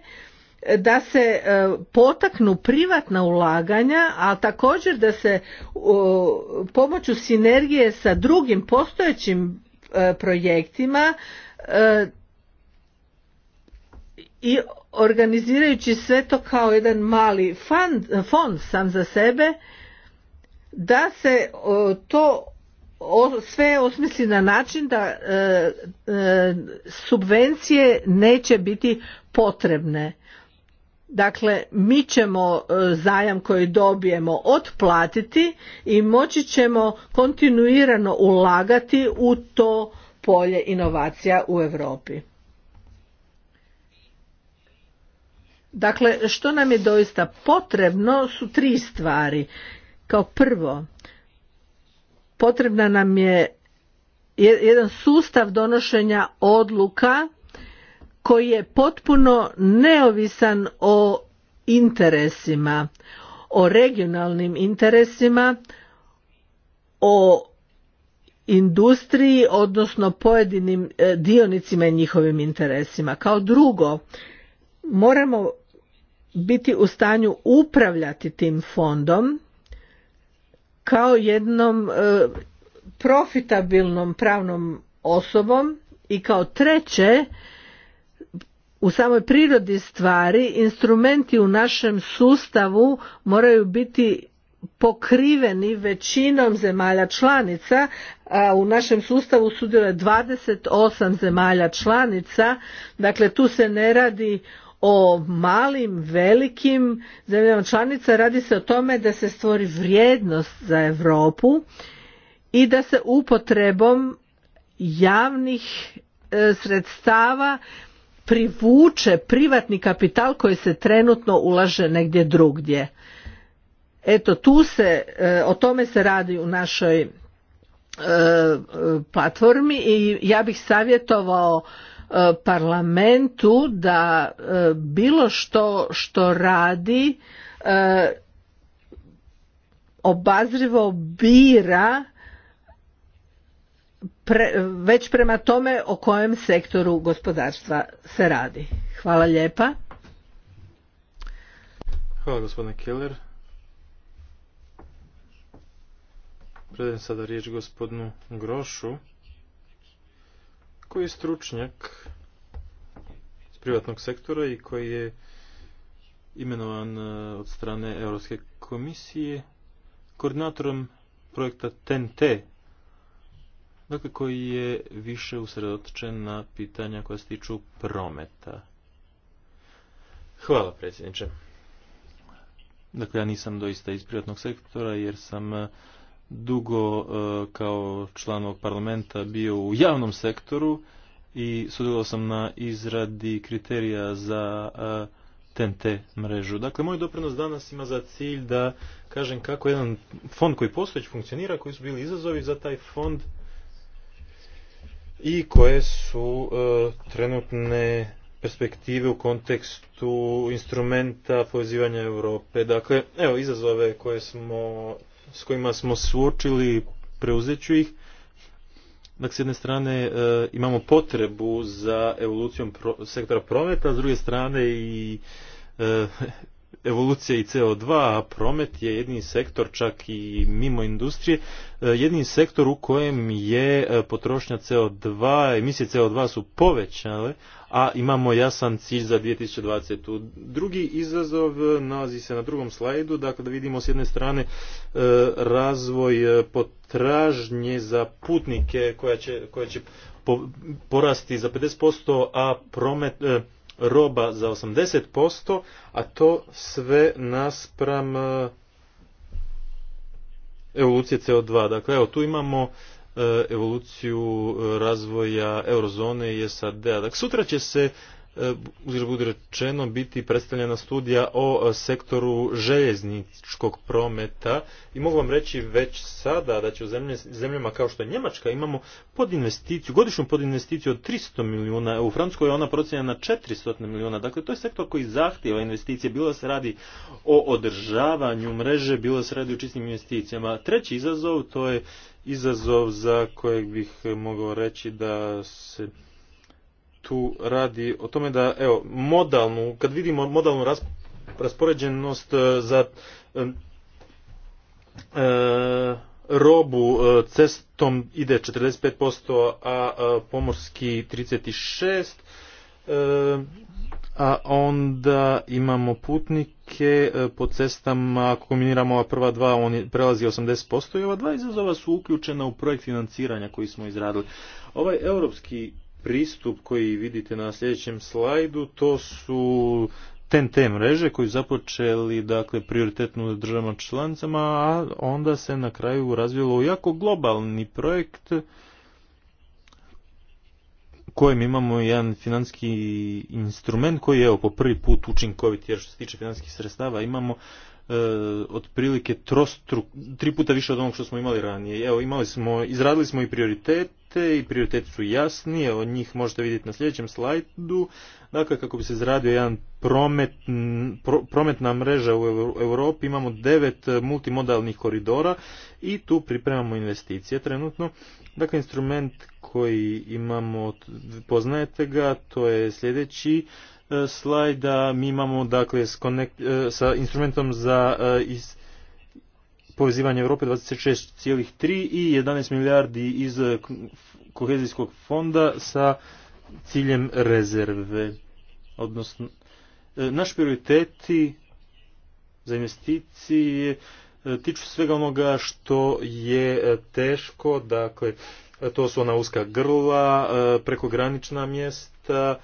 e, da se e, potaknu privatna ulaganja, a također da se pomoću sinergije sa drugim postojećim projektima i organizirajući sve to kao jedan mali fond sam za sebe da se to sve osmisli na način da e, e, subvencije neće biti potrebne. Dakle, mi ćemo e, zajam koji dobijemo otplatiti i moći ćemo kontinuirano ulagati u to polje inovacija u Europi. Dakle, što nam je doista potrebno su tri stvari. Kao prvo, potrebna nam je jedan sustav donošenja odluka koji je potpuno neovisan o interesima, o regionalnim interesima, o industriji, odnosno pojedinim e, dionicima i njihovim interesima. Kao drugo, moramo biti u stanju upravljati tim fondom kao jednom e, profitabilnom pravnom osobom i kao treće u samoj prirodi stvari instrumenti u našem sustavu moraju biti pokriveni većinom zemalja članica a u našem sustavu sudjeluje 28 zemalja članica dakle tu se ne radi o malim, velikim zemljama članica, radi se o tome da se stvori vrijednost za Europu i da se upotrebom javnih e, sredstava privuče privatni kapital koji se trenutno ulaže negdje drugdje. Eto tu se, e, o tome se radi u našoj e, platformi i ja bih savjetovao E, parlamentu da e, bilo što što radi e, obazrivo bira već prema tome o kojem sektoru gospodarstva se radi. Hvala lijepa. Hvala gospodine Keller. Predajem sada riječ gospodinu Grošu koji je stručnjak iz privatnog sektora i koji je imenovan e, od strane Europske komisije koordinatorom projekta TNT, dakle koji je više usredotočen na pitanja koja se tiču prometa. Hvala predsjedniče. Dakle, ja nisam doista iz privatnog sektora jer sam e, dugo e, kao član ovog parlamenta bio u javnom sektoru i sudjelovao sam na izradi kriterija za TNT e, mrežu. Dakle, moj doprinos danas ima za cilj da kažem kako jedan fond koji postoji funkcionira, koji su bili izazovi za taj fond i koje su e, trenutne perspektive u kontekstu instrumenta povezivanja Europe. Dakle, evo izazove koje smo s kojima smo suočili, preuzet ću ih. Dakle, s jedne strane e, imamo potrebu za evolucijom sektora prometa, s druge strane i e, evolucija i CO2, a promet je jedini sektor čak i mimo industrije, e, jedini sektor u kojem je potrošnja CO2, emisije CO2 su povećale, a imamo jasan cilj za 2020. Drugi izazov nalazi se na drugom slajdu, dakle da vidimo s jedne strane e, razvoj e, potražnje za putnike koja će, koja će porasti za 50%, a promet, e, roba za 80%, a to sve naspram evolucije CO2. Dakle, evo, tu imamo E, evoluciju e, razvoja eurozone i SAD-a. Dakle, sutra će se e, uzir bude rečeno biti predstavljena studija o sektoru željezničkog prometa i mogu vam reći već sada da će u zemljama kao što je Njemačka imamo podinvesticiju, godišnju podinvesticiju od 300 milijuna, u Francuskoj je ona procijenjena na 400 milijuna, dakle to je sektor koji zahtjeva investicije, bilo se radi o održavanju mreže, bilo se radi o čistim investicijama. Treći izazov to je izazov za kojeg bih mogao reći da se tu radi o tome da evo modalnu kad vidimo modalnu raspoređenost e, za e, e, robu cestom ide 45%, a pomorski 36%. E, a onda imamo putnike e, po cestama, ako kombiniramo ova prva dva, on je, prelazi 80% i ova dva izazova su uključena u projekt financiranja koji smo izradili. Ovaj europski pristup koji vidite na sljedećem slajdu, to su TNT mreže koji započeli dakle, prioritetno državama članicama, a onda se na kraju razvilo jako globalni projekt kojem imamo jedan financijski instrument koji je evo, po prvi put učinkovit jer što se tiče financijskih sredstava imamo e, otprilike tri puta više od onog što smo imali ranije. Evo, imali smo, izradili smo i prioritete i prioriteti su jasni, od njih možete vidjeti na sljedećem slajdu. Dakle, kako bi se izradio jedan promet, prometna mreža u Europi, imamo devet multimodalnih koridora i tu pripremamo investicije trenutno. Dakle, instrument koji imamo, poznajete ga, to je sljedeći e, slajda. Mi imamo dakle s e, sa instrumentom za e, iz, povezivanje Europe 26,3 i 11 milijardi iz kohezijskog fonda sa ciljem rezerve. Odnosno, naš prioriteti za investicije tiču svega onoga što je teško, dakle to su ona uska grla, e, prekogranična mjesta,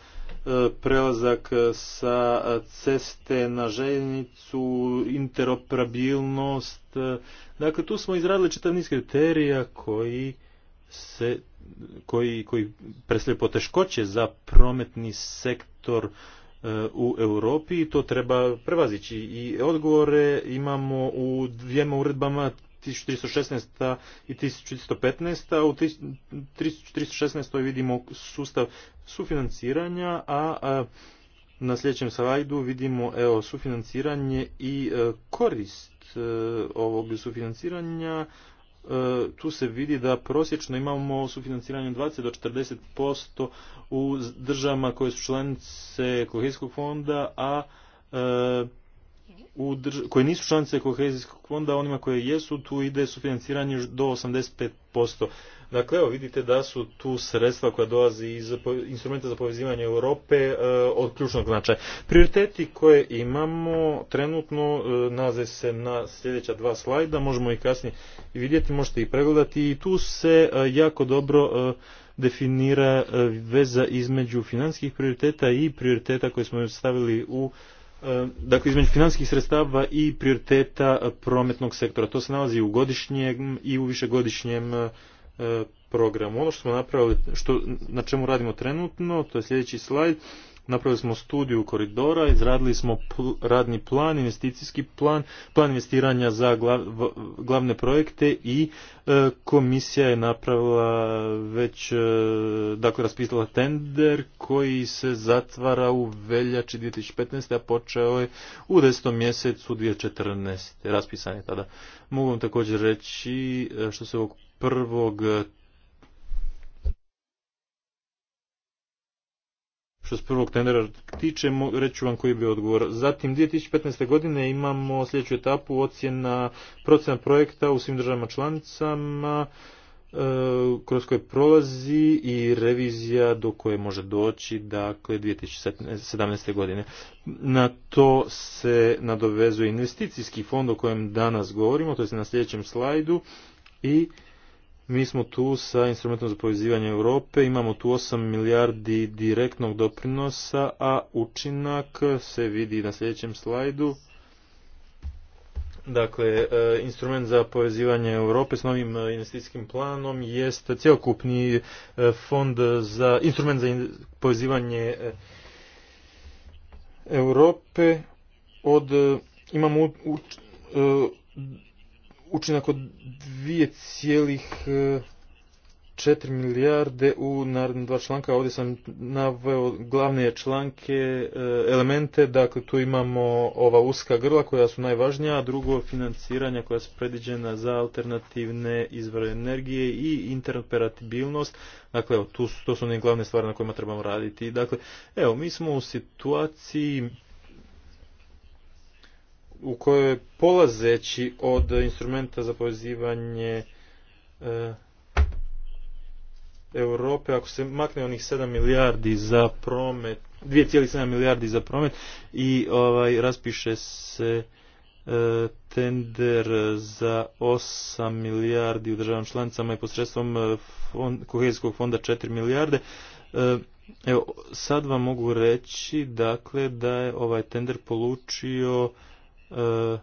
e, prelazak sa ceste na željeznicu, interoperabilnost. E, dakle, tu smo izradili čitav niz kriterija koji se koji, koji predstavljaju poteškoće za prometni sektor u Europi i to treba prevazići. I odgovore imamo u dvijema uredbama 1316. i 1315. U 1316. vidimo sustav sufinanciranja, a na sljedećem slajdu vidimo evo, sufinanciranje i e, korist e, ovog sufinanciranja. E, tu se vidi da prosječno imamo sufinanciranje 20 do 40% u državama koje su članice kohezijskog fonda, a u koje nisu članice kohezijskog fonda, onima koje jesu, tu ide sufinanciranje do 85%. Dakle, evo, vidite da su tu sredstva koja dolazi iz instrumenta za povezivanje Europe e, od ključnog značaja. Prioriteti koje imamo trenutno e, nalaze se na sljedeća dva slajda, možemo ih kasnije vidjeti, možete ih pregledati i tu se e, jako dobro e, definira veza između financijskih prioriteta i prioriteta koje smo stavili u E, dakle između financijskih sredstava i prioriteta prometnog sektora. To se nalazi u godišnjem i u višegodišnjem e, programu. Ono što smo napravili, na čemu radimo trenutno, to je sljedeći slajd, Napravili smo studiju koridora, izradili smo radni plan, investicijski plan, plan investiranja za glavne projekte i e, komisija je napravila već, e, dakle, raspisala tender koji se zatvara u veljači 2015. a počeo je u 10. mjesecu 2014. Raspisan je tada. Mogu vam također reći e, što se ovog prvog Što se prvog tendera tiče, reću vam koji je bio odgovor. Zatim, 2015. godine imamo sljedeću etapu ocjena procena projekta u svim državama članicama e, kroz koje prolazi i revizija do koje može doći, dakle 2017. godine. Na to se nadovezuje investicijski fond o kojem danas govorimo, to je na sljedećem slajdu i mi smo tu sa instrumentom za povezivanje Europe, imamo tu 8 milijardi direktnog doprinosa, a učinak se vidi na sljedećem slajdu. Dakle, e, instrument za povezivanje Europe s novim e, investicijskim planom jest cjelokupni e, fond za instrument za povezivanje Europe od imamo učinak od 2,4 e, milijarde u naredne dva članka. Ovdje sam naveo glavne članke, e, elemente, dakle tu imamo ova uska grla koja su najvažnija, a drugo financiranja koja su predviđena za alternativne izvore energije i interoperabilnost. Dakle, evo, tu, to su one glavne stvari na kojima trebamo raditi. Dakle, evo, mi smo u situaciji u kojoj polazeći od instrumenta za povezivanje e, Europe, ako se makne onih 7 milijardi za promet, 2,7 milijardi za promet i ovaj raspiše se e, tender za 8 milijardi u državnom članicama i posredstvom e, fond, kohezijskog fonda 4 milijarde. E, evo, sad vam mogu reći dakle da je ovaj tender polučio E,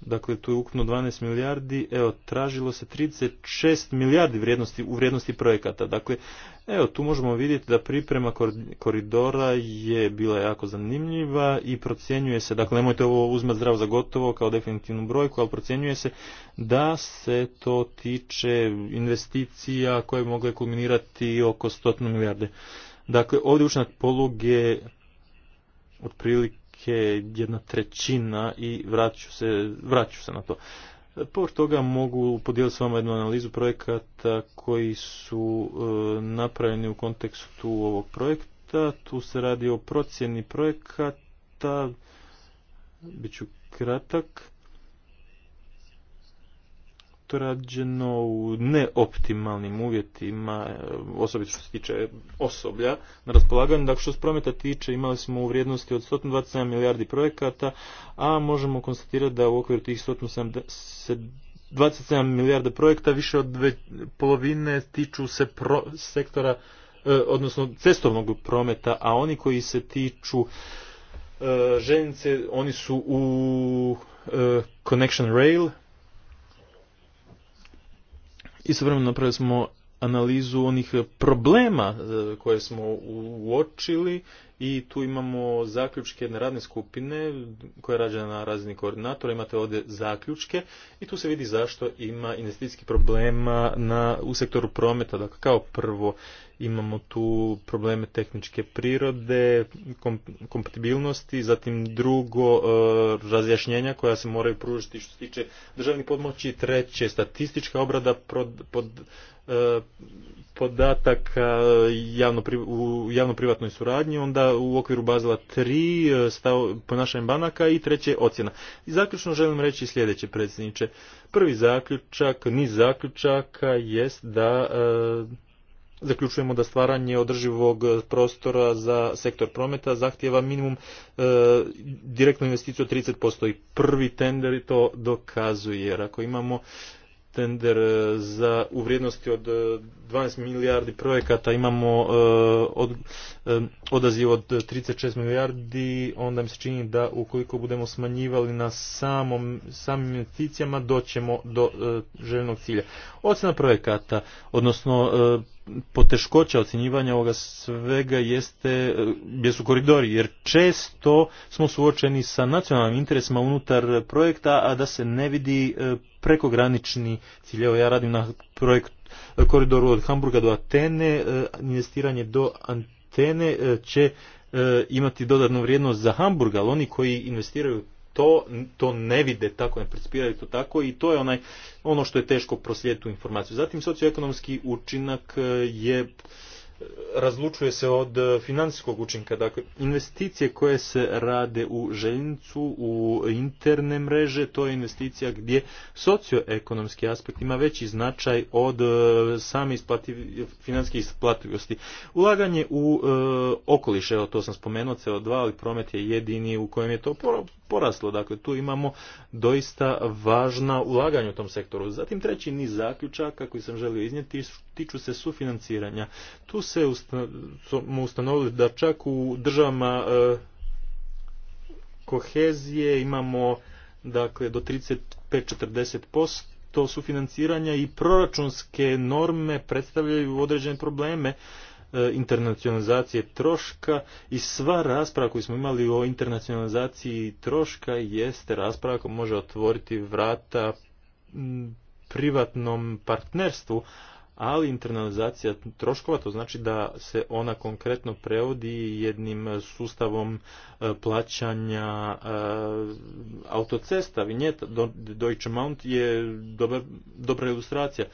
dakle tu je ukupno 12 milijardi, evo tražilo se 36 milijardi vrijednosti u vrijednosti projekata. Dakle, evo tu možemo vidjeti da priprema koridora je bila jako zanimljiva i procjenjuje se, dakle nemojte ovo uzmati zdrav za gotovo kao definitivnu brojku, ali procjenjuje se da se to tiče investicija koje mogle kulminirati oko 100 milijarde. Dakle, ovdje učinak poluge otprilike je jedna trećina i vraću se, se na to. Povr toga mogu podijeliti s vama jednu analizu projekata koji su e, napravljeni u kontekstu ovog projekta. Tu se radi o procjeni projekata, Biću ću kratak rađeno u neoptimalnim uvjetima, e, osobito što se tiče osoblja na raspolaganju. Dakle, što se prometa tiče, imali smo u vrijednosti od 127 milijardi projekata, a možemo konstatirati da u okviru tih 127 27 milijarda projekta, više od dve, polovine tiču se sektora, e, odnosno cestovnog prometa, a oni koji se tiču eh, oni su u e, Connection Rail, Istovremeno napravili smo analizu onih problema e, koje smo uočili i tu imamo zaključke jedne radne skupine koja je rađena na razini koordinatora, imate ovdje zaključke i tu se vidi zašto ima investicijski problema u sektoru prometa. Dakle, kao prvo imamo tu probleme tehničke prirode, kompatibilnosti, zatim drugo e, razjašnjenja koja se moraju pružiti što se tiče državnih podmoći, treće statistička obrada e, podataka u javno-privatnoj suradnji, onda u okviru bazila tri e, ponašanje banaka i treće ocjena. I zaključno želim reći sljedeće predsjedniče. Prvi zaključak, niz zaključaka jest da zaključujemo da stvaranje održivog prostora za sektor prometa zahtjeva minimum e, direktnu investiciju od 30% i prvi tender to dokazuje jer ako imamo tender e, za u vrijednosti od 12 e, milijardi projekata imamo e, od, e, odaziv od 36 milijardi onda mi se čini da ukoliko budemo smanjivali na samom, samim investicijama doćemo do e, željenog cilja. Ocena projekata odnosno poteškoća ocjenjivanja ovoga svega jeste, e, jesu koridori, jer često smo suočeni sa nacionalnim interesima unutar projekta, a da se ne vidi e, prekogranični cilj. Evo ja radim na projekt, e, koridoru od Hamburga do Atene, investiranje do Antene će imati dodatnu vrijednost za Hamburga, ali oni koji investiraju to, to ne vide tako, ne percipiraju to tako i to je onaj, ono što je teško proslijediti u informaciju. Zatim socioekonomski učinak e, je razlučuje se od e, financijskog učinka. Dakle, investicije koje se rade u željnicu, u interne mreže, to je investicija gdje socioekonomski aspekt ima veći značaj od e, same financijske isplativosti. Ulaganje u e, okoliš, evo to sam spomenuo, CO2, ali promet je jedini u kojem je to poraslo. Dakle, tu imamo doista važna ulaganja u tom sektoru. Zatim treći niz zaključaka koji sam želio iznijeti tiču se sufinanciranja. Tu se smo ustanovili da čak u državama e, kohezije imamo dakle do 35-40% to sufinanciranja i proračunske norme predstavljaju određene probleme e, internacionalizacije troška i sva rasprava koju smo imali o internacionalizaciji troška jeste rasprava koja može otvoriti vrata privatnom partnerstvu, ali internalizacija troškova to znači da se ona konkretno prevodi jednim sustavom e, plaćanja e, autocesta vinjeta Deutsche Mount je dobra, dobra ilustracija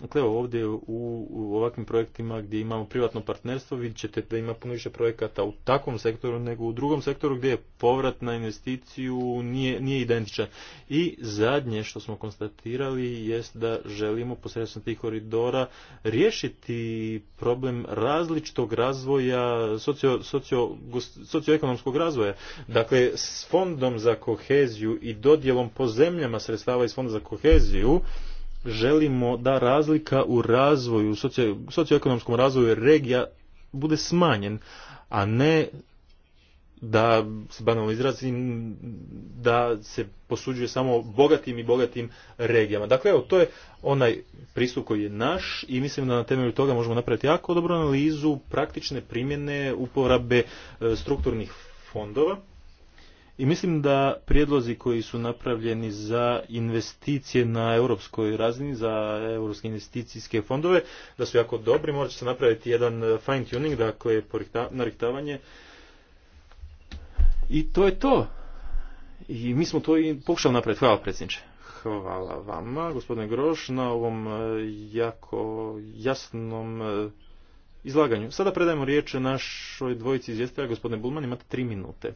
Dakle, ovdje u, ovakvim projektima gdje imamo privatno partnerstvo vidjet ćete da ima puno više projekata u takvom sektoru nego u drugom sektoru gdje je povrat na investiciju nije, nije identičan. I zadnje što smo konstatirali jest da želimo posredstvom tih koridora riješiti problem različitog razvoja, socio, socioekonomskog razvoja. Dakle, s fondom za koheziju i dodjelom po zemljama sredstava iz fonda za koheziju želimo da razlika u razvoju, socioekonomskom razvoju regija bude smanjen, a ne da se banalno izrazim, da se posuđuje samo bogatim i bogatim regijama. Dakle, evo, to je onaj pristup koji je naš i mislim da na temelju toga možemo napraviti jako dobru analizu praktične primjene uporabe e, strukturnih fondova i mislim da prijedlozi koji su napravljeni za investicije na europskoj razini, za europske investicijske fondove, da su jako dobri, morat će se napraviti jedan fine tuning, dakle nariktavanje. I to je to. I mi smo to i pokušali napraviti. Hvala predsjedniče. Hvala vama, gospodine Groš, na ovom e, jako jasnom e, izlaganju. Sada predajemo riječ našoj dvojici izvjestitelja, gospodine Bulman, imate tri minute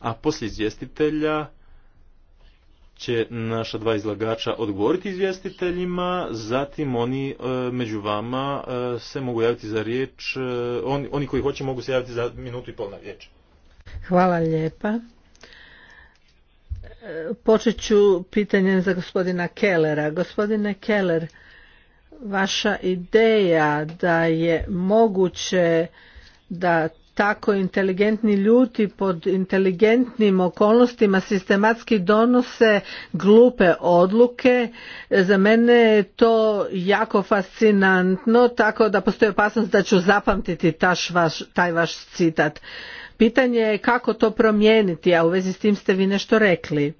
a poslije izvjestitelja će naša dva izlagača odgovoriti izvjestiteljima, zatim oni e, među vama e, se mogu javiti za riječ, e, oni koji hoće mogu se javiti za minutu i pol na riječ. Hvala lijepa. Počet ću pitanjem za gospodina Kellera. Gospodine Keller, vaša ideja da je moguće da tako inteligentni ljudi pod inteligentnim okolnostima sistematski donose glupe odluke. Za mene je to jako fascinantno, tako da postoji opasnost da ću zapamtiti taš vaš, taj vaš citat. Pitanje je kako to promijeniti, a u vezi s tim ste vi nešto rekli.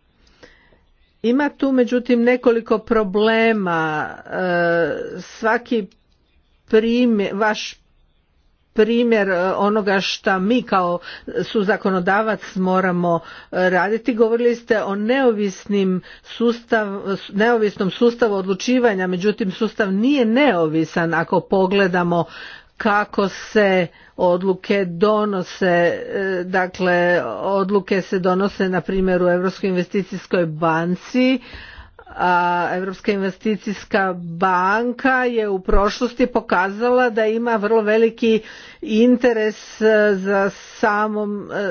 Ima tu međutim nekoliko problema. E, svaki primjer, vaš primjer e, onoga što mi kao suzakonodavac moramo e, raditi. Govorili ste o neovisnim sustav, neovisnom sustavu odlučivanja, međutim sustav nije neovisan ako pogledamo kako se odluke donose, e, dakle odluke se donose na primjer u Europskoj investicijskoj banci, Europska investicijska banka je u prošlosti pokazala da ima vrlo veliki interes e, za samom, e,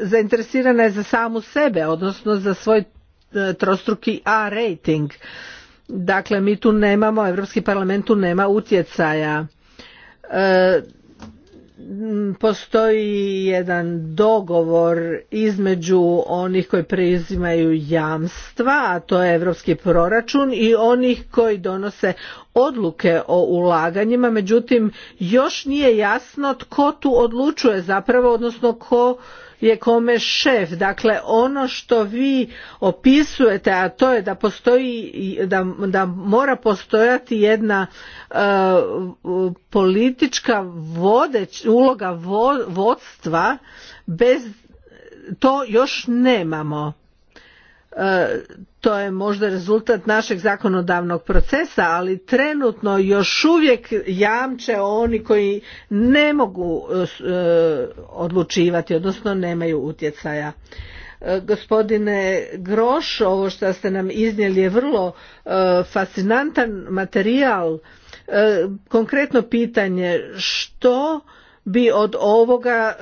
zainteresirana je za samu sebe, odnosno za svoj e, trostruki A rating. Dakle, mi tu nemamo, Europski parlament tu nema utjecaja. Mm, postoji jedan dogovor između onih koji preuzimaju jamstva, a to je europski proračun i onih koji donose odluke o ulaganjima, međutim još nije jasno tko tu odlučuje zapravo, odnosno ko je kome šef. Dakle, ono što vi opisujete, a to je da postoji, da, da mora postojati jedna e, politička uloga vodstva, bez to još nemamo. E, to je možda rezultat našeg zakonodavnog procesa, ali trenutno još uvijek jamče oni koji ne mogu e, odlučivati, odnosno nemaju utjecaja. E, gospodine Groš, ovo što ste nam iznijeli je vrlo e, fascinantan materijal. Konkretno pitanje, što bi od ovoga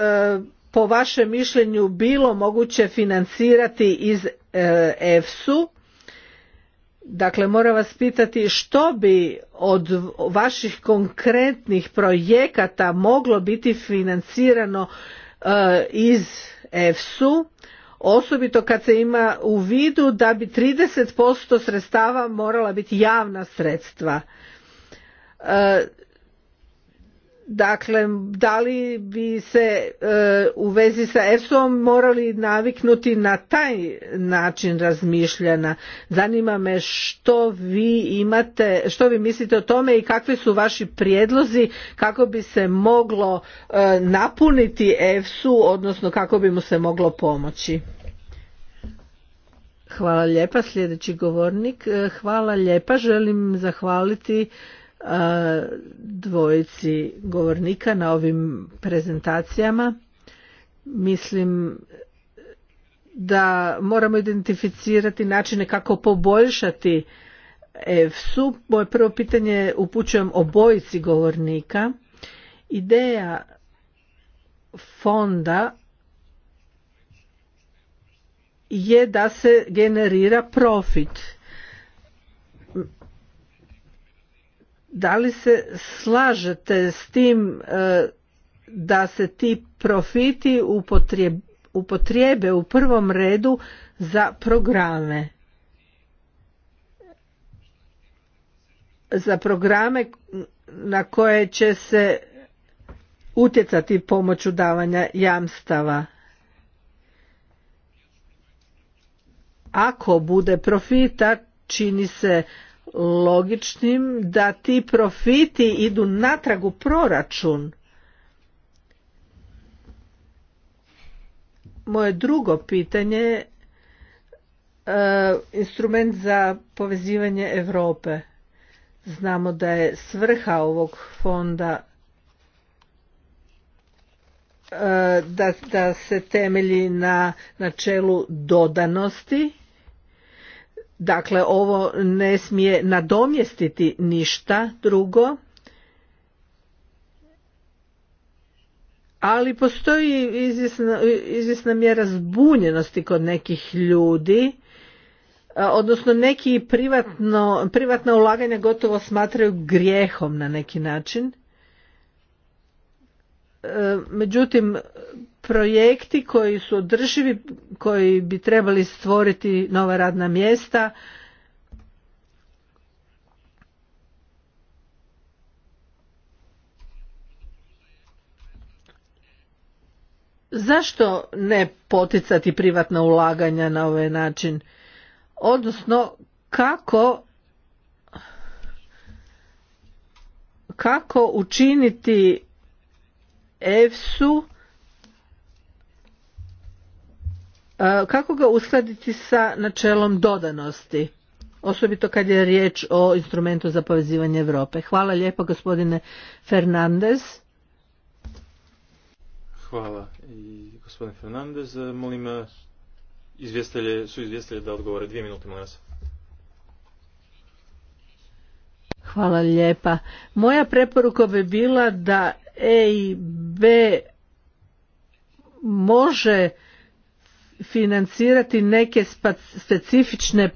po vašem mišljenju bilo moguće financirati iz E, EFSU. Dakle, moram vas pitati što bi od vaših konkretnih projekata moglo biti financirano e, iz EFSU, osobito kad se ima u vidu da bi 30% sredstava morala biti javna sredstva. E, Dakle, da li bi se e, u vezi sa EFSU-om morali naviknuti na taj način razmišljanja? Zanima me što vi imate, što vi mislite o tome i kakvi su vaši prijedlozi kako bi se moglo e, napuniti EFSU, odnosno kako bi mu se moglo pomoći? Hvala lijepa, sljedeći govornik. E, hvala lijepa, želim zahvaliti dvojici govornika na ovim prezentacijama. Mislim da moramo identificirati načine kako poboljšati EFSU. Moje prvo pitanje upućujem obojici govornika. Ideja fonda je da se generira profit Da li se slažete s tim e, da se ti profiti upotrijebe u prvom redu za programe? Za programe na koje će se utjecati pomoću davanja jamstava. Ako bude profita, čini se logičnim da ti profiti idu natrag u proračun. Moje drugo pitanje e, instrument za povezivanje Europe. Znamo da je svrha ovog fonda e, da se temelji na načelu dodanosti Dakle, ovo ne smije nadomjestiti ništa drugo, ali postoji izvjesna, izvjesna mjera zbunjenosti kod nekih ljudi, e, odnosno neki privatno, privatna ulaganja gotovo smatraju grijehom na neki način. E, međutim, projekti koji su održivi, koji bi trebali stvoriti nova radna mjesta. Zašto ne poticati privatna ulaganja na ovaj način? Odnosno, kako kako učiniti EFSU E, kako ga uskladiti sa načelom dodanosti? Osobito kad je riječ o instrumentu za povezivanje Europe. Hvala lijepo gospodine Fernandez. Hvala i gospodine Fernandez. E, molim e, izvjestelje, su izvjestelje da odgovore. Dvije minute, molim vas. Hvala lijepa. Moja preporuka bi bila da EIB može financirati neke specifične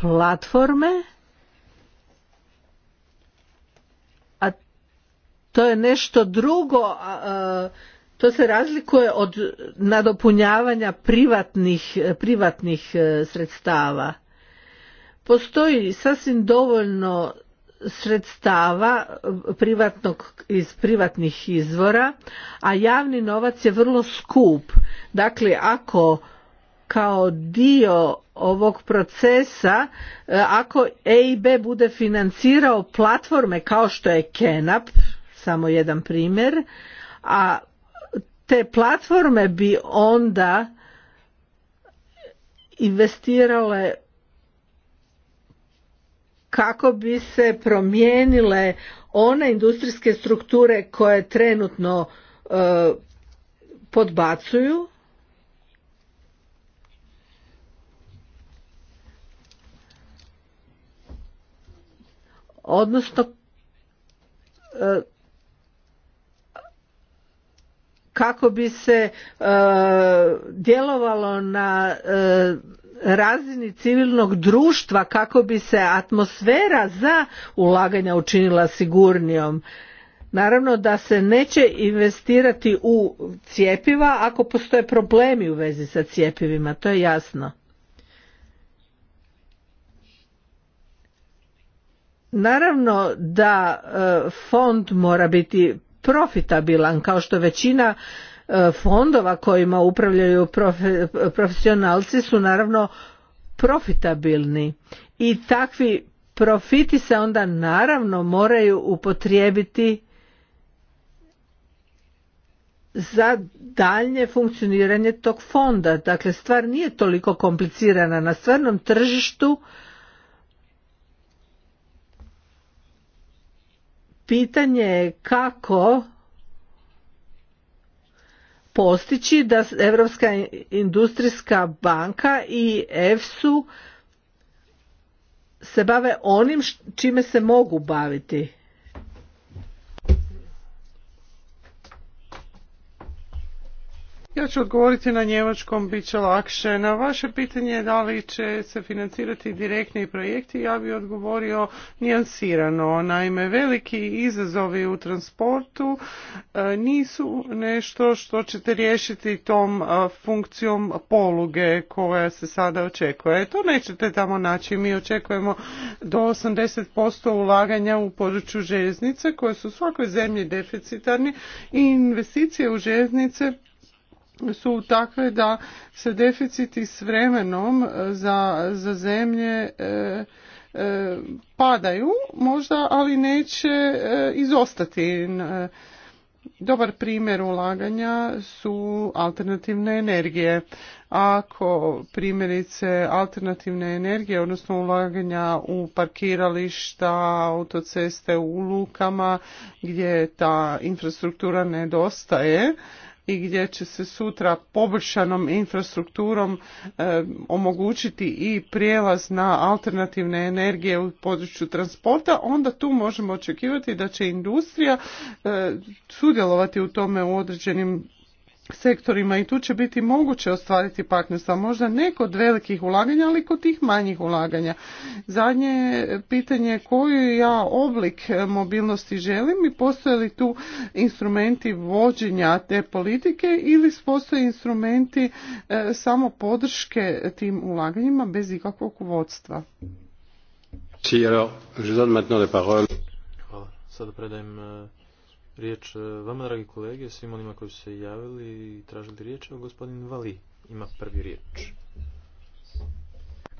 platforme a to je nešto drugo to se razlikuje od nadopunjavanja privatnih, privatnih e, sredstava postoji sasvim dovoljno sredstava e, privatnog, iz privatnih izvora a javni novac je vrlo skup dakle ako kao dio ovog procesa e, ako EIB bude financirao platforme kao što je Kenap, samo jedan primjer, a te platforme bi onda investirale kako bi se promijenile one industrijske strukture koje trenutno e, podbacuju odnosno e, kako bi se e, djelovalo na e, razini civilnog društva kako bi se atmosfera za ulaganja učinila sigurnijom naravno da se neće investirati u cjepiva ako postoje problemi u vezi sa cjepivima to je jasno Naravno da e, fond mora biti profitabilan kao što većina e, fondova kojima upravljaju profesionalci su naravno profitabilni i takvi profiti se onda naravno moraju upotrijebiti za daljnje funkcioniranje tog fonda. Dakle, stvar nije toliko komplicirana. Na stvarnom tržištu pitanje je kako postići da Europska industrijska banka i EFSU se bave onim čime se mogu baviti. Ja ću odgovoriti na njemačkom, bit će lakše. Na vaše pitanje da li će se financirati direktni projekti, ja bi odgovorio nijansirano. Naime, veliki izazovi u transportu e, nisu nešto što ćete riješiti tom e, funkcijom poluge koja se sada očekuje. To nećete tamo naći. Mi očekujemo do 80% ulaganja u području željeznice koje su u svakoj zemlji deficitarni i investicije u željeznice su takve da se deficiti s vremenom e, za, za zemlje e, e, padaju možda ali neće izostati dobar primjer ulaganja su alternativne energije ako primjerice alternativne energije odnosno ulaganja u parkirališta autoceste u lukama gdje ta infrastruktura nedostaje i gdje će se sutra poboljšanom infrastrukturom e, omogućiti i prijelaz na alternativne energije u području transporta, onda tu možemo očekivati da će industrija e, sudjelovati u tome u određenim sektorima i tu će biti moguće ostvariti partnerstva, možda ne kod velikih ulaganja, ali kod tih manjih ulaganja. Zadnje je pitanje koju ja oblik mobilnosti želim i postoje li tu instrumenti vođenja te politike ili postoje instrumenti e, samo podrške tim ulaganjima bez ikakvog vodstva. Sada predajem e, riječ e, vama, dragi kolege, svim onima koji su se javili i tražili riječ, o gospodin Vali ima prvi riječ.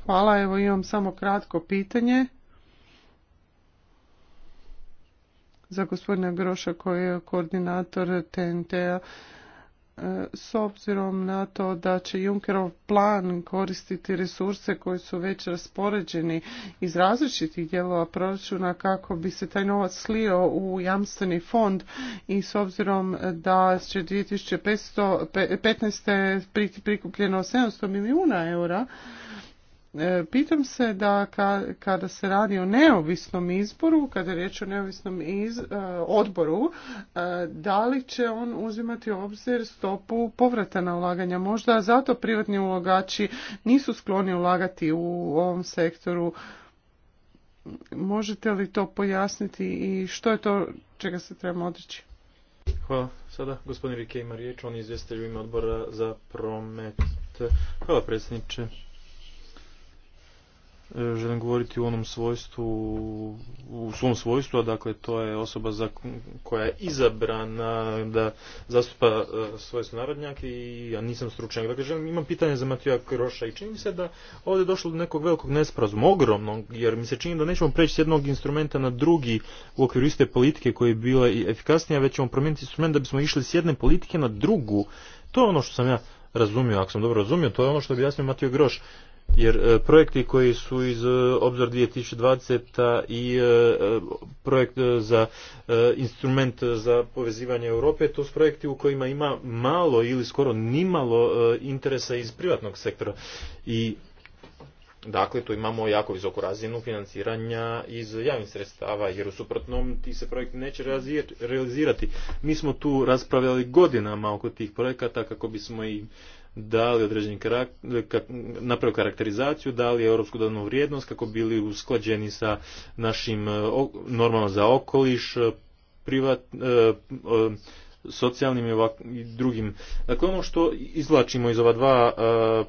Hvala, evo imam samo kratko pitanje za gospodina Groša koji je koordinator TNT-a s obzirom na to da će Junckerov plan koristiti resurse koji su već raspoređeni iz različitih dijelova proračuna kako bi se taj novac slio u jamstveni fond i s obzirom da će 2015. prikupljeno 700 milijuna eura E, pitam se da kada se radi o neovisnom izboru, kada je riječ o neovisnom iz, e, odboru, e, da li će on uzimati u obzir stopu povrata na ulaganja. Možda zato privatni ulagači nisu skloni ulagati u ovom sektoru. Možete li to pojasniti i što je to čega se trebamo odreći? Hvala. Sada gospodin Rike ima riječ, on je u odbora za promet. Hvala predsjedniče želim govoriti u onom svojstvu, u svom svojstvu, a dakle to je osoba za, koja je izabrana da zastupa e, svoje sunarodnjake i ja nisam stručnjak. Dakle, želim, imam pitanje za Matija Groša i čini mi se da ovdje je došlo do nekog velikog nesporazuma, ogromnog, jer mi se čini da nećemo preći s jednog instrumenta na drugi u okviru iste politike koja je bila i efikasnija, već ćemo promijeniti instrument da bismo išli s jedne politike na drugu. To je ono što sam ja razumio, ako sam dobro razumio, to je ono što bi objasnio Matijo Groš jer e, projekti koji su iz e, obzor 2020 i e, projekt za instrument za povezivanje Europe to su projekti u kojima ima malo ili skoro nimalo interesa iz privatnog sektora i Dakle, tu imamo jako visoku razinu financiranja iz javnih sredstava, jer u suprotnom ti se projekti neće realizirati. Mi smo tu raspravljali godinama oko tih projekata kako bismo i da li određeni karakter, karakterizaciju, da li je europsku dodanu vrijednost kako bili usklađeni sa našim e, normama za okoliš, e, privat, e, socijalnim i, i drugim. Dakle, ono što izvlačimo iz ova dva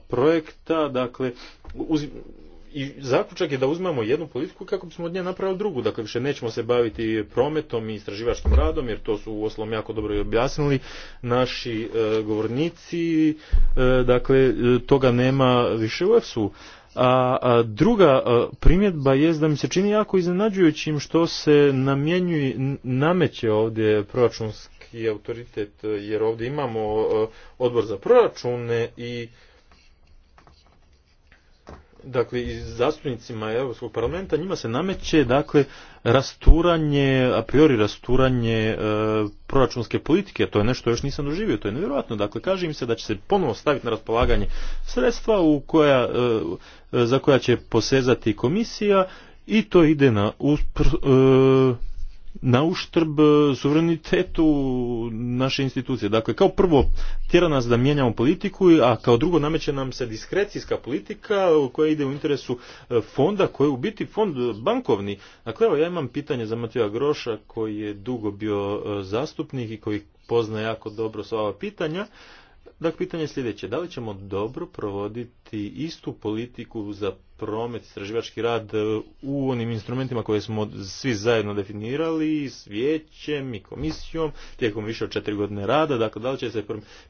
projekta, dakle, uz, i zaključak je da uzmemo jednu politiku kako bismo od nje napravili drugu. Dakle, više nećemo se baviti prometom i istraživačkim radom, jer to su u uostalom jako dobro i objasnili naši e, govornici. E, dakle, toga nema više u EFSU. A, druga e, primjedba je da mi se čini jako iznenađujućim što se namjenjuje, nameće ovdje proračunski autoritet, jer ovdje imamo odbor za proračune i dakle i zastupnicima Europskog parlamenta njima se nameće dakle rasturanje, a priori rasturanje e, proračunske politike, to je nešto još nisam doživio, to je nevjerojatno. Dakle, kaže im se da će se ponovo staviti na raspolaganje sredstva u koja, e, za koja će posezati komisija i to ide na uspr, e, na uštrb e, suverenitetu naše institucije. Dakle, kao prvo tjera nas da mijenjamo politiku, a kao drugo nameće nam se diskrecijska politika koja ide u interesu e, fonda, koji je u biti fond bankovni. Dakle, evo, ja imam pitanje za Matija Groša koji je dugo bio e, zastupnik i koji pozna jako dobro sva ova pitanja. Dakle, pitanje je sljedeće. Da li ćemo dobro provoditi istu politiku za promet, istraživački rad e, u onim instrumentima koje smo svi zajedno definirali s vijećem i komisijom tijekom više od četiri godine rada. Dakle, da li će se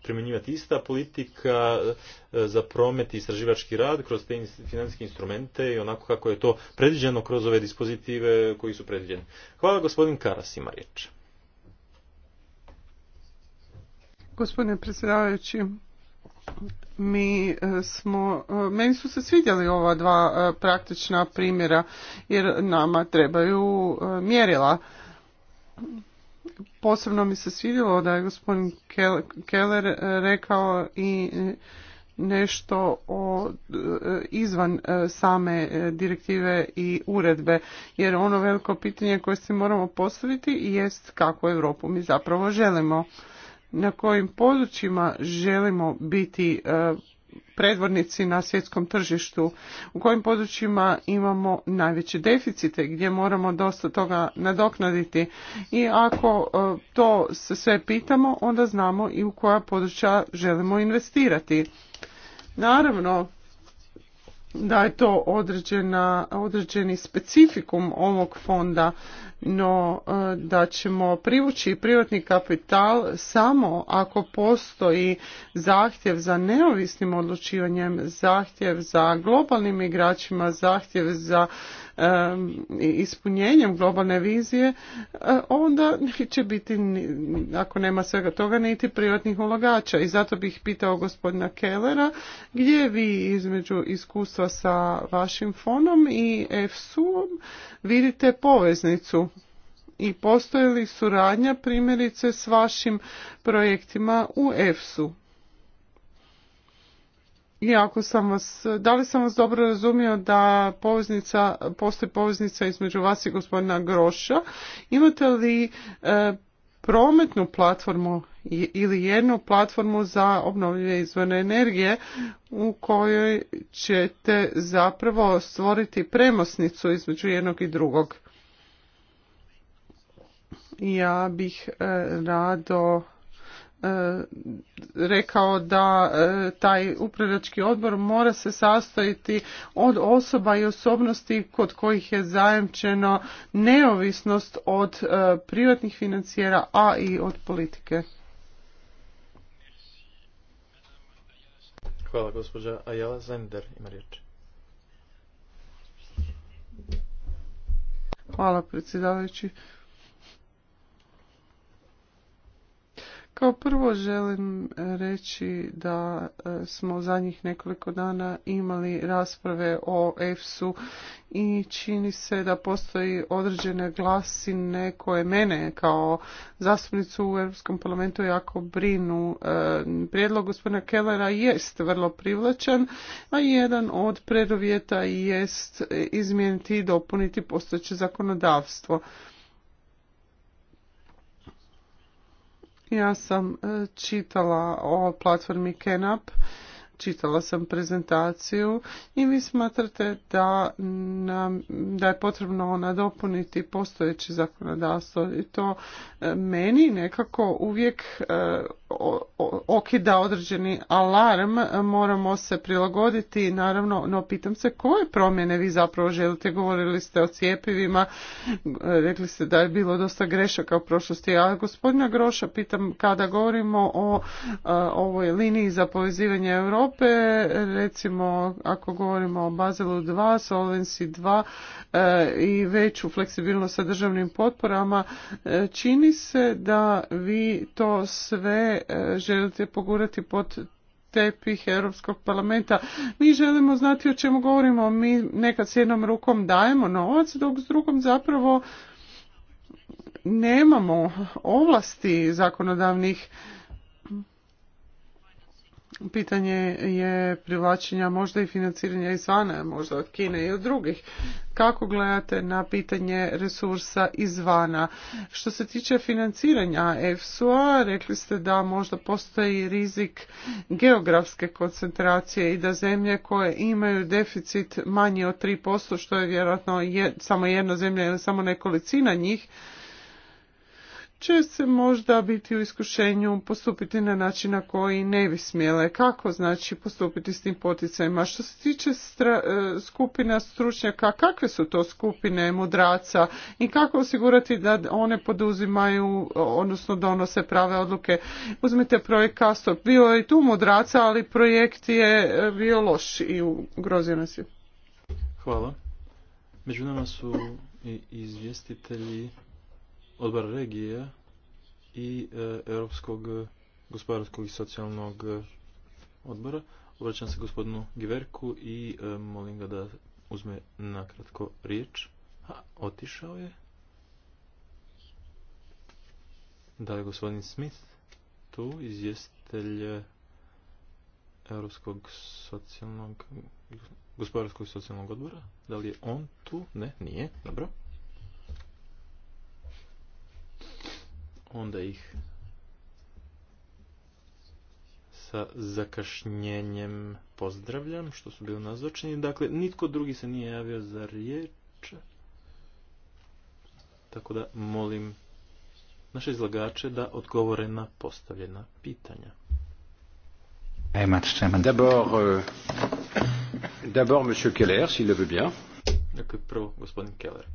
primjenjivati ista politika e, za promet i istraživački rad kroz te financijske instrumente i onako kako je to predviđeno kroz ove dispozitive koji su predviđeni. Hvala gospodin Karas ima riječ. Gospodine predsjedavajući, mi e, smo, e, meni su se svidjeli ova dva e, praktična primjera jer nama trebaju mjerila. Posebno mi se svidjelo da je gospodin Keller rekao i nešto o, izvan same direktive i uredbe, jer ono veliko pitanje koje se moramo postaviti jest kakvu Europu mi zapravo želimo na kojim područjima želimo biti e, predvornici na svjetskom tržištu, u kojim područjima imamo najveće deficite, gdje moramo dosta toga nadoknaditi. I ako e, to se sve pitamo, onda znamo i u koja područja želimo investirati. Naravno, da je to određena, određeni specifikum ovog fonda, no e, da ćemo privući privatni kapital samo ako postoji zahtjev za neovisnim odlučivanjem, zahtjev za globalnim igračima, zahtjev za ispunjenjem globalne vizije, e, onda neće biti, ako nema svega toga, niti privatnih ulagača. I zato bih pitao gospodina Kellera, gdje vi između iskustva sa vašim fonom i EFSU-om vidite poveznicu? i postoji li suradnja primjerice s vašim projektima u EFSU? I ako sam vas, da li sam vas dobro razumio da poveznica, postoji poveznica između vas i gospodina Groša, imate li e, prometnu platformu ili jednu platformu za obnovljive izvore energije u kojoj ćete zapravo stvoriti premosnicu između jednog i drugog. Ja bih e, rado E, rekao da e, taj upravljački odbor mora se sastojiti od osoba i osobnosti kod kojih je zajemčeno neovisnost od e, privatnih financijera, a i od politike. Hvala gospođa Ajala Zender ima riječ. Hvala predsjedavajući. Kao prvo želim reći da e, smo u zadnjih nekoliko dana imali rasprave o EFSU i čini se da postoji određene glasine koje mene kao zastupnicu u Europskom parlamentu jako brinu. E, prijedlog gospodina Kellera jest vrlo privlačan, a jedan od preduvjeta jest izmijeniti i dopuniti postojeće zakonodavstvo. Ja sam e, čitala o platformi Kenap, čitala sam prezentaciju i vi smatrate da, nam, da je potrebno nadopuniti postojeće zakonodavstvo i to e, meni nekako uvijek e, okida određeni alarm, moramo se prilagoditi naravno, no pitam se koje promjene vi zapravo želite, govorili ste o cijepivima, rekli ste da je bilo dosta grešaka u prošlosti, a gospodina Groša pitam kada govorimo o ovoj liniji za povezivanje Europe, recimo ako govorimo o Bazelu 2, Solvency 2 e, i veću fleksibilnost sa državnim potporama, e, čini se da vi to sve E, želite pogurati pod tepih Europskog parlamenta. Mi želimo znati o čemu govorimo. Mi nekad s jednom rukom dajemo novac, dok s drugom zapravo nemamo ovlasti zakonodavnih Pitanje je privlačenja možda i financiranja izvana, možda od Kine i od drugih. Kako gledate na pitanje resursa izvana? Što se tiče financiranja EFSU-a, rekli ste da možda postoji rizik geografske koncentracije i da zemlje koje imaju deficit manji od 3%, što je vjerojatno samo jedna zemlja ili samo nekolicina njih, će se možda biti u iskušenju postupiti na način na koji ne bi smjele. Kako znači postupiti s tim poticajima? Što se tiče e, skupina stručnjaka, kakve su to skupine mudraca i kako osigurati da one poduzimaju, odnosno donose prave odluke? Uzmite projekt Kastop, bio je i tu mudraca, ali projekt je e, bio loš i ugrozio nas je. Hvala. Među nama su i izvjestitelji odbora regije i e, Europskog gospodarskog i socijalnog odbora. Obraćam se gospodinu Giverku i e, molim ga da uzme nakratko riječ. A, otišao je. Da je gospodin Smith tu, izvjestitelj e, Europskog socijalnog, gospodarskog i socijalnog odbora. Da li je on tu? Ne, nije. Dobro. onda ih sa zakašnjenjem pozdravljam što su bili nazočni. Dakle, nitko drugi se nije javio za riječ. Tako da molim naše izlagače da odgovore na postavljena pitanja. D'abord, euh, d'abord monsieur Keller, s'il le veut bien. Dakle, prvo gospodin Keller.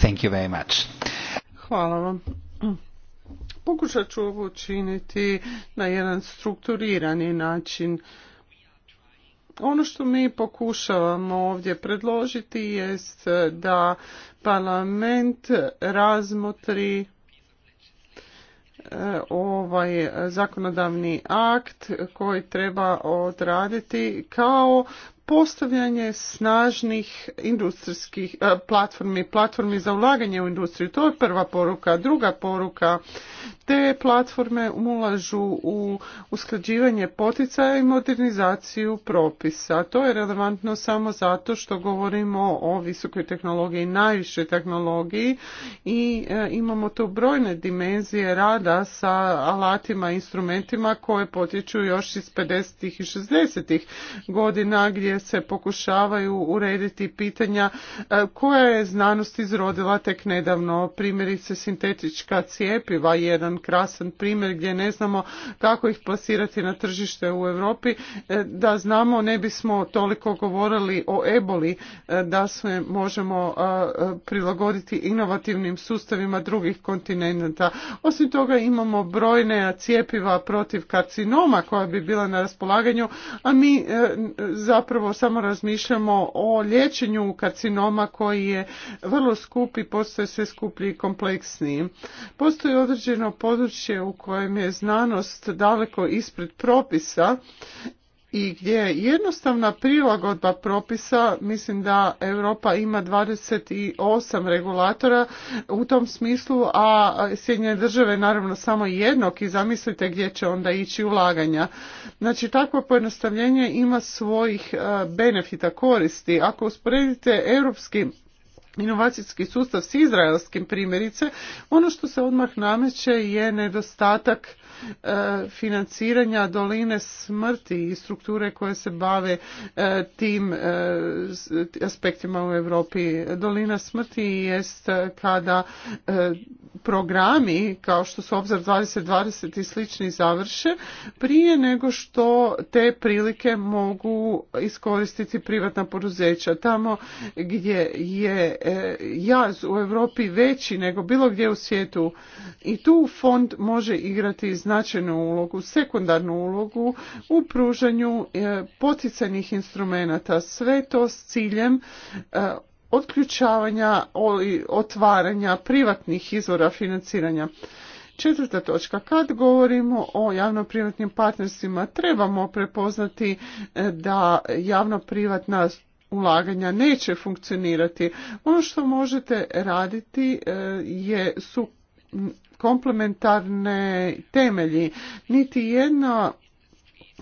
Thank you very much. Hvala vam. Pokušat ću ovo učiniti na jedan strukturirani način. Ono što mi pokušavamo ovdje predložiti jest da parlament razmotri e, ovaj zakonodavni akt koji treba odraditi kao postavljanje snažnih industrijskih e, platformi, platformi za ulaganje u industriju. To je prva poruka. Druga poruka, te platforme ulažu u usklađivanje poticaja i modernizaciju propisa. To je relevantno samo zato što govorimo o visokoj tehnologiji, najvišoj tehnologiji i e, imamo tu brojne dimenzije rada sa alatima, i instrumentima koje potječu još iz 50. i 60. godina gdje se pokušavaju urediti pitanja e, koja je znanost izrodila tek nedavno. Primjerice sintetička cijepiva, jedan krasan primjer gdje ne znamo kako ih plasirati na tržište u Europi. E, da znamo ne bismo toliko govorili o eboli e, da se možemo prilagoditi inovativnim sustavima drugih kontinenta. Osim toga imamo brojne cijepiva protiv karcinoma koja bi bila na raspolaganju, a mi zapravo zapravo samo razmišljamo o liječenju karcinoma koji je vrlo skup i postoje sve skuplji i kompleksniji. Postoji određeno područje u kojem je znanost daleko ispred propisa i gdje je jednostavna prilagodba propisa, mislim da Europa ima 28 regulatora u tom smislu, a Sjedinjene države naravno samo jednog i zamislite gdje će onda ići ulaganja. Znači takvo pojednostavljenje ima svojih e, benefita, koristi. Ako usporedite europski inovacijski sustav s izraelskim primjerice, ono što se odmah nameće je nedostatak e, financiranja doline smrti i strukture koje se bave e, tim e, aspektima u Europi. Dolina smrti jest kada programi kao što su Obzor 2020 i slični završe prije nego što te prilike mogu iskoristiti privatna poduzeća. Tamo gdje je e, jaz u Europi veći nego bilo gdje u svijetu i tu fond može igrati značajnu ulogu, sekundarnu ulogu u pružanju e, poticajnih instrumenata. Sve to s ciljem e, otključavanja i otvaranja privatnih izvora financiranja. Četvrta točka, kad govorimo o javno-privatnim partnerstvima, trebamo prepoznati e, da javno-privatna ulaganja neće funkcionirati. Ono što možete raditi e, je su komplementarne temelji. Niti jedna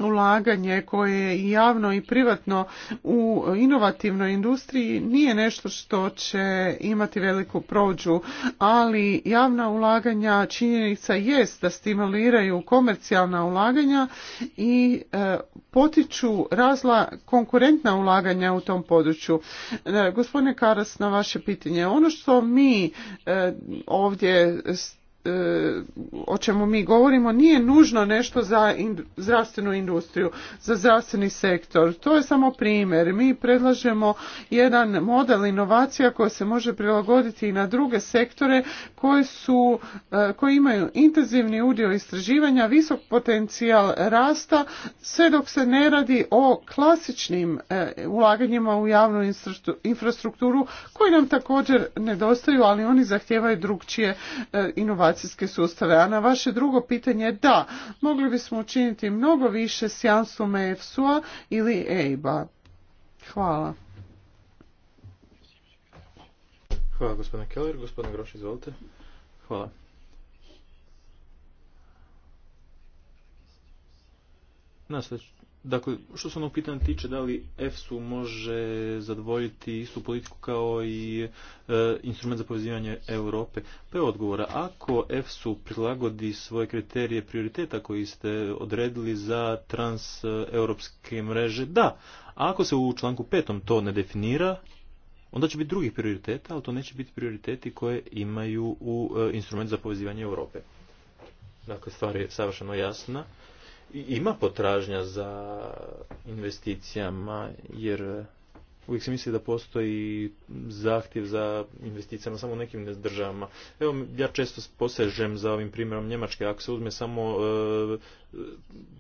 ulaganje koje je javno i privatno u inovativnoj industriji nije nešto što će imati veliku prođu, ali javna ulaganja činjenica jest da stimuliraju komercijalna ulaganja i e, potiču razla konkurentna ulaganja u tom području. E, gospodine Karas, na vaše pitanje, ono što mi e, ovdje E, o čemu mi govorimo nije nužno nešto za zdravstvenu industriju, za zdravstveni sektor. To je samo primjer. Mi predlažemo jedan model inovacija koji se može prilagoditi i na druge sektore koji su, e, koji imaju intenzivni udio istraživanja, visok potencijal rasta, sve dok se ne radi o klasičnim e, ulaganjima u javnu infrastrukturu koji nam također nedostaju, ali oni zahtijevaju drugčije inovacije informacijske sustave. A na vaše drugo pitanje, da, mogli bismo učiniti mnogo više s jamstvom EFSU-a ili EIB-a. Hvala. Hvala gospodine Keller. Gospodine Groš, izvolite. Hvala. Nastavit Dakle, što se ono pitanje tiče, da li EFSU može zadovoljiti istu politiku kao i e, instrument za povezivanje Europe? Pa je odgovora, ako EFSU prilagodi svoje kriterije prioriteta koji ste odredili za transeuropske mreže, da. A ako se u članku petom to ne definira, onda će biti drugih prioriteta, ali to neće biti prioriteti koje imaju u e, instrument za povezivanje Europe. Dakle, stvar je savršeno jasna ima potražnja za investicijama jer uvijek se misli da postoji zahtjev za investicijama samo u nekim državama. Evo, ja često posežem za ovim primjerom Njemačke, ako se uzme samo e,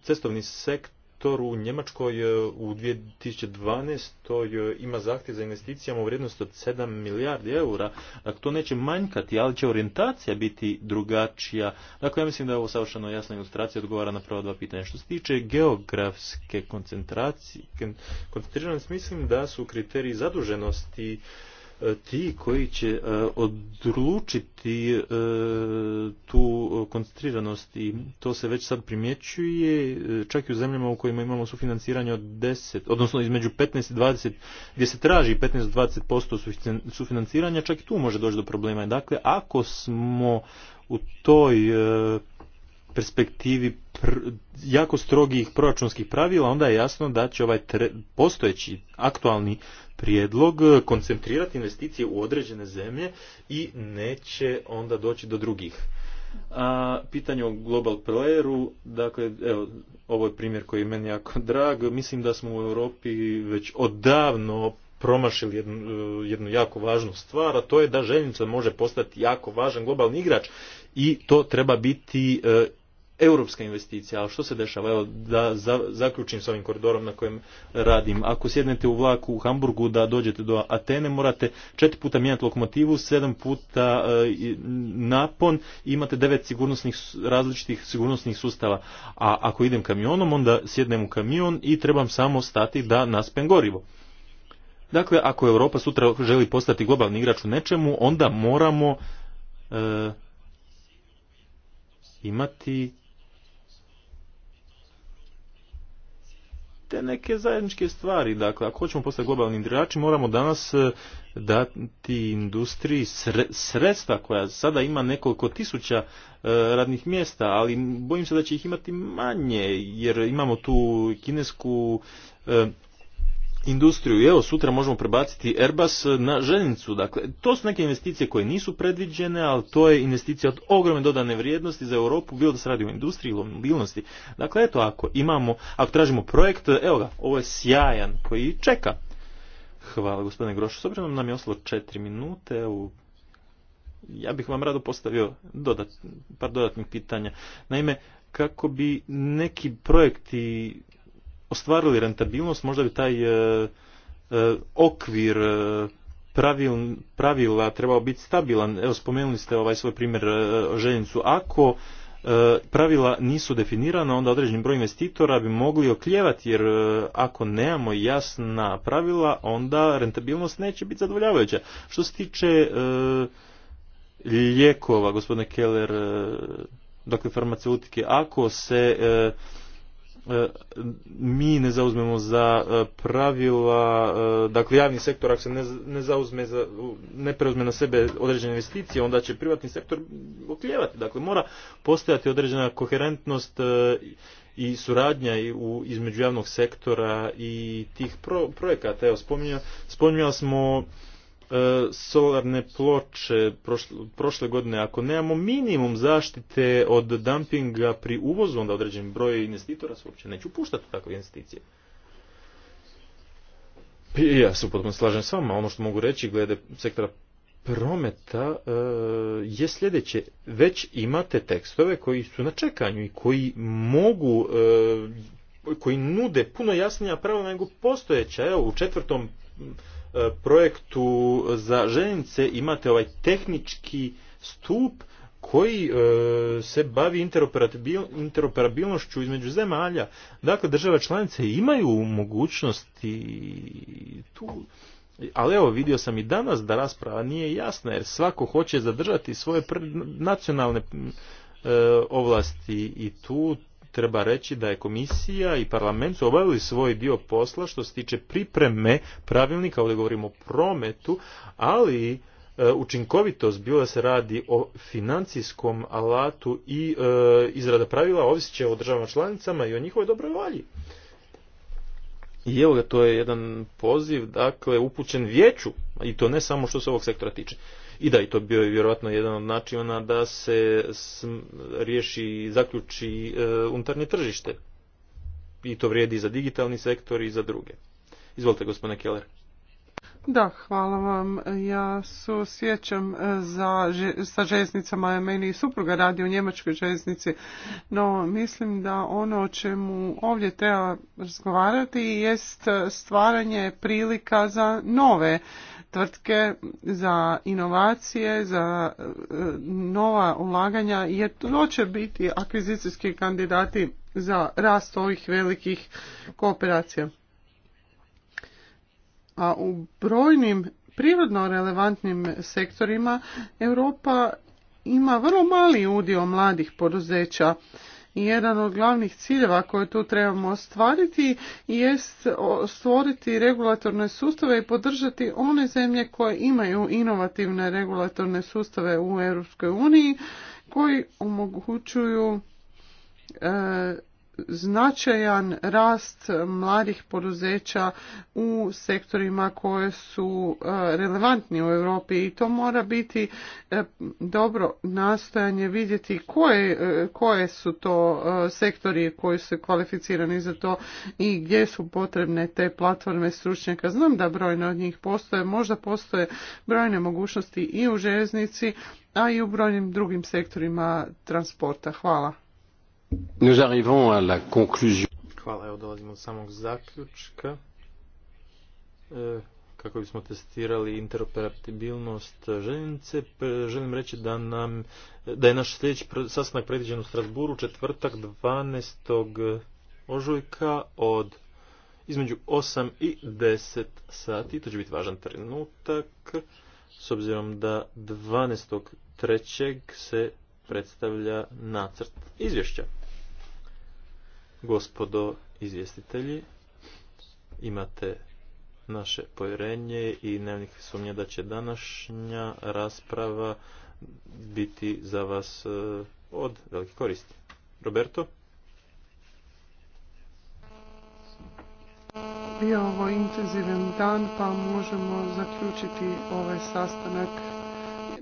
cestovni sektor, u Njemačkoj e, u 2012. E, ima zahtjev za investicijama u vrijednosti od 7 milijardi eura. Dakle, to neće manjkati, ali će orijentacija biti drugačija. Dakle, ja mislim da je ovo savršeno jasna ilustracija odgovara na prva dva pitanja. Što se tiče geografske koncentracije, koncentriranost, mislim da su kriteriji zaduženosti E, ti koji će e, odlučiti e, tu koncentriranost i to se već sad primjećuje čak i u zemljama u kojima imamo sufinanciranje od 10, odnosno između 15 i 20, gdje se traži 15-20% sufinanciranja, čak i tu može doći do problema. Dakle, ako smo u toj perspektivi jako strogih proračunskih pravila, onda je jasno da će ovaj postojeći aktualni prijedlog koncentrirati investicije u određene zemlje i neće onda doći do drugih. A pitanje o global playeru, dakle, evo, ovo je primjer koji je meni jako drag. Mislim da smo u Europi već odavno promašili jednu, e, jednu jako važnu stvar, a to je da željeznica može postati jako važan globalni igrač i to treba biti e, europska investicija, ali što se dešava? Evo, da zaključim s ovim koridorom na kojem radim. Ako sjednete u vlaku u Hamburgu da dođete do Atene, morate četiri puta mijenjati lokomotivu, sedam puta e, napon i imate devet sigurnosnih, različitih sigurnosnih sustava. A ako idem kamionom, onda sjednem u kamion i trebam samo stati da naspem gorivo. Dakle, ako Europa sutra želi postati globalni igrač u nečemu, onda moramo e, imati te neke zajedničke stvari. Dakle, ako hoćemo postati globalni igrači, moramo danas e, dati industriji sredstva koja sada ima nekoliko tisuća e, radnih mjesta, ali bojim se da će ih imati manje, jer imamo tu kinesku e, industriju. evo, sutra možemo prebaciti Airbus e, na željenicu. Dakle, to su neke investicije koje nisu predviđene, ali to je investicija od ogromne dodane vrijednosti za Europu, bilo da se radi o industriji ili o mobilnosti. Dakle, eto, ako imamo, ako tražimo projekt, evo ga, ovo je sjajan koji čeka. Hvala, gospodine Grošu. S nam je ostalo četiri minute, evo, ja bih vam rado postavio par dodatnih pitanja. Naime, kako bi neki projekti ostvarili rentabilnost, možda bi taj e, e, okvir e, pravila trebao biti stabilan. Evo, spomenuli ste ovaj svoj primjer željenicu. Ako pravila nisu definirana, onda određeni broj investitora bi mogli okljevati, jer ako nemamo jasna pravila, onda rentabilnost neće biti zadovoljavajuća. Što se tiče lijekova, gospodine Keller, dakle farmaceutike, ako se E, mi ne zauzmemo za e, pravila, e, dakle javni sektor ako se ne, ne zauzme za, ne preuzme na sebe određene investicije, onda će privatni sektor okljevati. Dakle, mora postojati određena koherentnost i suradnja između javnog sektora i tih pro, projekata. Evo, spominjali smo E, solarne ploče prošle godine, ako nemamo minimum zaštite od dumpinga pri uvozu, onda određen broj investitora se uopće neću puštati u takve investicije. Ja se potpuno slažem s vama. Ono što mogu reći glede sektora prometa e, je sljedeće. Već imate tekstove koji su na čekanju i koji mogu e, koji nude puno jasnija pravila nego postojeća. Evo, u četvrtom E, projektu za željenice imate ovaj tehnički stup koji e, se bavi interoperabilnošću između zemalja. Dakle, države članice imaju mogućnosti tu ali evo vidio sam i danas da rasprava nije jasna jer svako hoće zadržati svoje nacionalne e, ovlasti i tu treba reći da je komisija i parlament su obavili svoj dio posla što se tiče pripreme pravilnika, ovdje govorimo o prometu, ali e, učinkovitost, bilo da se radi o financijskom alatu i e, izrada pravila, ovisit će o državama članicama i o njihovoj dobroj valji. I evo ga, to je jedan poziv, dakle, upućen vijeću, i to ne samo što se ovog sektora tiče i da i to bio je vjerojatno jedan od načina da se riješi i zaključi e, unutarnje tržište. I to vrijedi i za digitalni sektor i za druge. Izvolite gospodine Keller. Da, hvala vam. Ja se sjećam e, za, sa željeznicama, meni i supruga radi u njemačkoj željeznici, no mislim da ono o čemu ovdje treba razgovarati jest stvaranje prilika za nove tvrtke za inovacije, za e, nova ulaganja, jer to će biti akvizicijski kandidati za rast ovih velikih kooperacija. A u brojnim prirodno relevantnim sektorima Europa ima vrlo mali udio mladih poduzeća jedan od glavnih ciljeva koje tu trebamo ostvariti jest stvoriti regulatorne sustave i podržati one zemlje koje imaju inovativne regulatorne sustave u Europskoj uniji koji omogućuju e, značajan rast mladih poduzeća u sektorima koje su e, relevantni u Europi i to mora biti e, dobro nastojanje vidjeti koje, e, koje su to sektori koji su kvalificirani za to i gdje su potrebne te platforme stručnjaka. Znam da brojne od njih postoje, možda postoje brojne mogućnosti i u željeznici, a i u brojnim drugim sektorima transporta. Hvala. Nous arrivons à la conclusion. Hvala, evo dolazimo od samog zaključka. E, kako bismo testirali interoperabilnost željenice, želim reći da nam da je naš sljedeći sastanak predviđen u Strasburu četvrtak 12. ožujka od između 8 i 10 sati. To će biti važan trenutak s obzirom da 12. 12.3. se predstavlja nacrt izvješća. Gospodo izvjestitelji, imate naše povjerenje i nema nikakve sumnje da će današnja rasprava biti za vas e, od velike koristi. Roberto? Bio ovo intenzivan dan, pa možemo zaključiti ovaj sastanak.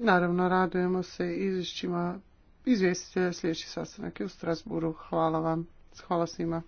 Naravno, radujemo se izvješćima izvjestitelja sljedeći sastanak je u Strasburu. Hvala vam. Hvala svima.